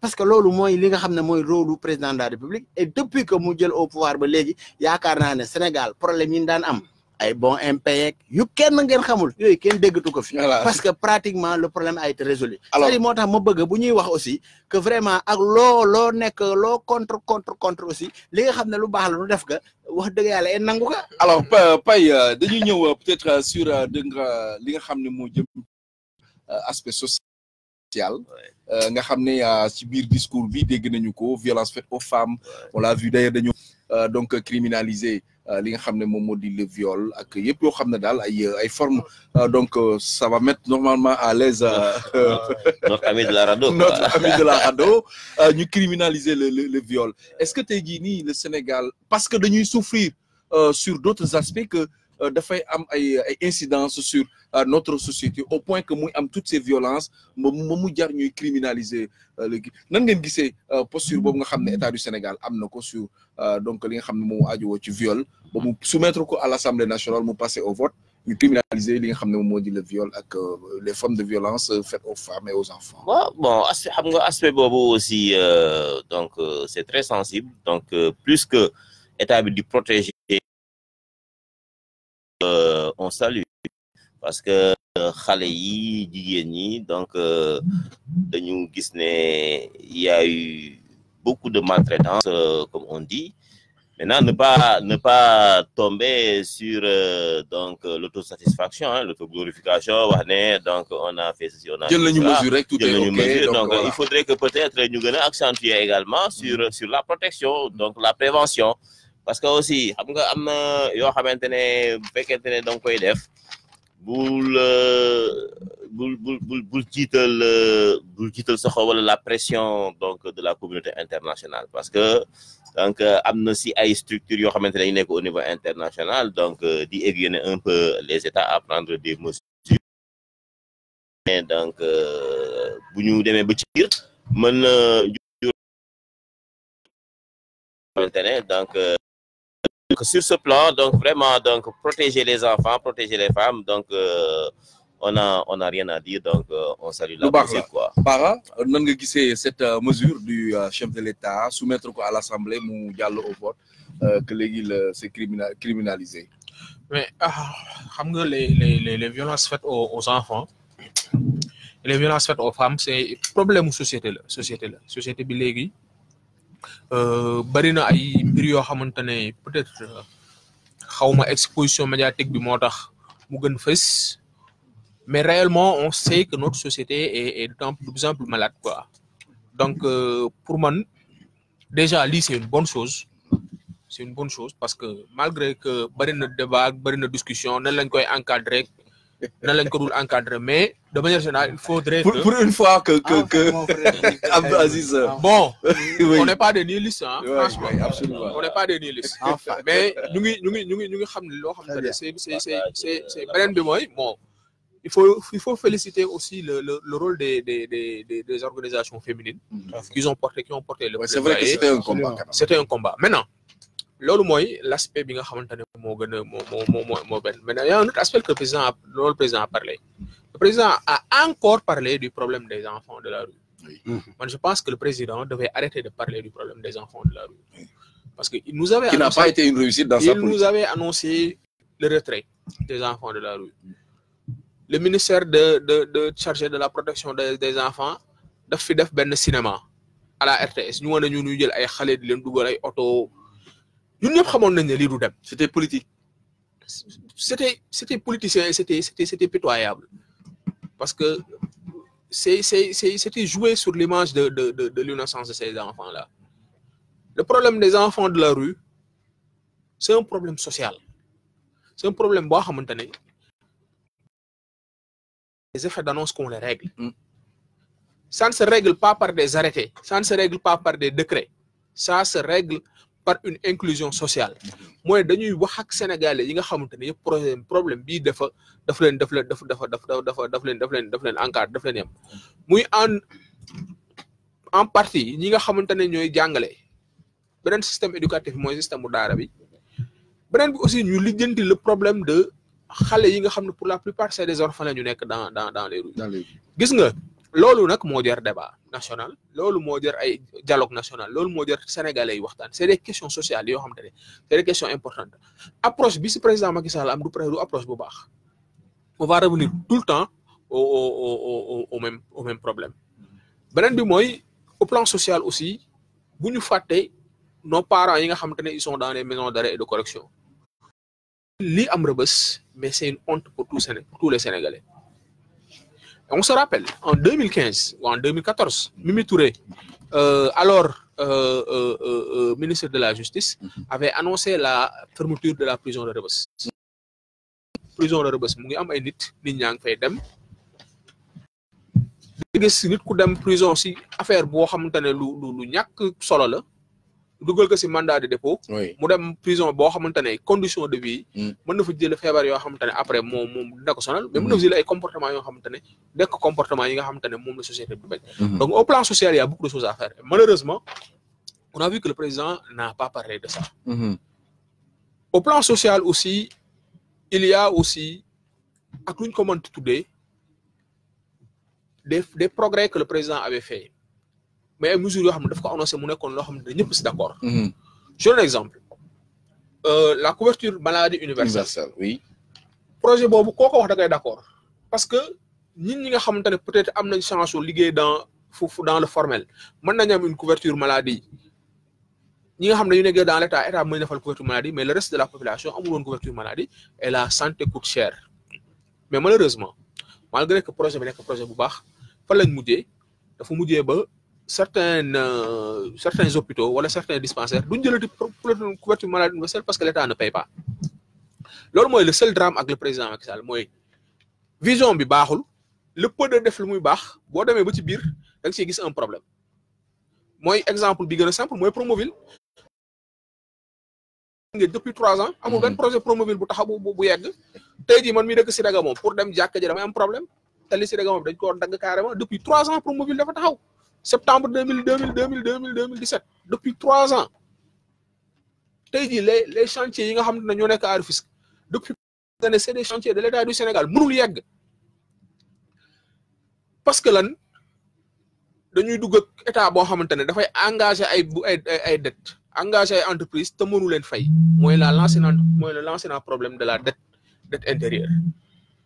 parce que loolu mooy li nga xam ne mooy rôle président de la république et depuis que mu jël au pouvoir ba léegi yaakaar naa ne Sénégal problème yi ñu am ay bon impayés yu kenn ngeen xamul yooyu kenn déggatu ko fi. parce que pratiquement le problème a été résolu. alors cest à tax ma bëgg bu ñuy wax aussi que vraiment ak lolo loo nekk loo contre contre contre aussi li nga xam ne lu baax la nu def ka wax dëgg yàlla et nangu ka. alors Paye dañuy ñëw euh, peut-être euh, sur euh, dégg nga li nga ne moo jëm aspect social. Euh, nga xam ne euh, ci biir discours bi dégg ko violence faite aux femmes on l'a vu d'ailleurs dañu euh, donc criminaliser li nga le viol ak donc ça va mettre normalement à l'aise notre ami de la rado notre ami de la rado ñu criminaliser le le viol est-ce que tu es le Sénégal parce que nous souffrir sur d'autres aspects que de am ay incidence sur notre société au point que nous toutes ces violences nous ne criminalisé. pas ñuy criminaliser euh, nan ngeen euh, posture boobu nga du Sénégal am sur euh, donc li nga viol ba soumettre à l'Assemblée nationale mu passer au vote ñu criminaliser li le viol avec les formes de violence faites aux femmes et aux enfants. bon aspect bobo aussi donc c'est très sensible donc plus que état du protéger, protéger on salue parce que xalé yi donc euh, dañu y a eu beaucoup de maltraitance euh, comme on dit maintenant ne pas ne pas tomber sur euh, donc l'autosatisfaction hein, l'autoglorification donc on a fait ceci on a il faudrait que peut-être ñu gën également sur mm. sur la protection donc la prévention parce que aussi xam nga am yo xamantene bul bul bul bul jiital bul jiital sa la pression donc de la communauté internationale parce que donc am a si ay structures yoo xamante au niveau international donc di un peu les États à prendre des mesures mais donc bu ñu demee ba maintenant donc sur ce plan, donc vraiment, donc protéger les enfants, protéger les femmes, donc euh, on n'a on a rien à dire, donc euh, on salue la musique, quoi. Para, nan nga cette euh, mesure du chef de l'État soumettre à l'Assemblée mondiale au vote que l'Église s'est criminalisée. Mais ah, les les les violences faites aux, enfants. Les violences faites aux femmes, c'est problème société la société la société euh, bari na ay mbir yoo xamantene peut-être euh, xaw exposition médiatique bi moo tax mu gën mais réellement on sait que notre société est est de plus en plus malade quoi donc euh, pour moi, déjà lii c'est une bonne chose c'est une bonne chose parce que malgré que bari na débat bari na discussion nan lañ koy encadrer dans l'encadrement mais de manière générale il faudrait. pour, une fois que ah, bon euh, on n'est pas des nihilistes hein, franchement on n'est pas des nihilistes. mais nous, nous nous nous nous sommes c'est c'est c'est c'est bon. il faut, il faut féliciter aussi le, le, rôle des, des, des, organisations féminines mm. qu'ils ont porté, qui ont porté C'est vrai que e. c'était un combat. C'était un combat. Maintenant, L'aspect moy bi nga y' a un autre aspect que le président a parlé le président a encore parlé du problème des enfants de la rue. Moi, je pense que le président devait arrêter de parler du problème des enfants de la rue parce que il nous avait. n'a pas été une réussite dans sa nous avait annoncé le retrait des enfants de la rue le ministère de chargé de la protection des enfants a fi def ben cinéma à la RTS Nous, on ñu jël ay xalé di len dugal ay c'était politique. c'était politicien et c'était pitoyable parce que c'était joué sur l'image de de de l'innocence de ces enfants là. Le problème des enfants de la rue c'est un problème social c'est un problème boo xamante les effets d'annonce qu'on les règle. Mm. Ça ne se règle pas par des arrêtés. Ça ne se règle pas par des décrets. Ça se règle par une inclusion sociale mooy dañuy wax ak sénégalais yi nga xamante ne yëpp problème problème bii dafa dafa leen dafa leen dafa dafa dafa dafa leen dafa leen dafa leen encadre dafa leen yem muy en en partie ñi nga xamante ne ñooy jàngale beneen système éducatif mooy système bu daara bi neen bi aussi ñu lijjanti le problème de xale yi nga xam ne pour la plupart c'est des orphelins ñu nekk dans dans dans les gis nga loolu nag moo jar débat national loolu moo jar ay dialogue national loolu moo jar sénégalais yi waxtaan c' est question questions sociales yoo xam te ne c' est des questions importantes approche bi si président Macky Sall am du bu baax on va revenir tout le temps au au au au même au même problème beneen bi mooy au plan social aussi bu ñu fàtte no parent yi nga xam te ne ils sont dans les de correction lii am rëbës mais c' est une honte pour tous les Sénégalais. On se rappelle, en 2015 ou en 2014, Mimi Touré, euh, alors euh, euh, ministre de la Justice, mhm. avait annoncé la fermeture de la prison de Rebus. prison de Rebus, c'est prison si affaire bo lu lu Google ko c'est mandat de dépôt. mu dem prison boo xamante ne condition de vie. Hmm. mën na fa jël feebar yoo après mon mon dina ko sonal. mais mën na hmm. fa jël ay comportement yoo xamante ne comportement yi nga xamante ne moom la société de bañ. Hmm. donc au plan social il y a beaucoup de choses à faire malheureusement on a vu que le président n'a pas parlé de ça. au plan social aussi il y a aussi ak une commande ko des des progrès que le président avait fait mais ay mesures yoo xam ne daf ko annoncé mu nekkoon loo xam ne ñëpp si d' mhm. je donne un exemple euh, la couverture maladie universelle. oui projet boobu koo ko wax da parce que nous, ñi nga peut être am nañ chance de liggéey dans dans le formel mën nañu am une couverture maladie ñi nga une ne ñu dans l'État, état defal couverture maladie mais le reste de la population amul une couverture maladie et la santé coûte cher mais malheureusement malgré que projet bi nekk projet bu baax fa lañ mujjee dafa mujjee ba certains, euh, certains hôpitaux ou certains dispensaires d'une couverture maladie universelle parce que l'État ne paye pas. moi le seul drame avec le président Macky Sall. Vision bi baxul, le peu de def lu muy bax, bo démé ba ci bir, da nga un problème. Moy exemple bi gëna simple moy Promoville. depuis 3 ans, amul ben projet Promoville bu taxaw bu bu yegg. Tay ji man mi dëkk ci daga pour dem jakk ji dama am problème. Tali ci daga mom dañ ko dag carrément depuis 3 ans Promoville dafa taxaw. septembre deux mille deux mille deux mille deux mille deux mille depuis trois ans tey jii les les chantiers yi nga xam ne ñoo nekk à Rufisque depuis années c'est des chantiers de l'État du Sénégal mënul yegg parce que lan dañuy dugg ak état boo xamante ne dafay engagé ay bu ay ay dette engagé ay entreprise te mënu leen fay mooy la lancé na mooy le lancé na problème de la dette dette intérieure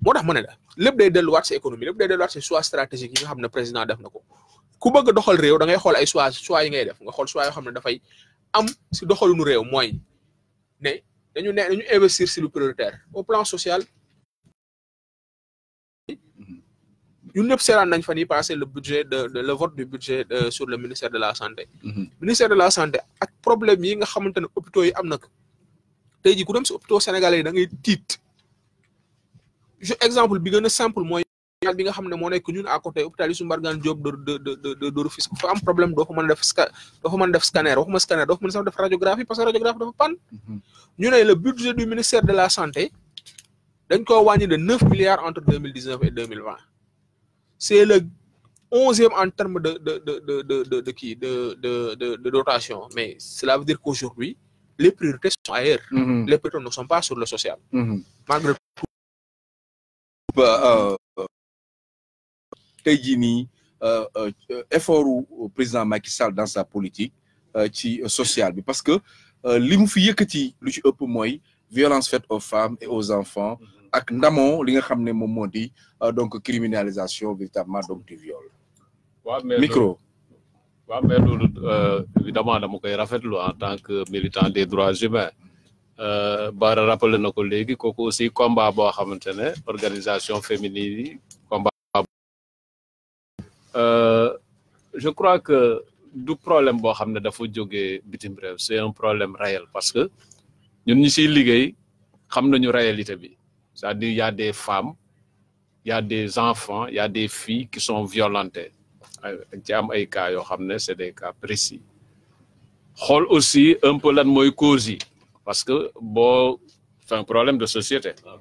moo tax ma ne la lépp day delluwaat si économie lépp day delluwaat si choix stratégique yi nga xam ne président def na ko ku bëgg doxal réew da ngay xool ay choix choix yi ngay def nga xool choix yoo xam ne dafay am si doxalinu réew mooy ne dañu ne dañu investir si lu prioritaire au plan social ñu ñëpp seeraan nañ fa ni passé le budget de le vote du budget euh, sur le ministère de la santé mhm. ministère de la santé ak problème yi nga xamante ne hôpitaux yi am nak ko tey ji ku dem si hôpitaux sénégalais yi da ngay tiit je exemple bi gën simple mooy hôpital bi nga xam ne moo nekk ñun à côté hôpital Youssou Mbargane Diop de de de de am problème doo fa mën def sca doo fa def radiographie parce que radiographie dafa pan ñu ne le budget du ministère de la santé dañ koo wàññi de neuf milliards entre deux mille dix et deux mille vingt c'est le onzième en termes de de de de de kii de de de de dotation mais cela veut dire qu'aujourd'hui les priorités sont ailleurs. les priorités ne sont pas sur le social. malgré tayji euh, euh, effort du président Macky Sall dans sa politique euh, sociale parce que les mu fi yëkëti lu ci ëpp violence faite aux femmes et aux enfants ak ndamoo li nga xamné mom donc criminalisation véritablement donc du viol. micro. mais évidemment dama koy rafetlu en tant que militant des droits humains Bara rappelé rappeler ko léegi c'est aussi combat boo xamante organisation féminine combat euh, je crois que du problème bo xam dafa bitim c'est un problème réel parce que ñun ñi ci liggéey xam nañu réalité bi c'est-à-dire y a des femmes y a des enfants y a des filles qui sont violentées ci am ay cas yo c'est des cas précis Hol aussi un peu lan moy cause parce que bo c'est un problème de société ah.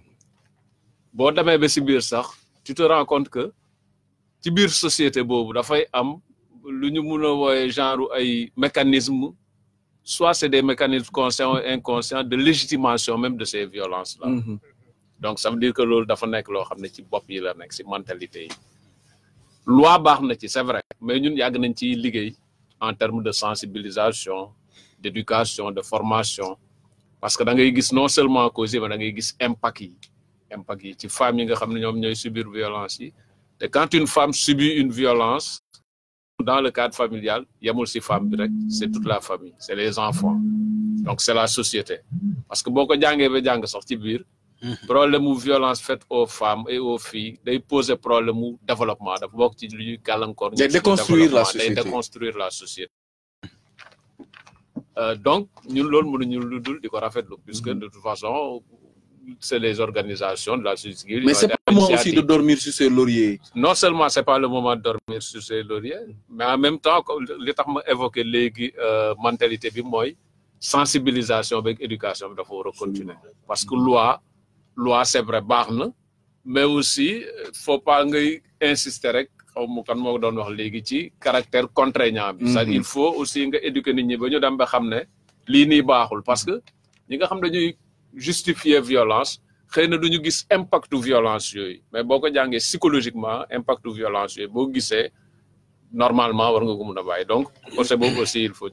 bo démé si bir sax tu te rends compte que ci biir société boobu dafay am lu ñu a des genre ay soit c'est des mécanismes conscients ou inconscients de légitimation même de ces violences là mm-hmm. donc ça veut dire que loolu dafa nekk loo xam ne ci bopp yi la mentalité loi baax na ci c'est vrai mais ñun yàgg nañ ci en termes de sensibilisation d'éducation de formation parce que da ngay gis non seulement causé, mais da ngay gis impact yi impact yi ci femmes yi nga xam ne ñoom subir violence et quand une femme subit une violence dans le cadre familial a aussi femme femmes directes. c'est toute la famille c'est les enfants donc c'est la société parce que beaucoup on be violence faite aux femmes et aux filles a poser problème de développement de déconstruire la société euh, donc nous nous, nous, problèmes de c'est les organisations de la société Mais c'est pas le moment aussi de dormir sur ces lauriers. Non seulement c'est pas le moment de dormir sur ces lauriers, mais en même temps, l'État ma évoqué l'égalité euh, mentalité bi moi, sensibilisation avec éducation Il faut continuer. parce que loi loi c'est vrai baax mais aussi euh, faut pas insister rek le caractère contraignant cest mm-hmm. il faut aussi éduquer les gens ba ñu dem ba parce que ñi nga xam dañuy justifier violence xëy na du ñu gis la violence yoy mais boko jangé jàngee psychologiquement impact violence yooyu boo gisee normalement war nga ko mun a donc c'est bon. aussi il faut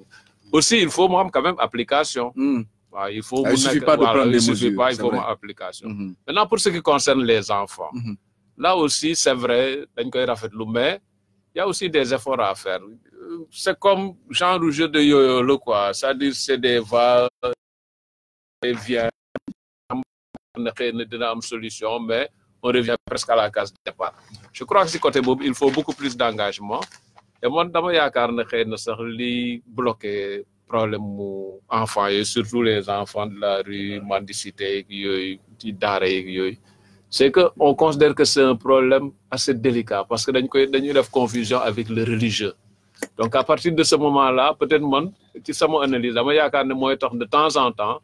aussi il faut quand même application. Hmm. il faut ah, mu pas voilà il suffit pas il faut une application. Hmm. maintenant pour ce qui concerne les enfants. Hmm. là aussi c'est vrai koy mais il y a aussi des efforts à faire c'est comme Jean jeu de yo-yo quoi c'est-à-dire c'est des va et vient ne a une solution mais on revient presque à la case départ je crois que si côté il faut beaucoup plus d'engagement. et moi, dama je ne xëy na sax li bloqué problème des enfants et surtout les enfants de la rue mendicité yeeg yooyu ci considère que c'est un problème assez délicat parce que y a une confusion avec le religieux donc à partir de ce moment là peut être man ci sama analyse dama je ne tax de temps en temps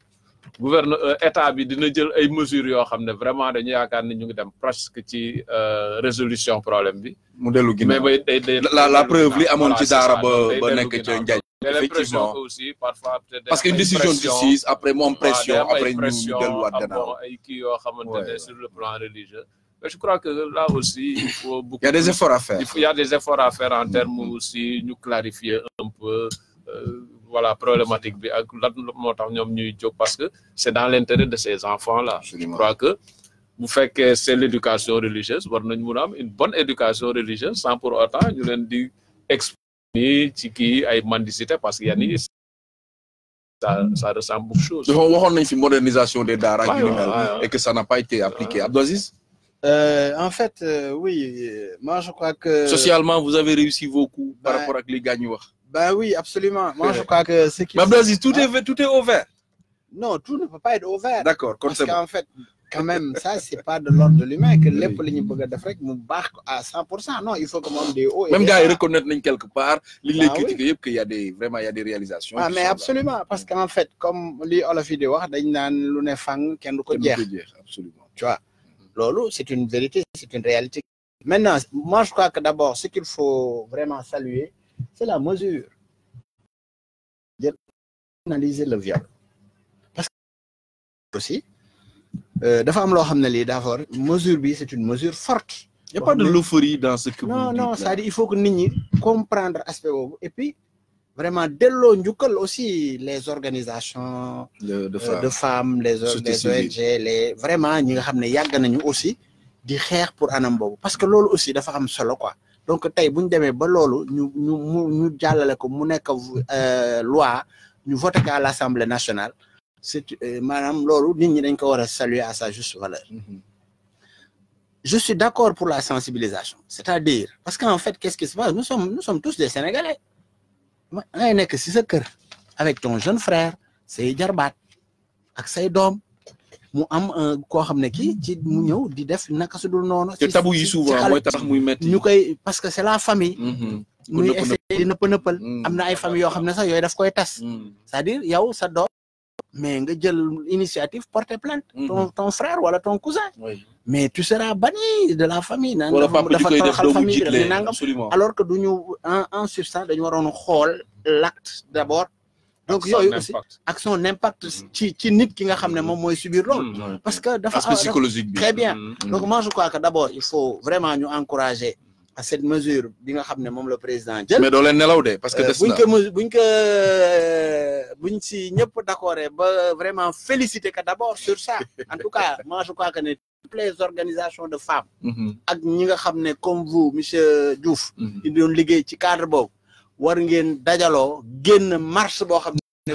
gouverne euh, état bi dina jël ay mesures yoo xam ne vraiment dañu yaakaar ni ñu ngi dem presque ci euh, résolution problème bi. mu dellu ginnaaw mais day day la la preuve li amoon ci daara ba ba nekk ca Ndiaye. effectivement aussi parfois parce que une décision justice après mu pression après ñu delluwaat gannaaw ay kii yoo xamante ne sur le plan religieux. Mais je crois que là aussi, il faut beaucoup. Il y a des efforts à faire. Il, faut, y a des efforts à faire en mm, termes mm. aussi, ñu clarifier un peu. Euh, la problématique parce que c'est dans l'intérêt de ces enfants là je crois que faites que c'est l'éducation religieuse war nañ une bonne éducation religieuse sans pour autant ñu exprimer ci ki ay mendicité parce que ça, ça ressemble beaucoup chose. modernisation des daara et que ça n'a pas été appliqué. Abdelaziz euh, En fait, euh, oui, moi je crois que... Socialement, vous avez réussi beaucoup par ben, rapport à les gagnants. Ben oui, absolument. Moi, je crois que ce qui. Mais Blasi, tout, est, tout est ouvert. Ah. Non, tout ne peut pas être ouvert. D'accord, Parce qu'en fait, quand même, ça, c'est pas de l'ordre de l'humain que les de d'Afrique nous barquent à 100%. Non, il faut que même des hauts. même gars, ils reconnaissent quelque part, ils les ah critiquent, qu'il y a des, vraiment, il y a des réalisations. Ah, mais absolument. Parce mm. qu'en fait, comme les vidéo, Il y a fang, qu'un qui dire. Absolument. Tu vois, Lolo, c'est une vérité, c'est une réalité. Maintenant, moi, je crois que d'abord, ce qu'il faut vraiment saluer, c'est la mesure d'analyser le viol parce que aussi euh, dafa am d'abord mesure bi c'est une mesure forte. Il n'y a pas de l'euphorie dans ce que vous non, dites. Non, non, ça dire il faut que nous comprenions comprendre aspect et puis vraiment nous njukkal aussi les organisations. de de euh, femmes les ONG les vraiment nous nga aussi des pour anam homme parce que l'autre aussi dafa am solo quoi donc si vous démé des ba lolu ñu ñu ñu jallalé ko mu euh, loi voté à l'Assemblée nationale c'est euh, madame nous nit ñi saluer à sa juste valeur mm-hmm. je suis d'accord pour la sensibilisation cest à dire parce qu'en fait qu'est-ce qui se passe nous sommes tous des sénégalais ngay si sa kër avec ton jeune frère c'est jarbaat ak say mu parce que c'est la famille. Mm-hmm. Nous essayer mm. famille sax daf koy mm. c'est-à-dire yow sa mais initiative porter plainte. Mm-hmm. ton frère wala ton cousin. mais tu seras banni de la famille. alors que en substance dañu l'acte d'abord donc il aussi un impact qui ci nit ki nga xam ne le mm-hmm. parce que d'après psychologique très bien mm-hmm. donc moi je crois que d'abord il faut vraiment nous encourager à cette mesure bi nga jamais le président jël mais dans leen nelaw de parce que euh, des na buñ ko euh, buñ ko d'accord vraiment féliciter que d'abord sur ça en tout cas moi je crois que toutes les organisations de femmes mm-hmm. comme vous M. Diouf. ont ont liggéey le cadre war ngeen dajaloo génn marche boo xam ne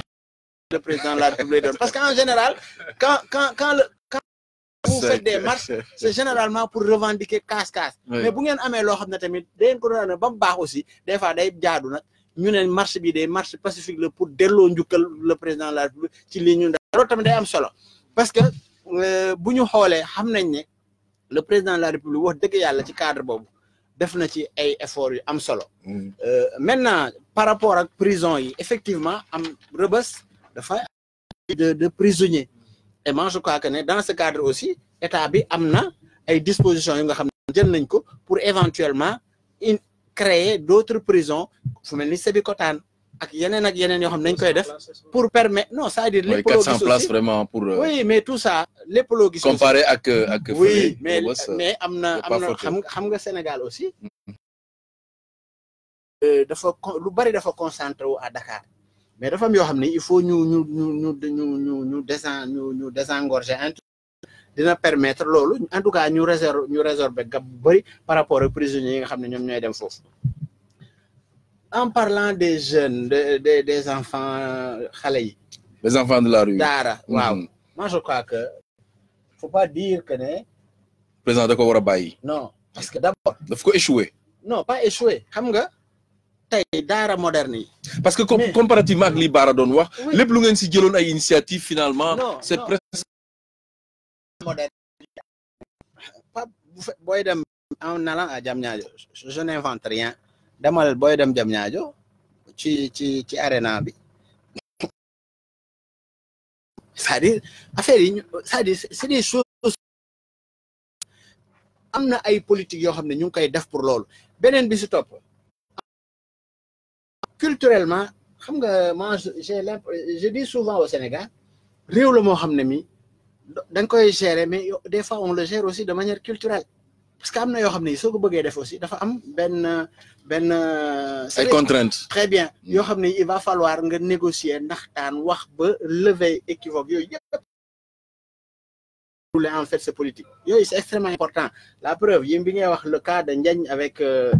le président la parce que en général quand quand quand le quand vous faites des marches c'est généralement pour revendiquer casse-casse mais bu ngeen amee loo xam ne tamit dangeen ko doon ba mu baax aussi des fois day jaadu nag ñu ne marche bi day marché pacifique la pour delloo njukkal le président la République ci lii ñu daal loolu tamit day am solo parce que euh, bu ñu xoolee xam nañ ne le président de la République wax dëgg yàlla ci cadre boobu def na ci ay efforts yu am solo. Mm. Euh, maintenant par rapport la prison effectivement am rëbës dafa de de prisonniers. et moi je crois que dans ce cadre aussi état a am des dispositions pour éventuellement créer d'autres prisons. prisons fu mel ni ak yenen ak yenen yo xam nañ koy def pour permettre non cest veut dire lépp loo gis places vraiment pour euh, oui mais tout ça lépp loo gis comparé ak euh, ak oui mais mais amna amna am euh, xam xam nga Sénégal aussi mm. dafa lu bari dafa concentré wu à Dakar mais dafa am yoo xam il faut ñu ñu ñu ñu ñu ñu ñu désen ñu ñu désengorger dina permettre lolu en tout cas ñu réserver ñu résorber gab bari par rapport aux prisonniers yi nga xam ñom ñoy dem foofu en parlant des jeunes, des enfants, les enfants de la rue. Dara, mhm. Moi, je crois que faut pas dire que. président de Kowarabaï. Non, parce que d'abord. Il faut échouer. Non, pas échouer. Hamga, tay Dara moderne. Parce que Mais... comparativement avec les les plus si ont une initiative finalement, c'est presque. en allant à Djamnia, je n'invente rien. demal booy dem jam ñaajo ci ci ci arena bi c'est-à-dire na ay politique yoo xam ne ñu ngi koy def pour loolu beneen bi si topp culturellement xam nga man j'ai je dis souvent au Sénégal réew la moo xam ne mi da koy gere mais des fois on le gère aussi de manière culturelle parce que euh, y a très bien mm. il va falloir négocier lever équivoque en fait ce politique c'est extrêmement important la preuve il le cas de Ndiagne avec euh,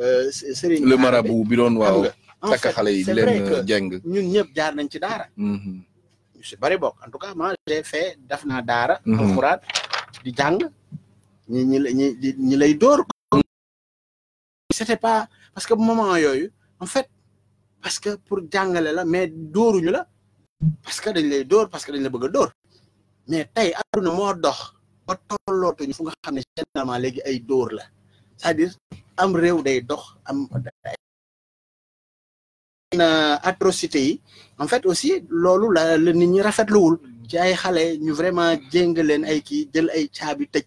euh, le marabout bi nous mm-hmm. en tout cas j'ai fait ñi ñi ñi ñi lay dóor pas parce que moment yooyu en fait parce que pour jàngale la mais dóoruñu la parce que dañ lay door parce que dañ la bëgg a dóor mais tey aduna moo dox o ba tollootuñu fu nga xam ne généralement léegi ay dóor la cest dire am réew day dox am na atrocité yi en fait aussi loolu la la nit ñi rafetluwul ci ay xale ñu vraiment jéng leen ay kii jël ay caabi tëj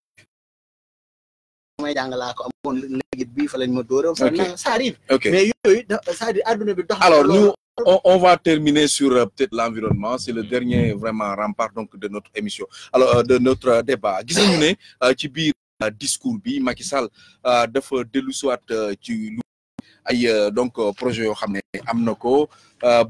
may jàng laa ko amoon léegi bii fa lañ ma dóoram fa ça arrive mais yooyu ça arrive àdduna bi dox alors nous on va terminer sur euh, peut-être l'environnement c'est le dernier vraiment rempart donc de notre émission alors euh, de notre euh, débat gis nañu ne ci biir discours bi Macky Sall dafa dellu siwaat ci lu ay donc projet yoo xam ne am na ko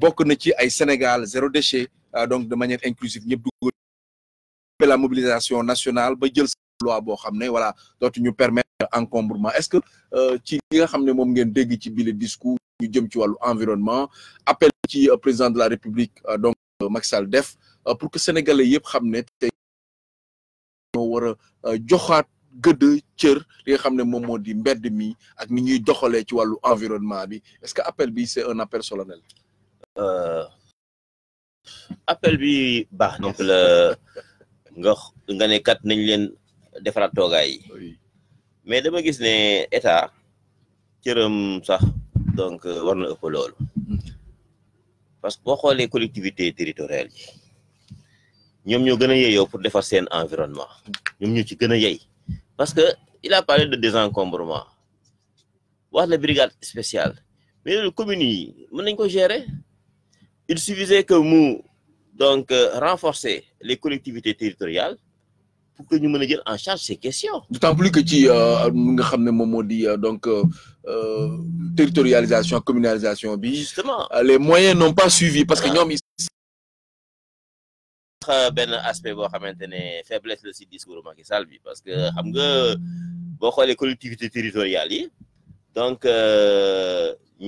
bokk na ci ay Sénégal zéro déchet donc de manière inclusive ñëpp dugg la mobilisation nationale ba jël loi boo xam ne voilà dootu ñu permettre encombrement est-ce que euh, ci li nga xam mom ngeen dégg ci bile discours ñu jëm ci walu environnement appel ci euh, président de la république euh, donc Macky Sall def pour que sénégalais yépp xam ne tey wara joxat a joxaat gëdd cër li nga xam mom moom di mbedd mi ak ni ñuy doxalee ci walu environnement bi est-ce que appel bi c'est un appel solennel appel bi bah donc le nga nga ne kat nañ leen defaraat toogaay yi mais dama gis ne état cëram sax donc euh, war na ëpp loolu parce que boo xoolee collectivités territoriales yi ñoom ñoo gën pour defar seen environnement ñoom ñoo ci gën parce que il a parlé de désencombrement wax les brigades spéciales. mais le communes yi mën nañ il suffisait que nous donc euh, renforcer les collectivités territoriales que nous mën en charge ces questions. d'autant plus que tu euh, mu euh, nga euh, territorialisation communalisation bi. justement les moyens n'ont pas suivi parce que avons ah. ben aspect bo xamante faiblesse le discours Macky Sall bi parce que xam nga bo xolé collectivités territoriales yi donc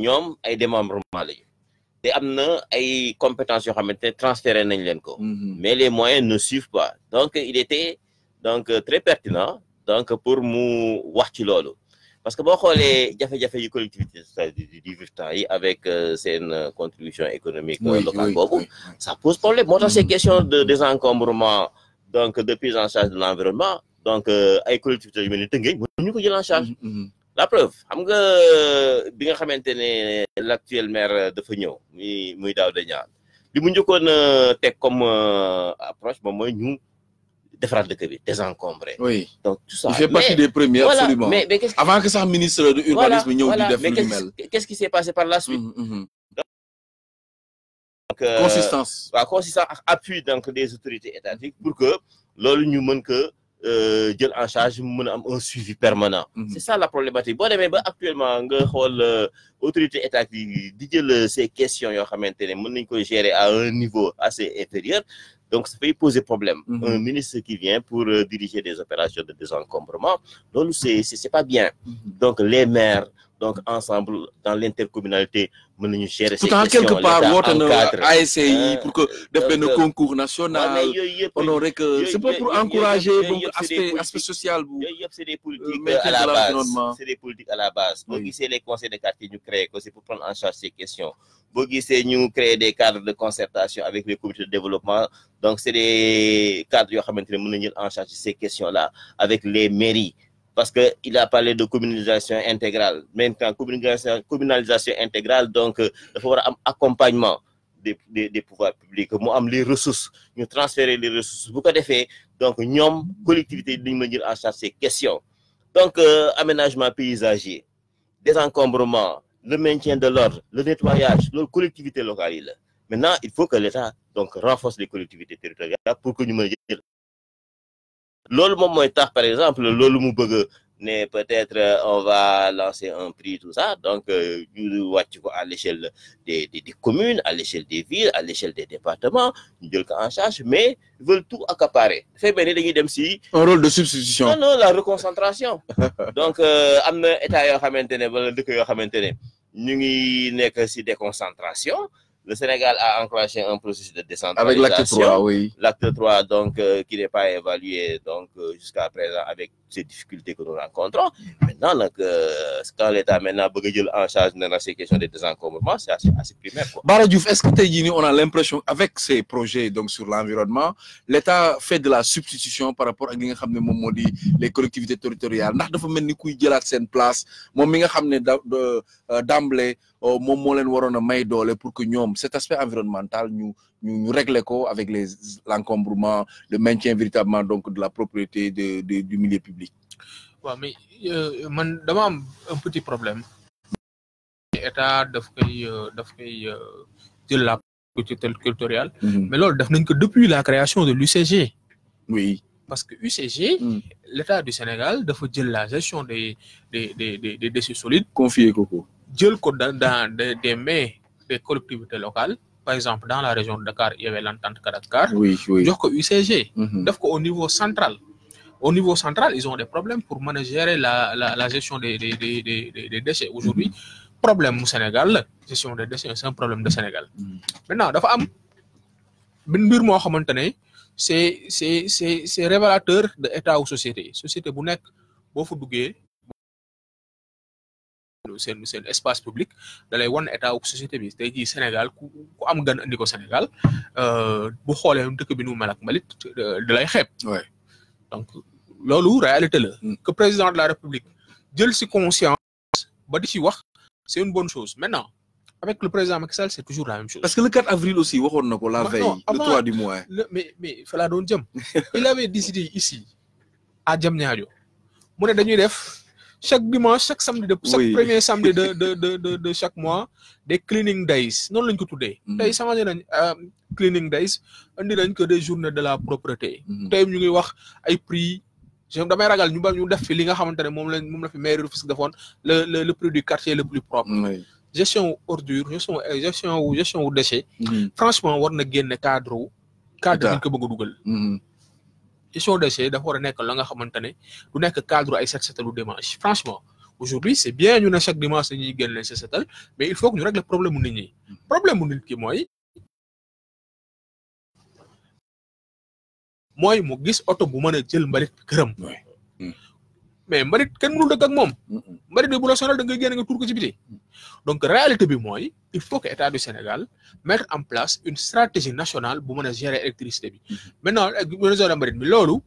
ñom ay démembrement lañu te amna ay compétences yo xamante ne transféré nañ leen ko mm-hmm. mais les moyens ne suivent pas donc il était donc euh, très pertinent donc pour nous wax ci parce que bo xolé jafé fait, yu collectivité du vivre temps yi avec euh, seen euh, contribution économique locale bobu ça pose problème Moi, dans ces mm. questions de désencombrement donc de prise en charge de l'environnement donc ay collectivité yu mel ni Tëngéej moi, ko jël en charge mm, mm. la preuve xam nga bi nga l'actuel maire fa ñëw muy muy Je dañaan li mu njëkkoon teg comme approche moom mooy ñu de de des désencombré. oui donc tout ça il fait partie des premiers. absolument avant que ça, ministre de l'urbanisme, n'y di def de mais qu'est-ce qui s'est passé par la suite. Mm-hmm, mm-hmm. Euh, consistance. La consistance appui donc des autorités étatiques pour que l'on ñu que Dieu en charge a un suivi permanent. Mm-hmm. c'est ça la problématique Bon, mais actuellement l'autorité euh, étatique di euh, ces questions yoo xamante gérer à un niveau assez inférieur. Donc, ça peut poser problème. Mhm. Un ministre qui vient pour euh, diriger des opérations de désencombrement, donc, c'est pas bien. Mhm. Donc, les maires, donc ensemble dans l'intercommunalité nous allons gérer. ces questions quelque part woote na ASI e hein? pour que def un euh, concours national. aurait que c'est pas pour encourager l'aspect social euh, euh, c'est des politiques à la base c'est des politiques à la base. les conseils de quartier que nous créons, c'est pour prendre en charge ces questions. c'est nous nous créer des cadres de concertation avec les comités de développement donc c'est des cadres qui nous allons mën en charge ces questions là avec les mairies parce qu'il a parlé de communalisation intégrale. Maintenant, communalisation, intégrale, donc, il faut avoir un accompagnement des, pouvoirs publics. Nous avons les ressources, nous transférer les ressources. Beaucoup de faits, donc, nous, collectivité, nous mener à charge ces questions. Donc, euh, aménagement paysager, désencombrement, le maintien de l'ordre, le nettoyage, la collectivité locale. Maintenant, il faut que l'État donc renforce les collectivités territoriales pour que nous L'autre moment, est par exemple l'autre peut-être euh, on va lancer un prix tout ça donc euh, à l'échelle des communes à l'échelle des villes à l'échelle des départements en charge mais veulent tout accaparer C'est un rôle de substitution. non non la reconcentration. donc euh, état le Sénégal a encroché un processus de décentralisation. Avec l'acte 3, oui. L'acte 3, donc, euh, qui n'est pas évalué, donc, euh, jusqu'à présent, avec ces difficultés que nous rencontrons. Maintenant, donc, euh, quand l'État maintenant en charge dans ces questions de désencombrement, c'est assez, assez, primaire. Baradjouf, est-ce que on a l'impression, avec ces projets donc, sur l'environnement, l'État fait de la substitution par rapport à les collectivités territoriales ndax dafa mel ni kuy jëlaat seen place moom mi nga xam ne da euh, d'emblée euh, moom moo en pour que nous cet aspect environnemental nous nous, nous avec l'encombrement, le maintien véritablement donc, de la propriété de, du milieu public. Oui, mais euh, un petit problème. L'État doit de la propriété culturelle, mhm. mais là, que depuis la création de l'UCG. Oui. Parce que UCG, mhm. l'État du Sénégal, doit faire la gestion des, des, des, des, des déchets solides. Confier, Coco. Dieu le dans, des mains des collectivités locales par exemple dans la région de Dakar il y avait l'entente Karatkar. oui, oui. Donc, UCG mhm. au niveau central au niveau central ils ont des problèmes pour manager la la, gestion des des, des, des, déchets aujourd'hui mhm. problème au Sénégal la gestion des déchets c'est un problème du Sénégal mhm. maintenant dafa am c'est c'est c'est c'est révélateur de état ou société société bu nekk seen seen espace public da lay wan état wu société bi tay ji Sénégal ku ku am gan andi ko Sénégal euh, bu xoolee dëkk bi nu mel ak mbalit euh, da lay xép ouais donc lolu réalité la. Mm. que président de la République jël ci conscience ba di ci wax c'est une bonne chose maintenant avec le président Macky Sall c'est toujours la même chose. parce que le 4 avril aussi waxon nako la veille. le 3 du mois mais mais fala don doon jëm. il avait décidé ici à Diamniadio mu ne dañuy def. chaque dimanche chaque samedi de chaque premier samedi de de de de chaque mois des cleaning days noonu lañ ko tuddee mm-hmm. tey changé nañ euh, cleaning days indi nañ ko des journées de la propreté mm-hmm. tey ñu ngi wax ay prix je damay ragal ñu ba ñu def fi li nga xamante ne moom lañ moom la fi mairie Rufisque defoon le le le prix du quartier le plus propre gestion wu ordure gestion euh, gestion wu gestion wu déchet mm-hmm. franchement war na génne cadre wu cadre ñu ko bëgg dugal gestion des déchets dafa war a nekk la nga xamante ne du nekk cadre ay set setalu dimanche franchement aujourd'hui c'est bien ñu ne chaque dimanche dañuy génne set setal mais il faut que ñu régler problème mu problème mu ki mooy mooy mu gis oto bu mën a jël mbalit këram mais mbari kenn mënul dëkk ak moom mbalit bi bu la sonal da ngay génn nga ko ci donc réalité bi mooy il faut que état du Sénégal mettre en place une stratégie nationale bu mën a gérer électricité bi mm-hmm. maintenant zone mbalit mi loolu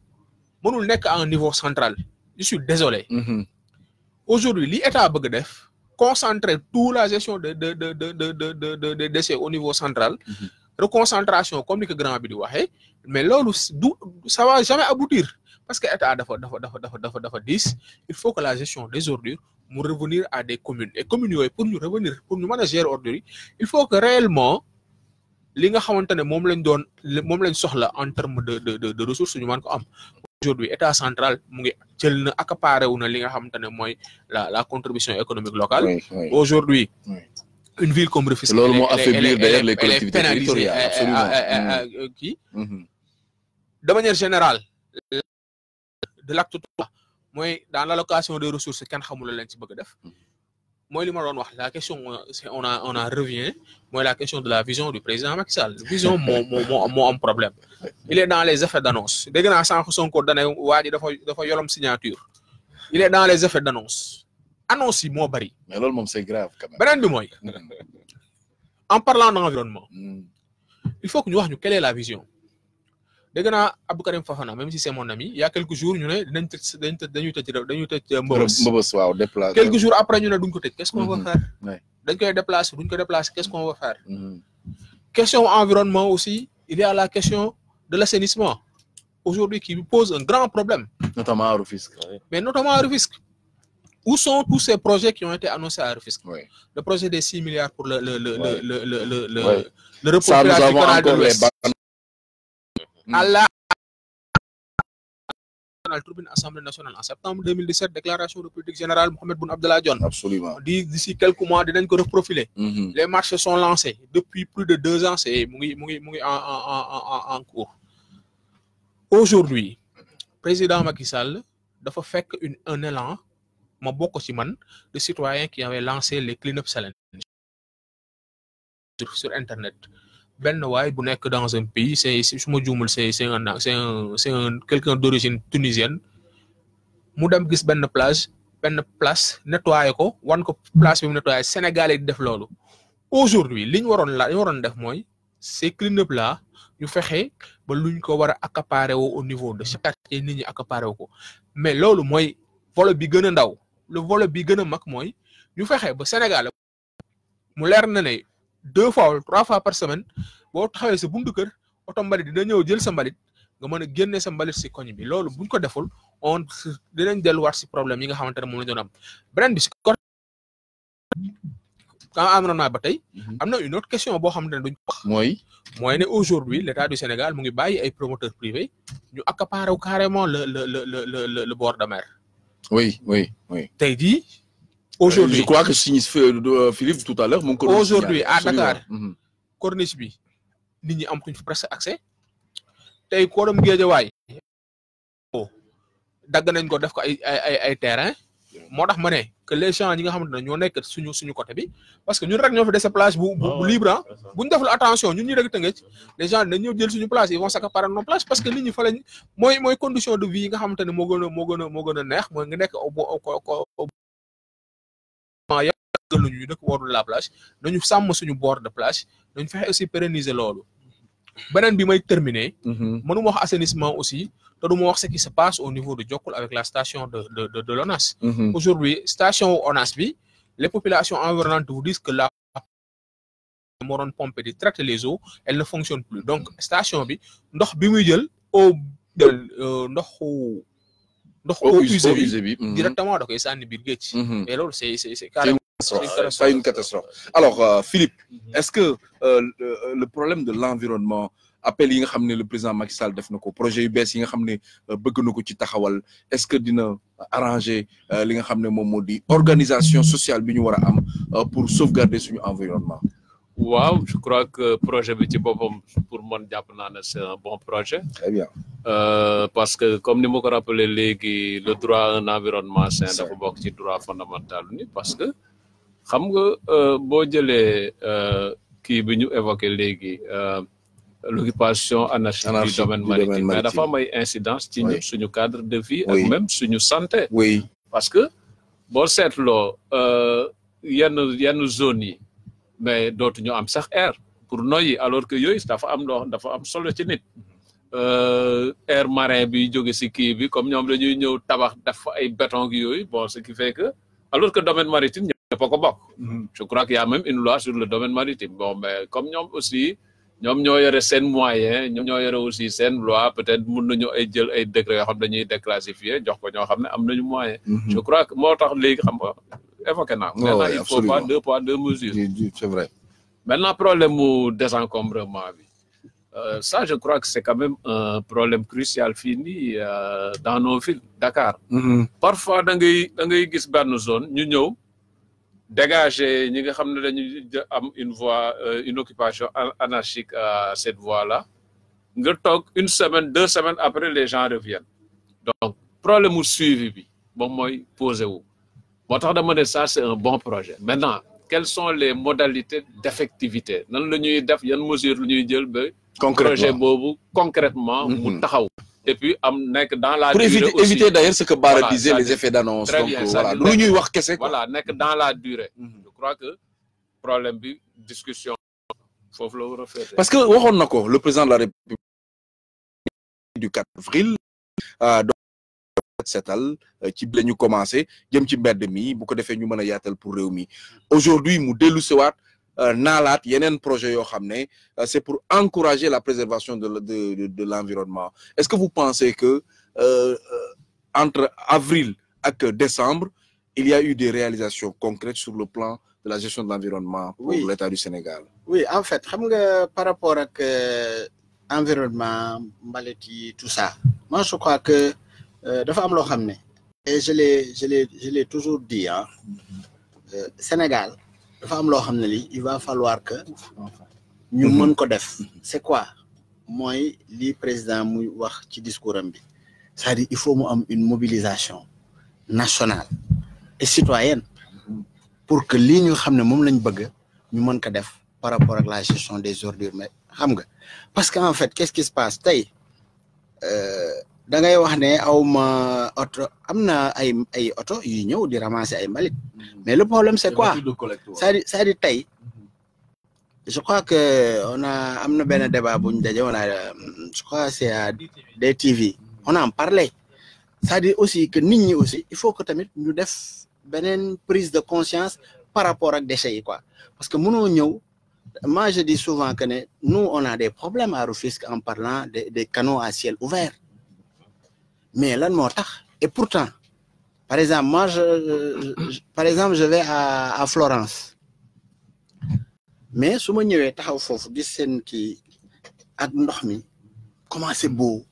mënul nekk en un niveau central je suis désolé mm-hmm. aujourd'hui li état bëgg def concentrer toute la gestion de de de de de de de des au niveau central mm-hmm. reconcentration comme ni ko grand bi di waxee mais loolu du ça va jamais aboutir parce que état dafa dafa dafa dafa dafa dafa il faut que la gestion des ordures mu revenir à des communes et communes yooyu pour ñu revenir pour ñu mën a gérer ordures yi il faut que réellement li nga xamante ne moom lañ doon moom lañ soxla en terme de de de ressources ñu mën ko am aujourd'hui état central mu ngi jël na accaparé wu na li nga xamante ne mooy la la contribution économique locale aujourd'hui une ville comme Rufisque loolu moo affaiblir d'ailleurs les collectivités territoriales absolument kii mm. euh, euh, euh, mm-hmm. de manière générale de l'acte 3, moi dans l'allocation de ressources kenn xamul leen ci bëgg def hmm. mooy li ma doon wax la question c'est on a on a revient moi la question de la vision du président Macky Sall vision moi moo moo am problème il est dans les effets d'annonce dégg naa sànq Sonko dane waa ji dafa dafa yolom signature il est dans les effets d'annonce annonce yi moo mais loolu c'est grave quand même beneen bi hmm. en parlant d'environnement hmm. il faut que ñu wax ñu quelle est la vision même si c'est mon ami il y a quelques jours nous ne dañ nous euh, quelques jours après ñu né duñ ko qu'est-ce qu'on va mhm. faire dañ koy déplacer qu'est-ce qu'on va faire mhm. question environnement aussi il y a la question de l'assainissement aujourd'hui qui pose un grand problème notamment à Rufisque mais notamment à Rufisque où sont tous ces projets qui ont été annoncés à Rufisque Le projet des 6 milliards pour le, le, le, le, le, le, le, Mm. Allah tribune Assemblée nationale en septembre 2017 déclaration de politique générale Mohamed Boun Abdallah John. absolument d'ici quelques mois de ko reprofiler mm-hmm. les marches sont lancées depuis plus de deux ans c'est en cours aujourd'hui président Macky Sall doit faire un élan ma beau de citoyens qui avaient lancé les clean up challenge sur internet benn waay bu nekk dans un pays c'est su ma juumul c'est c'est un c'est un c'est un quelqu'un d'origine tunisienne mu dem gis benn place benn place nettoyé ko wan ko place bi mu nettoyé Sénégalais di def loolu aujourd'hui li ñu waroon la li waroon def mooy ces clean up là ñu fexe ba luñ ko war a accaparer au niveau de chaque quartier nit ñi accaparer ko mais loolu mooy volo bi gën a ndaw le volo bi gën a mag mooy ñu fexe ba Sénégal mu leer na deux fois wala trois fois par semaine boo taxawee sa buntu kër oto mbalit dina ñëw jël sa mbalit nga mën a génne sa mbalit si koñ bi loolu buñ ko deful on dinañ delluwaat si problème yi nga xamante ne moom la doon am beneen bi si côté environnement ba tey mhm. am na une autre question boo xamante ne duñ wax mooy mooy ne aujourd'hui l'état du Sénégal mu ngi bàyyi ay promoteurs privés ñu accaparer carrément le le le bord de mer oui oui oui tey jii aujourd'hui je crois que euh, Philippe tout à l'heure mon corniche mhm. bi nit ñi am kuñ fa presque accès tey kóoram géejawaay oh, dagg nañ ko def ko ay ay ay terrain moo tax ma que les gens yi nga xamante ne ñoo nekk suñu suñu côté bi parce que ñun rek ñoo fi dese place bu bu ah libre ah bu ñu deful attention ñun ñu rek tëngeej les gens dañ ñëw jël suñu place ils vont s'accaparer nos places parce que nit ñi fa lañ mooy mooy condition de vie yi nga xamante ne moo gën a moo gën a moo a neex mooy nga nekk nous de la plage bord de plage aussi pérenniser mhm. aussi ce qui se passe au niveau de avec la station de de de l'ONAS mhm. aujourd'hui station ONAS les populations environnantes disent que la pompe de traiter les eaux elle ne fonctionne plus donc station euh, ndox eau usée bi directement da koy sànni biir géej mais lolu c'est c'est c'est carrément c'est une catastrophe alors euh, Philippe mhm. est-ce que euh, euh, le problème de l'environnement appel yi nga xamné le président Macky Sall def nako projet yu bees yi nga xamné ne bëgg ci taxawal est-ce que dina arranger li nga xamné mom modi organisation sociale bi ñu am pour sauvegarder suñu environnement waaw je crois que le projet bi ci pour moi, c'est un bon projet. très bien. Euh, parce que comme nous ma rappelé le droit à un environnement sain droit fondamental parce que xam nga euh, boo euh, évoqué l'occupation euh, l'occupation anarchique du domaine maritime mais y a une incidence ci sur suñu cadre de vie et même sur notre santé oui parce que boo il y a une zone mais dootuñu am sax air pour noyyi alors que yooyu dafa am loo dafa am solo ci nit euh, air marin bi jóge si kii bi comme ñoom dañuy ñëw tabax def ay béton gi yooyu bon ce qui fait que alors que domaine maritime ñëpp ko bokk mm-hmm. je crois qu'il même une loi sur le domaine maritime bon mais comme ñoom aussi ñoom ñoo yore seen moyen ñoom ñoo yore aussi seen loi peut-être mun nañu ay jël ay décret yoo xam dañuy déclassifier jox ko ñoo xam ne am nañu moyen mm-hmm. je crois que moo tax léegi xam Il ne il faut pas deux poids deux mesures. c'est vrai. maintenant problème du désencombrement euh, ça je crois que c'est quand même un problème crucial fini euh, dans nos villes Dakar. Mm-hmm. parfois dans les zones ngay gis benn ñu dégager ñi nga une voie euh, une occupation anarchique à cette voie-là nga une semaine deux semaines après les gens reviennent donc problème mu suivi bi Bon, moi, votre tax dama ça c'est un bon projet maintenant quelles sont les modalités d'effectivité nan la ñuy def mesure de ñuy jël projet Bobu, concrètement Projet mm-hmm. et puis am dans la durée Pour éviter d'ailleurs ce que Bara disait les effets d'annonce voilà lu ñuy voilà dans la durée mm-hmm. je crois que problème bi discussion il la refaire. parce que le président de la République du 4 avril euh, qui euh, ci commencé jëm ci mbedd mi bu ko ñu pour aujourd'hui mu wat un euh, projet euh, c'est pour encourager la préservation de l'environnement est-ce que vous pensez que entre avril et décembre il y a eu des réalisations concrètes sur le plan de la gestion de l'environnement pour l'État du Sénégal oui en fait par rapport à environnement mbalit tout ça moi je crois que euh, dafa am lo xamné et je l'ai je l'ai je l'ai toujours dit hein. euh, Sénégal dafa am lo xamné li il va falloir que ñu mm-hmm. mën ko def c'est quoi moy li président muy wax ci discours am bi c'est-à-dire il faut mu am une mobilisation nationale et citoyenne pour que li ñu xamné mom lañ bëgg ñu mën ko def par rapport à la gestion des ordures mais xam nga parce qu'en fait qu'est-ce qui se passe euh da ngay wax ne aw ma oto am na ay ay auto yu ñëw di ramasser ay mbalit mm-hmm. mais le problème c'est quoi c'est-à-dire cest à mm-hmm. je crois que on a am na benn débat buñ dajé on a je crois c'est à DTV mm-hmm. on en parlait c'est-à-dire aussi que nit ñi aussi il faut que tamit ñu def benen prise de conscience par rapport ak déchets yi quoi parce que mëno ñëw moi je dis souvent que ne nous on a des problèmes à Rufisque en parlant des des canaux à ciel ouvert mais lan moo et pourtant par exemple moi je, par exemple je vais à à Florence mais su ma ñëwee taxaw foofu gis seen kii ak ndox mi comment c'est beau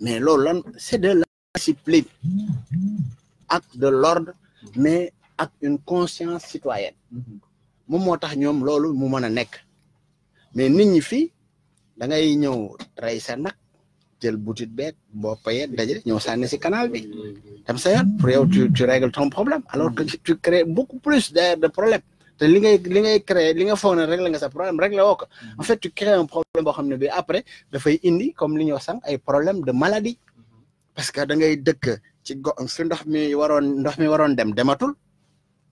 mais là, c'est de la discipline acte de l'ordre mais avec une conscience citoyenne Je suis tax ñoom mu mën a mais nit da ngay ñëw rey sa nag jël butit beeg bopp yeeg daje ñëw sànni si canal bi dem sa yoon pour yow tu tu règles problème alors que tu crées beaucoup plus de problème te li ngay li ngay créé li nga foog ne régler nga sa problème régler woo ko mhm. en fait tu crées un problème boo xam ne bi après dafay indi comme li ñu wax sànq ay problème de maladie mhm. parce que da ngay dëkk ci go fi ndox mi waroon ndox mi waroon dem dematul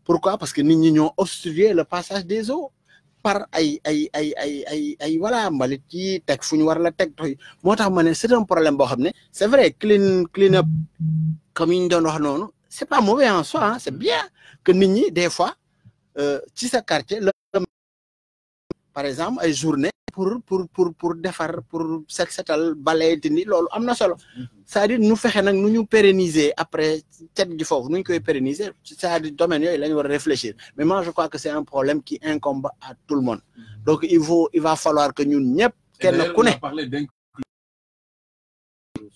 pourquoi parce que nit ñi ñoo obstruer le passage des eaux par ay ay ay ay ay ay voilà mbalit yi teg fu war la tek toy motax mané c'est un problème bo xamné c'est vrai clean clean up comme yi ñu doon wax c'est pas mauvais en soi hein, c'est bien que nit ñi des fois euh, ci sa quartier par exemple ay journée pour pour pour pour defar pour set setal balayeti ni amna solo mhm. c'est-à-dire nous fexe nous nous ñu pérenniser après cet du fof nous koy pérenniser c'est-à-dire domaine yoy lañ wara réfléchir mais moi je crois que c'est un problème qui incombe à tout le monde mhm. donc il faut il va falloir que ñun ñep kenn ku ne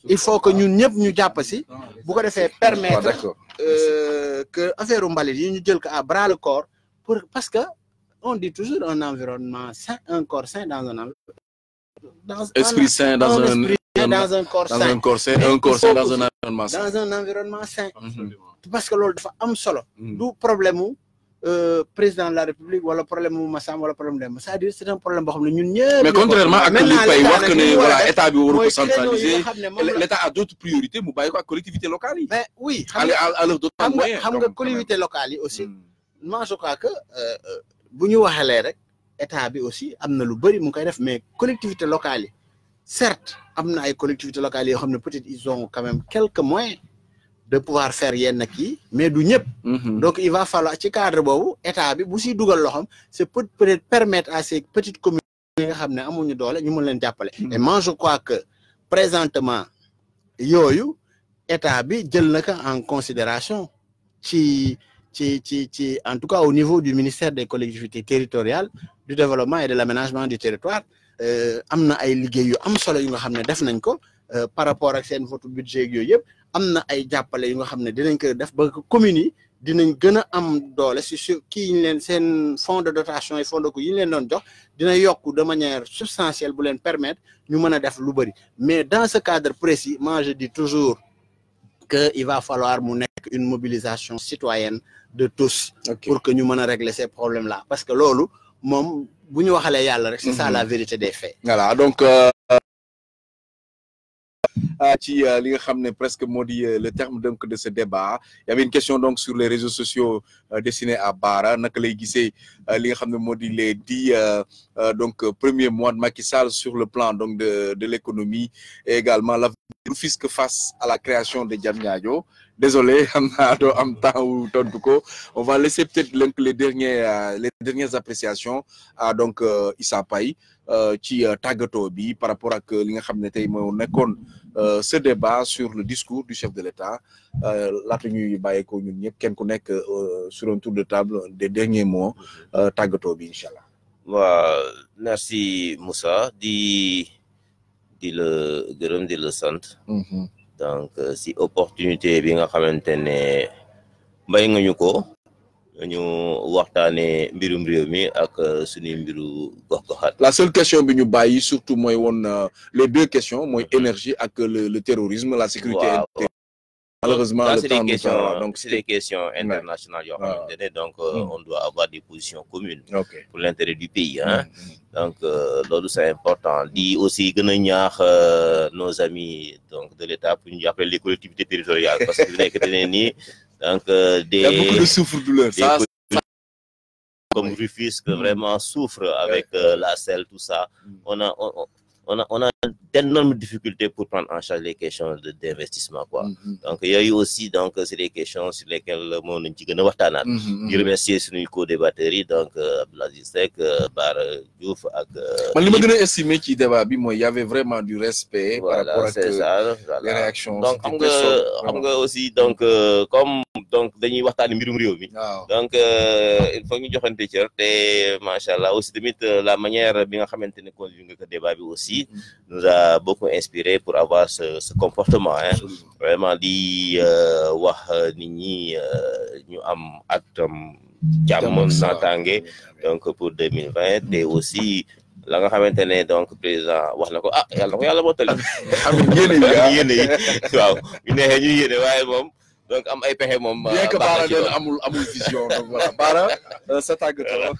il faut que ñun ñep ñu japp si ah, bu ko defee permettre ah, euh, que affaire mbalit yi ñu jël ko à bras le corps pour parce que on dit toujours un environnement sain, un corps sain dans un esprit sain dans un, dans un corps sain, un corps sain, un dans un environnement sain. Dans un environnement sain. Parce que l'autre dafa am solo. Mm. du problème le euh, président de la république le problème mu Massam le problème de c'est-à-dire c'est un problème boo nous mais contrairement à l'État, pay voilà état bi waru ko centraliser l'état a d'autres priorités mu bàyyi ko collectivité locale mais oui xam d'autres moyens xam collectivité locale aussi mm. moi je crois que. Euh, euh, buñu you rek état aussi amna lu mais collectivités locales certes amna ay collectivités locales ils ont quand même quelques moyens de pouvoir faire yenn mais du mhm. donc il va falloir ci cadre état bi bu peut permettre à ces petites communes nga mhm. moi je crois que présentement état bi en considération en tout cas au niveau du ministère des collectivités territoriales du développement et de l'aménagement du territoire il euh, ay des am solo euh, par rapport à budget ay nga dinañ ko def am fonds de dotation et fonds de dina de manière substantielle permettre mais dans ce cadre précis moi je dis toujours que va falloir une mobilisation citoyenne de tous pour que nous puissions régler ces problèmes là parce que lolu rek c'est ça mhm. la vérité des faits voilà donc euh, euh, ci euh, li nga presque maudit le terme donc de ce débat Il y avait une question donc sur les réseaux sociaux destinés à Bara naka lay gisee li les dix donc premier mois de Macky sur le plan donc de l'économie et également la fisc face à la création de Diamniadio désolé on va laisser peut-être les euh, les dernières appréciations à donc euh, Issa Paye qui euh, tàggatoo bi par rapport à ce débat sur le discours du chef de l'État La tenue est ñun ñëpp sur un tour de table des derniers mots tàggatoo bi Inch'Allah. merci Moussa di di le gërëm di donc euh, si opportunité bi nga xamantene ne mbay nga ñu ko ñu waxtane mbirum réew mi ak euh, suñu mbiru gox-goxaat. la seule question bi ñu bayyi surtout euh, les deux questions moy mm-hmm. énergie ak le terrorisme la sécurité. Malheureusement, hein. c'est des questions internationales. Donc, euh, mm. on doit avoir des positions communes pour l'intérêt du pays. Hein? Mm, mm. Donc, euh, c'est important. Dit aussi que euh, nos amis donc, de l'État, pour nous appeler les collectivités territoriales, parce que vous n'avez que des. Donc, y a beaucoup de souffre-douleur. Ça, comme Rufus, que vraiment souffre avec la selle, tout ça. On a, on a, on a d'énormes difficultés pour prendre en charge les questions d'investissement. Mm-hmm. Donc, il y a eu aussi, donc, des questions sur lesquelles le monde dit que nous Je remercie ce co batteries, donc, euh, Abdelaziz euh, Bar Diouf. Mais je que estimé qu'il il y avait vraiment du respect par rapport euh, à les réactions. Donc, aussi, donc, comme donc dañuy waxtaani mbirum réew mi donc euh, il faut ñu joxante cër te macha allah aussi tamit euh, la manière bi nga xamante ne kon nga ko bi aussi mm-hmm. nous a beaucoup inspiré pour avoir ce ce comportement hein vraiment di euh, wax nit ñi ñu am aktam jàmm naataange donc pour deux mille vingt te aussi la nga xamante ne donc président wax na ko ah yàlla na ko yàlla mottali am yéene yi waaw ñu neexee ñu yéene donc am ay pexe moom. bien euh, que amul amul vision donc voilà Baara euh, sa tàggatoo.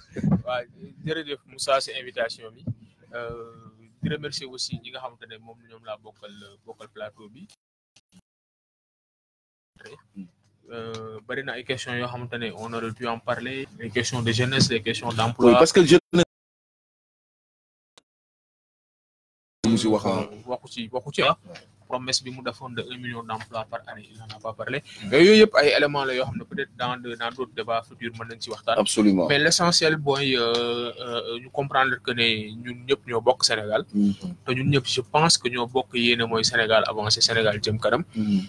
waaw jërëjëf Moussa si invitation bi euh, di remercier aussi ñi nga xamante ne moom ñoom laa bokkal bokkal plateau bi. bari na ay questions yoo xamante ne on aurait pu en parler les questions de jeunesse les questions d'emploi. oui parce que jeunesse. mu si wax ci ah. promesse bi mu defoon de un million d'emplois par année il n'en a pas parlé mais yëpp ay éléments la yoo xam ne peut-être dans dans d'autres débats futurs mën nañ ci waxtaan absolument mais l'essentiel booy euh, euh, ñu comprendre que ne ñun ñëpp ñoo bokk Sénégal mm-hmm. te ñun ñëpp je pense que ñoo bokk yéene mooy Sénégal avancé Sénégal jëm kanam mm-hmm.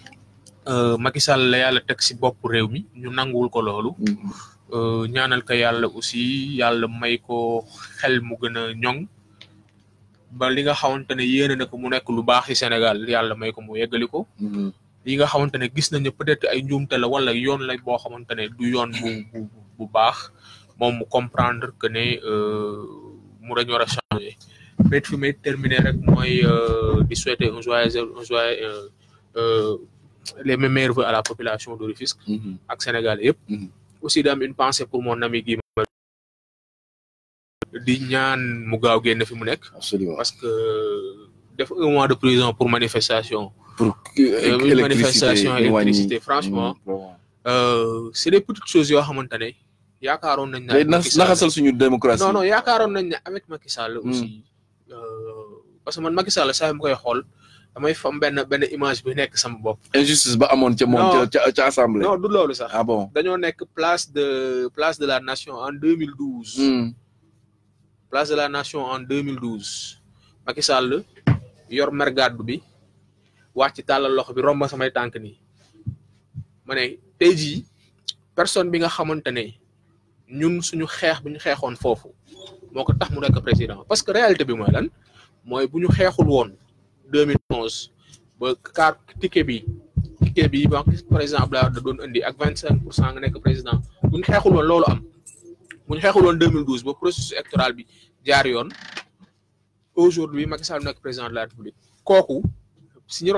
euh, Macky Sall la yàlla teg ci bopp réew mi ñu nanguwul ko loolu mm-hmm. ñaanal ko yàlla aussi yàlla may ko xel mu gën a ñoŋ ba li nga xamante ne yéene na ko mu nekk lu baax ci Sénégal yàlla may ko mu yeggali ko. Mm-hmm. yi nga xamante ne gis nañu peut-être ay njuumte la wala yoon la boo xamante ne du yoon bu bu bu baax moom mu comprendre que ne euh, mu dañ war a changer. mais fi may terminer rek mooy euh, di souhaiter un joyeux un joyeux euh, les meilleurs à la population de Rufisque mm-hmm. ak Sénégal yëpp. Mm-hmm. aussi di une pensée pour mon ami Guy di parce que mois de prison pour manifestation. pour euh, franchement. Mm, euh, c'est des petites choses ne suñu démocratie. non non nañ avec Macky Sall. Mm. Euh, parce que Macky Sall image bi nekk sama place de place de la nation en 2012. place de la nation en 2012 Macky Sall yor mer bi wacc talal lox bi romba samay tank ni mané ne tey personne bi nga xamantene ñun suñu xex buñu xexon fofu moko tax mu nek président parce que réalité bi moy lan moy buñu xexul won 2011 ba car ticket bi ticket bi ba président Abdoulaye da doon indi ak 25 nga nek président buñu xexul won lolu am 2012 processus électoral bi aujourd'hui Macky Sall président de la République si ñu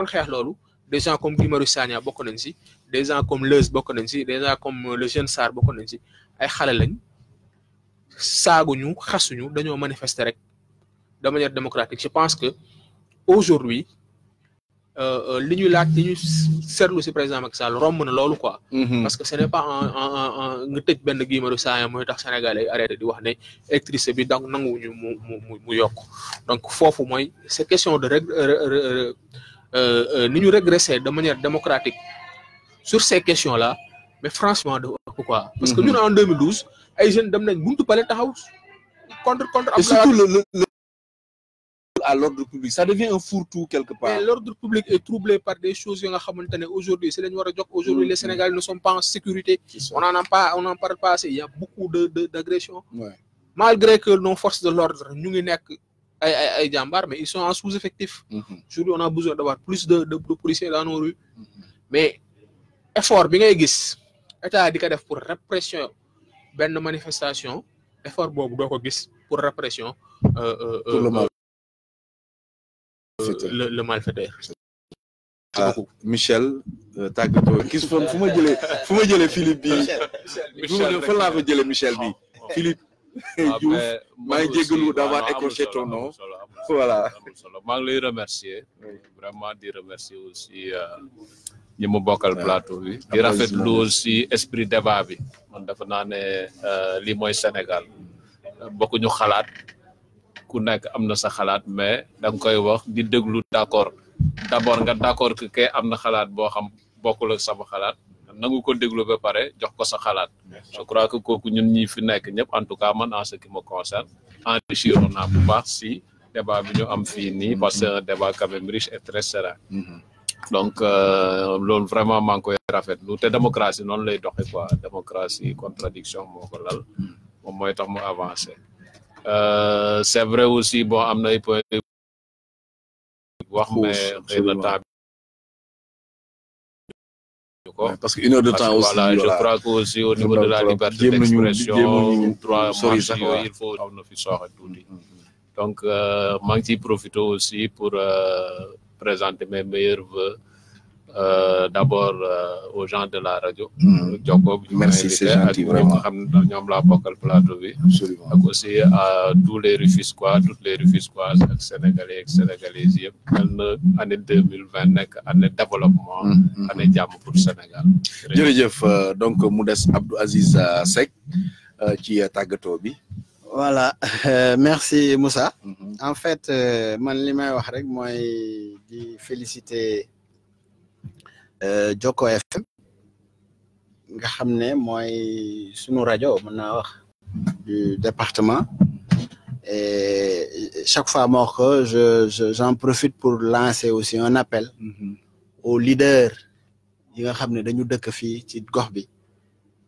des gens comme des gens comme Leuz des gens comme euh, le jeune Sarr bokk nañ ay lañ de manière démocratique je pense que aujourd'hui Euh, euh, li ñuy laaj li ñuy seetlu si président Macky romb na loolu quoi. Mhm. parce que ce n' est pas un un un nga tëj benn guimaaru saa mooy tax Sénégalais yi arrêté di wax ne électricité bi donc nanguwuñu mu mu mu yokk donc foofu mooy c' est question de reg euh, ni ñu régresser de manière démocratique sur ces questions la mais franchement de quoi. parce que mhm. ñun en 2012 ay jeunes dem nañ buntu pale taxaw contre contre. Abdoulaye surtout l'ordre public ça devient un fourre-tout quelque part. l'ordre public est troublé par des choses que aujourd'hui c'est le ñu aujourd'hui les mm-hmm. Sénégalais ne sont pas en sécurité on n'en parle pas assez il y a beaucoup d'agressions malgré que nos forces de l'ordre nous ngi nekk ay mais ils sont en sous-effectif mm-hmm. aujourd'hui on a besoin d'avoir plus de, policiers dans nos rues mm-hmm. mais effort bi ngay gis état pour répression de manifestation effort boobu pour répression euh, euh, euh, euh le le malfaiteur. ah Michel euh, tàggatoo fu ma jëlee fu ma jëlee Philippe bi Michel fan laa ko jëlee Michel bi ah, Philippe ah, Diouf maa ngi jégalu d'avoir écorché ton nom maa ngi lay remercier vraiment di remercier aussi euh, ñi mu bokkal plateau bi di rafetlu aussi esprit débat bi man dafa naa ne euh, lii mooy Sénégal xalaat ku nek amna sa xalaat mais dang koy wax di deglu d'accord d'abord nga d'accord accord que kay am xalaat bo xam bokul ak sama xalaat nangu ko deglu ba pare jox ko sa xalaat je crois que koku ñun ñi fi nek ñep en tout cas man en ce qui me concerne enrichir a bu baax si débat bi ñu am fi ni parce que débat quand même riche et très serein mm-hmm. donc euh, lool vraiment man koy rafet lu té démocratie non lay doxé quoi démocratie contradiction moko lal mom mm. moy tax mu avancer Euh, c'est vrai aussi bon am na ay point de wax mais xëy na temps bi ko que une de temps je crois que aussi au niveau de la liberté d'expression trois marches yooyu il faut am na fi sooxe tuuti donc euh, maa ngi ciy profité aussi pour euh, présenter mes meilleurs vœux Euh, d'abord euh, aux gens de la radio. Djokob, mm. merci c'est gentil vraiment. xam la laa bokkal plateau bi. absolument ak aussi à euh, tous les Rufisquois toutes les Rufisquoises ak sénégalais ak sénégalaises yëpp. mel na année deux mille vingt année développement. Mm, mm, année jàmm pour Sénégal. jërëjëf donc mu Abdou Aziz Seck ci tàggatoo bi. voilà merci Moussa. Mm-hmm. en fait man li may wax rek mooy di féliciter. Euh, Joko FM nga xam moy sunu radio mën wax du département et chaque fois moi je j'en profite pour lancer aussi un appel mm-hmm. aux leaders yi nga xam dañu dëkk fi ci gox bi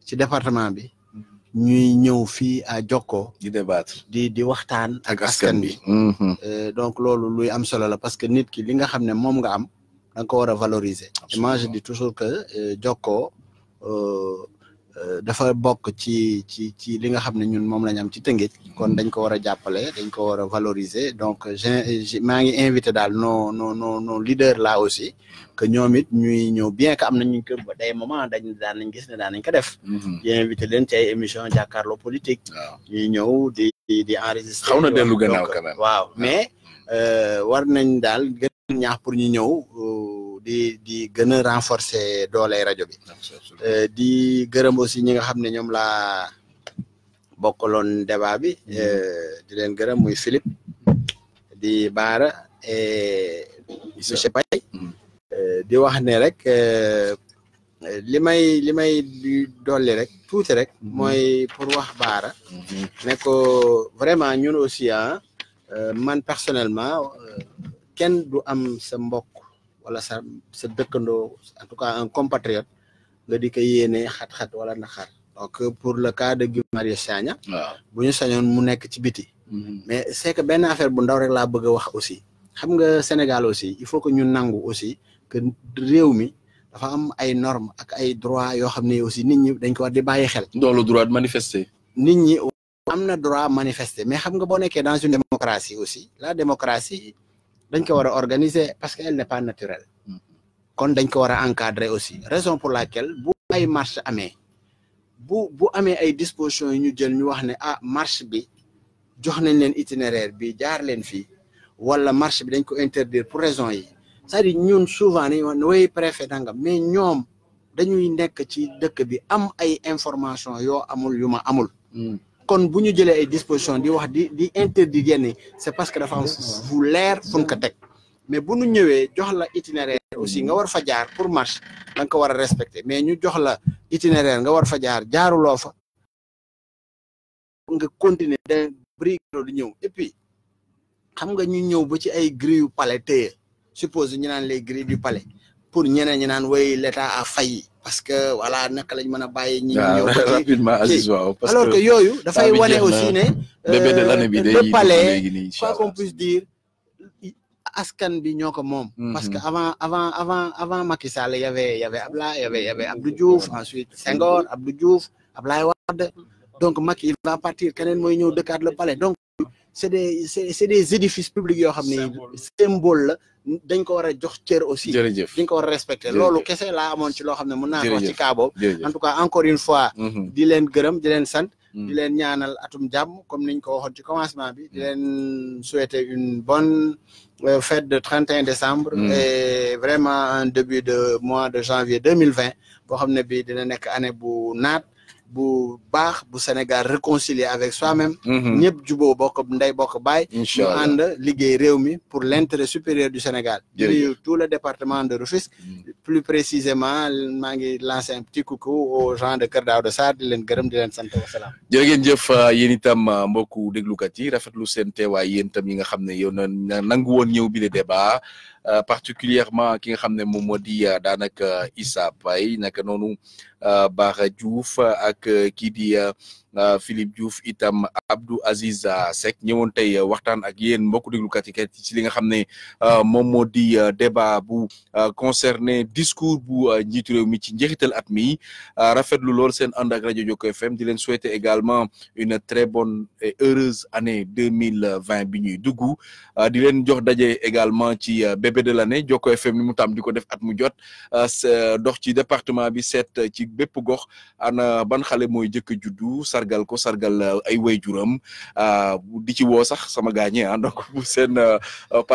ci département bi mm-hmm. ñuy ñëw fii à Joko. di débattre di di waxtaan ak askan bi mm-hmm. euh, donc loolu luy am solo la parce que nit ki li nga xam ne moom nga am encore valorisé Et moi je dis toujours que djoko euh, euh, euh, donc j'ai invité nos nos nos nos leaders là aussi que bien que des des mm-hmm. politique. Nous, mais war ñaax pour ñu ñëw euh, di di gëna renforcer doole radio bi euh, di gëreum aussi ñi nga xamne ñom la laa débat bi mm-hmm. euh, di len gëreum muy Philippe di bara et monsieur Paye mm-hmm. di wax ne rek limay limay li may rek tout rek moy mm-hmm. pour wax bara ne ko vraiment ñun aussi hein ah, man personnellement kenn du am sa mbokk wala sa sa dëkkandoo en tout cas un compatriote nga di ko yéene xat-xat wala naxar donc pour le cas de Guy Marius Sagna bu ñu sañoon mu nekk ci biti mm-hmm. mais c'est benn affaire bu ndaw rek laa bëgg wax aussi xam nga Sénégal aussi il faut que ñu nangu aussi que réew mi dafa am ay normes ak ay droits yoo xam ne aussi nit ñi dañ ko war di bàyyi xel doolu droit de manifester nit ñi am na droit manifester mais xam nga boo nekkee dans une démocratie aussi la démocratie dañ ko war a organiser parce que elle n'est pas naturelle kon dañ ko war a encadrer aussi raison pour laquelle bu ay marche amee bu bu amee ay dispositions yi ñu jël ñu wax ne ah marche bi jox nañ leen itinéraire bi jaar leen fii wala marche bi dañ ko interdire pour raison yi c'est-à-dire ñun souvent dañuy wax ne way préfet nangam mais ñoom dañuy nekk ci dëkk bi am ay information yoo amul yu ma amul hmm kon buñu jëlé ay disposition di wax di di interdire yenn c'est parce que dafa am fu leer fuñ ko tek mais buñu ñëwé jox la itinéraire aussi nga war fa jaar pour marche da nga ko war respecter mais ñu jox la itinéraire nga war fa jaar jaaruloo fa nga continuer de brigro di ñëw et puis xam nga ñu ñëw ba ci ay grilles yu palais suppose ñu naan les grilles du palais pour ñeneen ñi naan way l'état a failli parce que voilà naka lañ mëna a ñi ñëw rapidement Aziz waaw parce que alors que yooyu dafay aussi ne bébé de euh, l'année bi le palais quoi qu'on puisse dire askan bi ñoko mom mm-hmm. parce que avant avant avant avant Macky Sall y avait il y avait Abla y avait y avait Abdou Diouf ensuite Senghor Abdou Diouf Abdoulaye Wade donc Macky il va partir keneen mooy ñëw cadre le palais donc c'est des des édifices publics qui xam symbole la dañ ko jox aussi dañ ko wara respecter kessé la amone ci lo ci en tout cas encore une fois mm-hmm. di Grum, Dylan di sant mm-hmm. di len ñaanal atum comme niñ ko dit ci commencement bi di mm-hmm. souhaiter une bonne euh, fête de 31 décembre et vraiment un début de mois de janvier 2020 pour xamné bi dina nek année bu naat bu bax bu Sénégal réconcilier avec soi-même. Mhm. ñëpp juboo bokk nday bokk bay ñu and liggéey réew mi pour l'intérêt supérieur du Sénégal. jërëjëf tout le département de Rufisque. Mhm. plus précisément maa ngi lancer un petit coucou aux gens de Kër de Sarr di leen gërëm di leen sant wa ngeen jëf euh, yéen itam euh, mbokku kat yi rafetlu seen teewaay yéen tam yi nga xamné yow na nangu woon ñëw bi le débat. Euh, particulièrement ki nga xam ne moom moo di euh, daanaka Issa Paye naka noonu euh, Bara Diouf ak kii di Philippe Diouf itam Abdou Aziz euh, Sek ñewon tay euh, waxtaan ak yeen mbokku déglukat yi ci li nga xamné euh, débat bu concerné discours bu njiitu réew mi ci njeexital at mi rafetlu lool seen and ak radio FM di len souhaiter également une très bonne et heureuse année 2020. mille vingt bi ñuy duggu di jox également ci bébé de l'année Jokko FM ni mu tam di ko def at mu jot dox ci département bi set ci bép gox ana ban xalé moy jëkk juddu sargal ko sargal euh, ay waajuram euh, di ci woo sax sama a ah donc bu seen euh,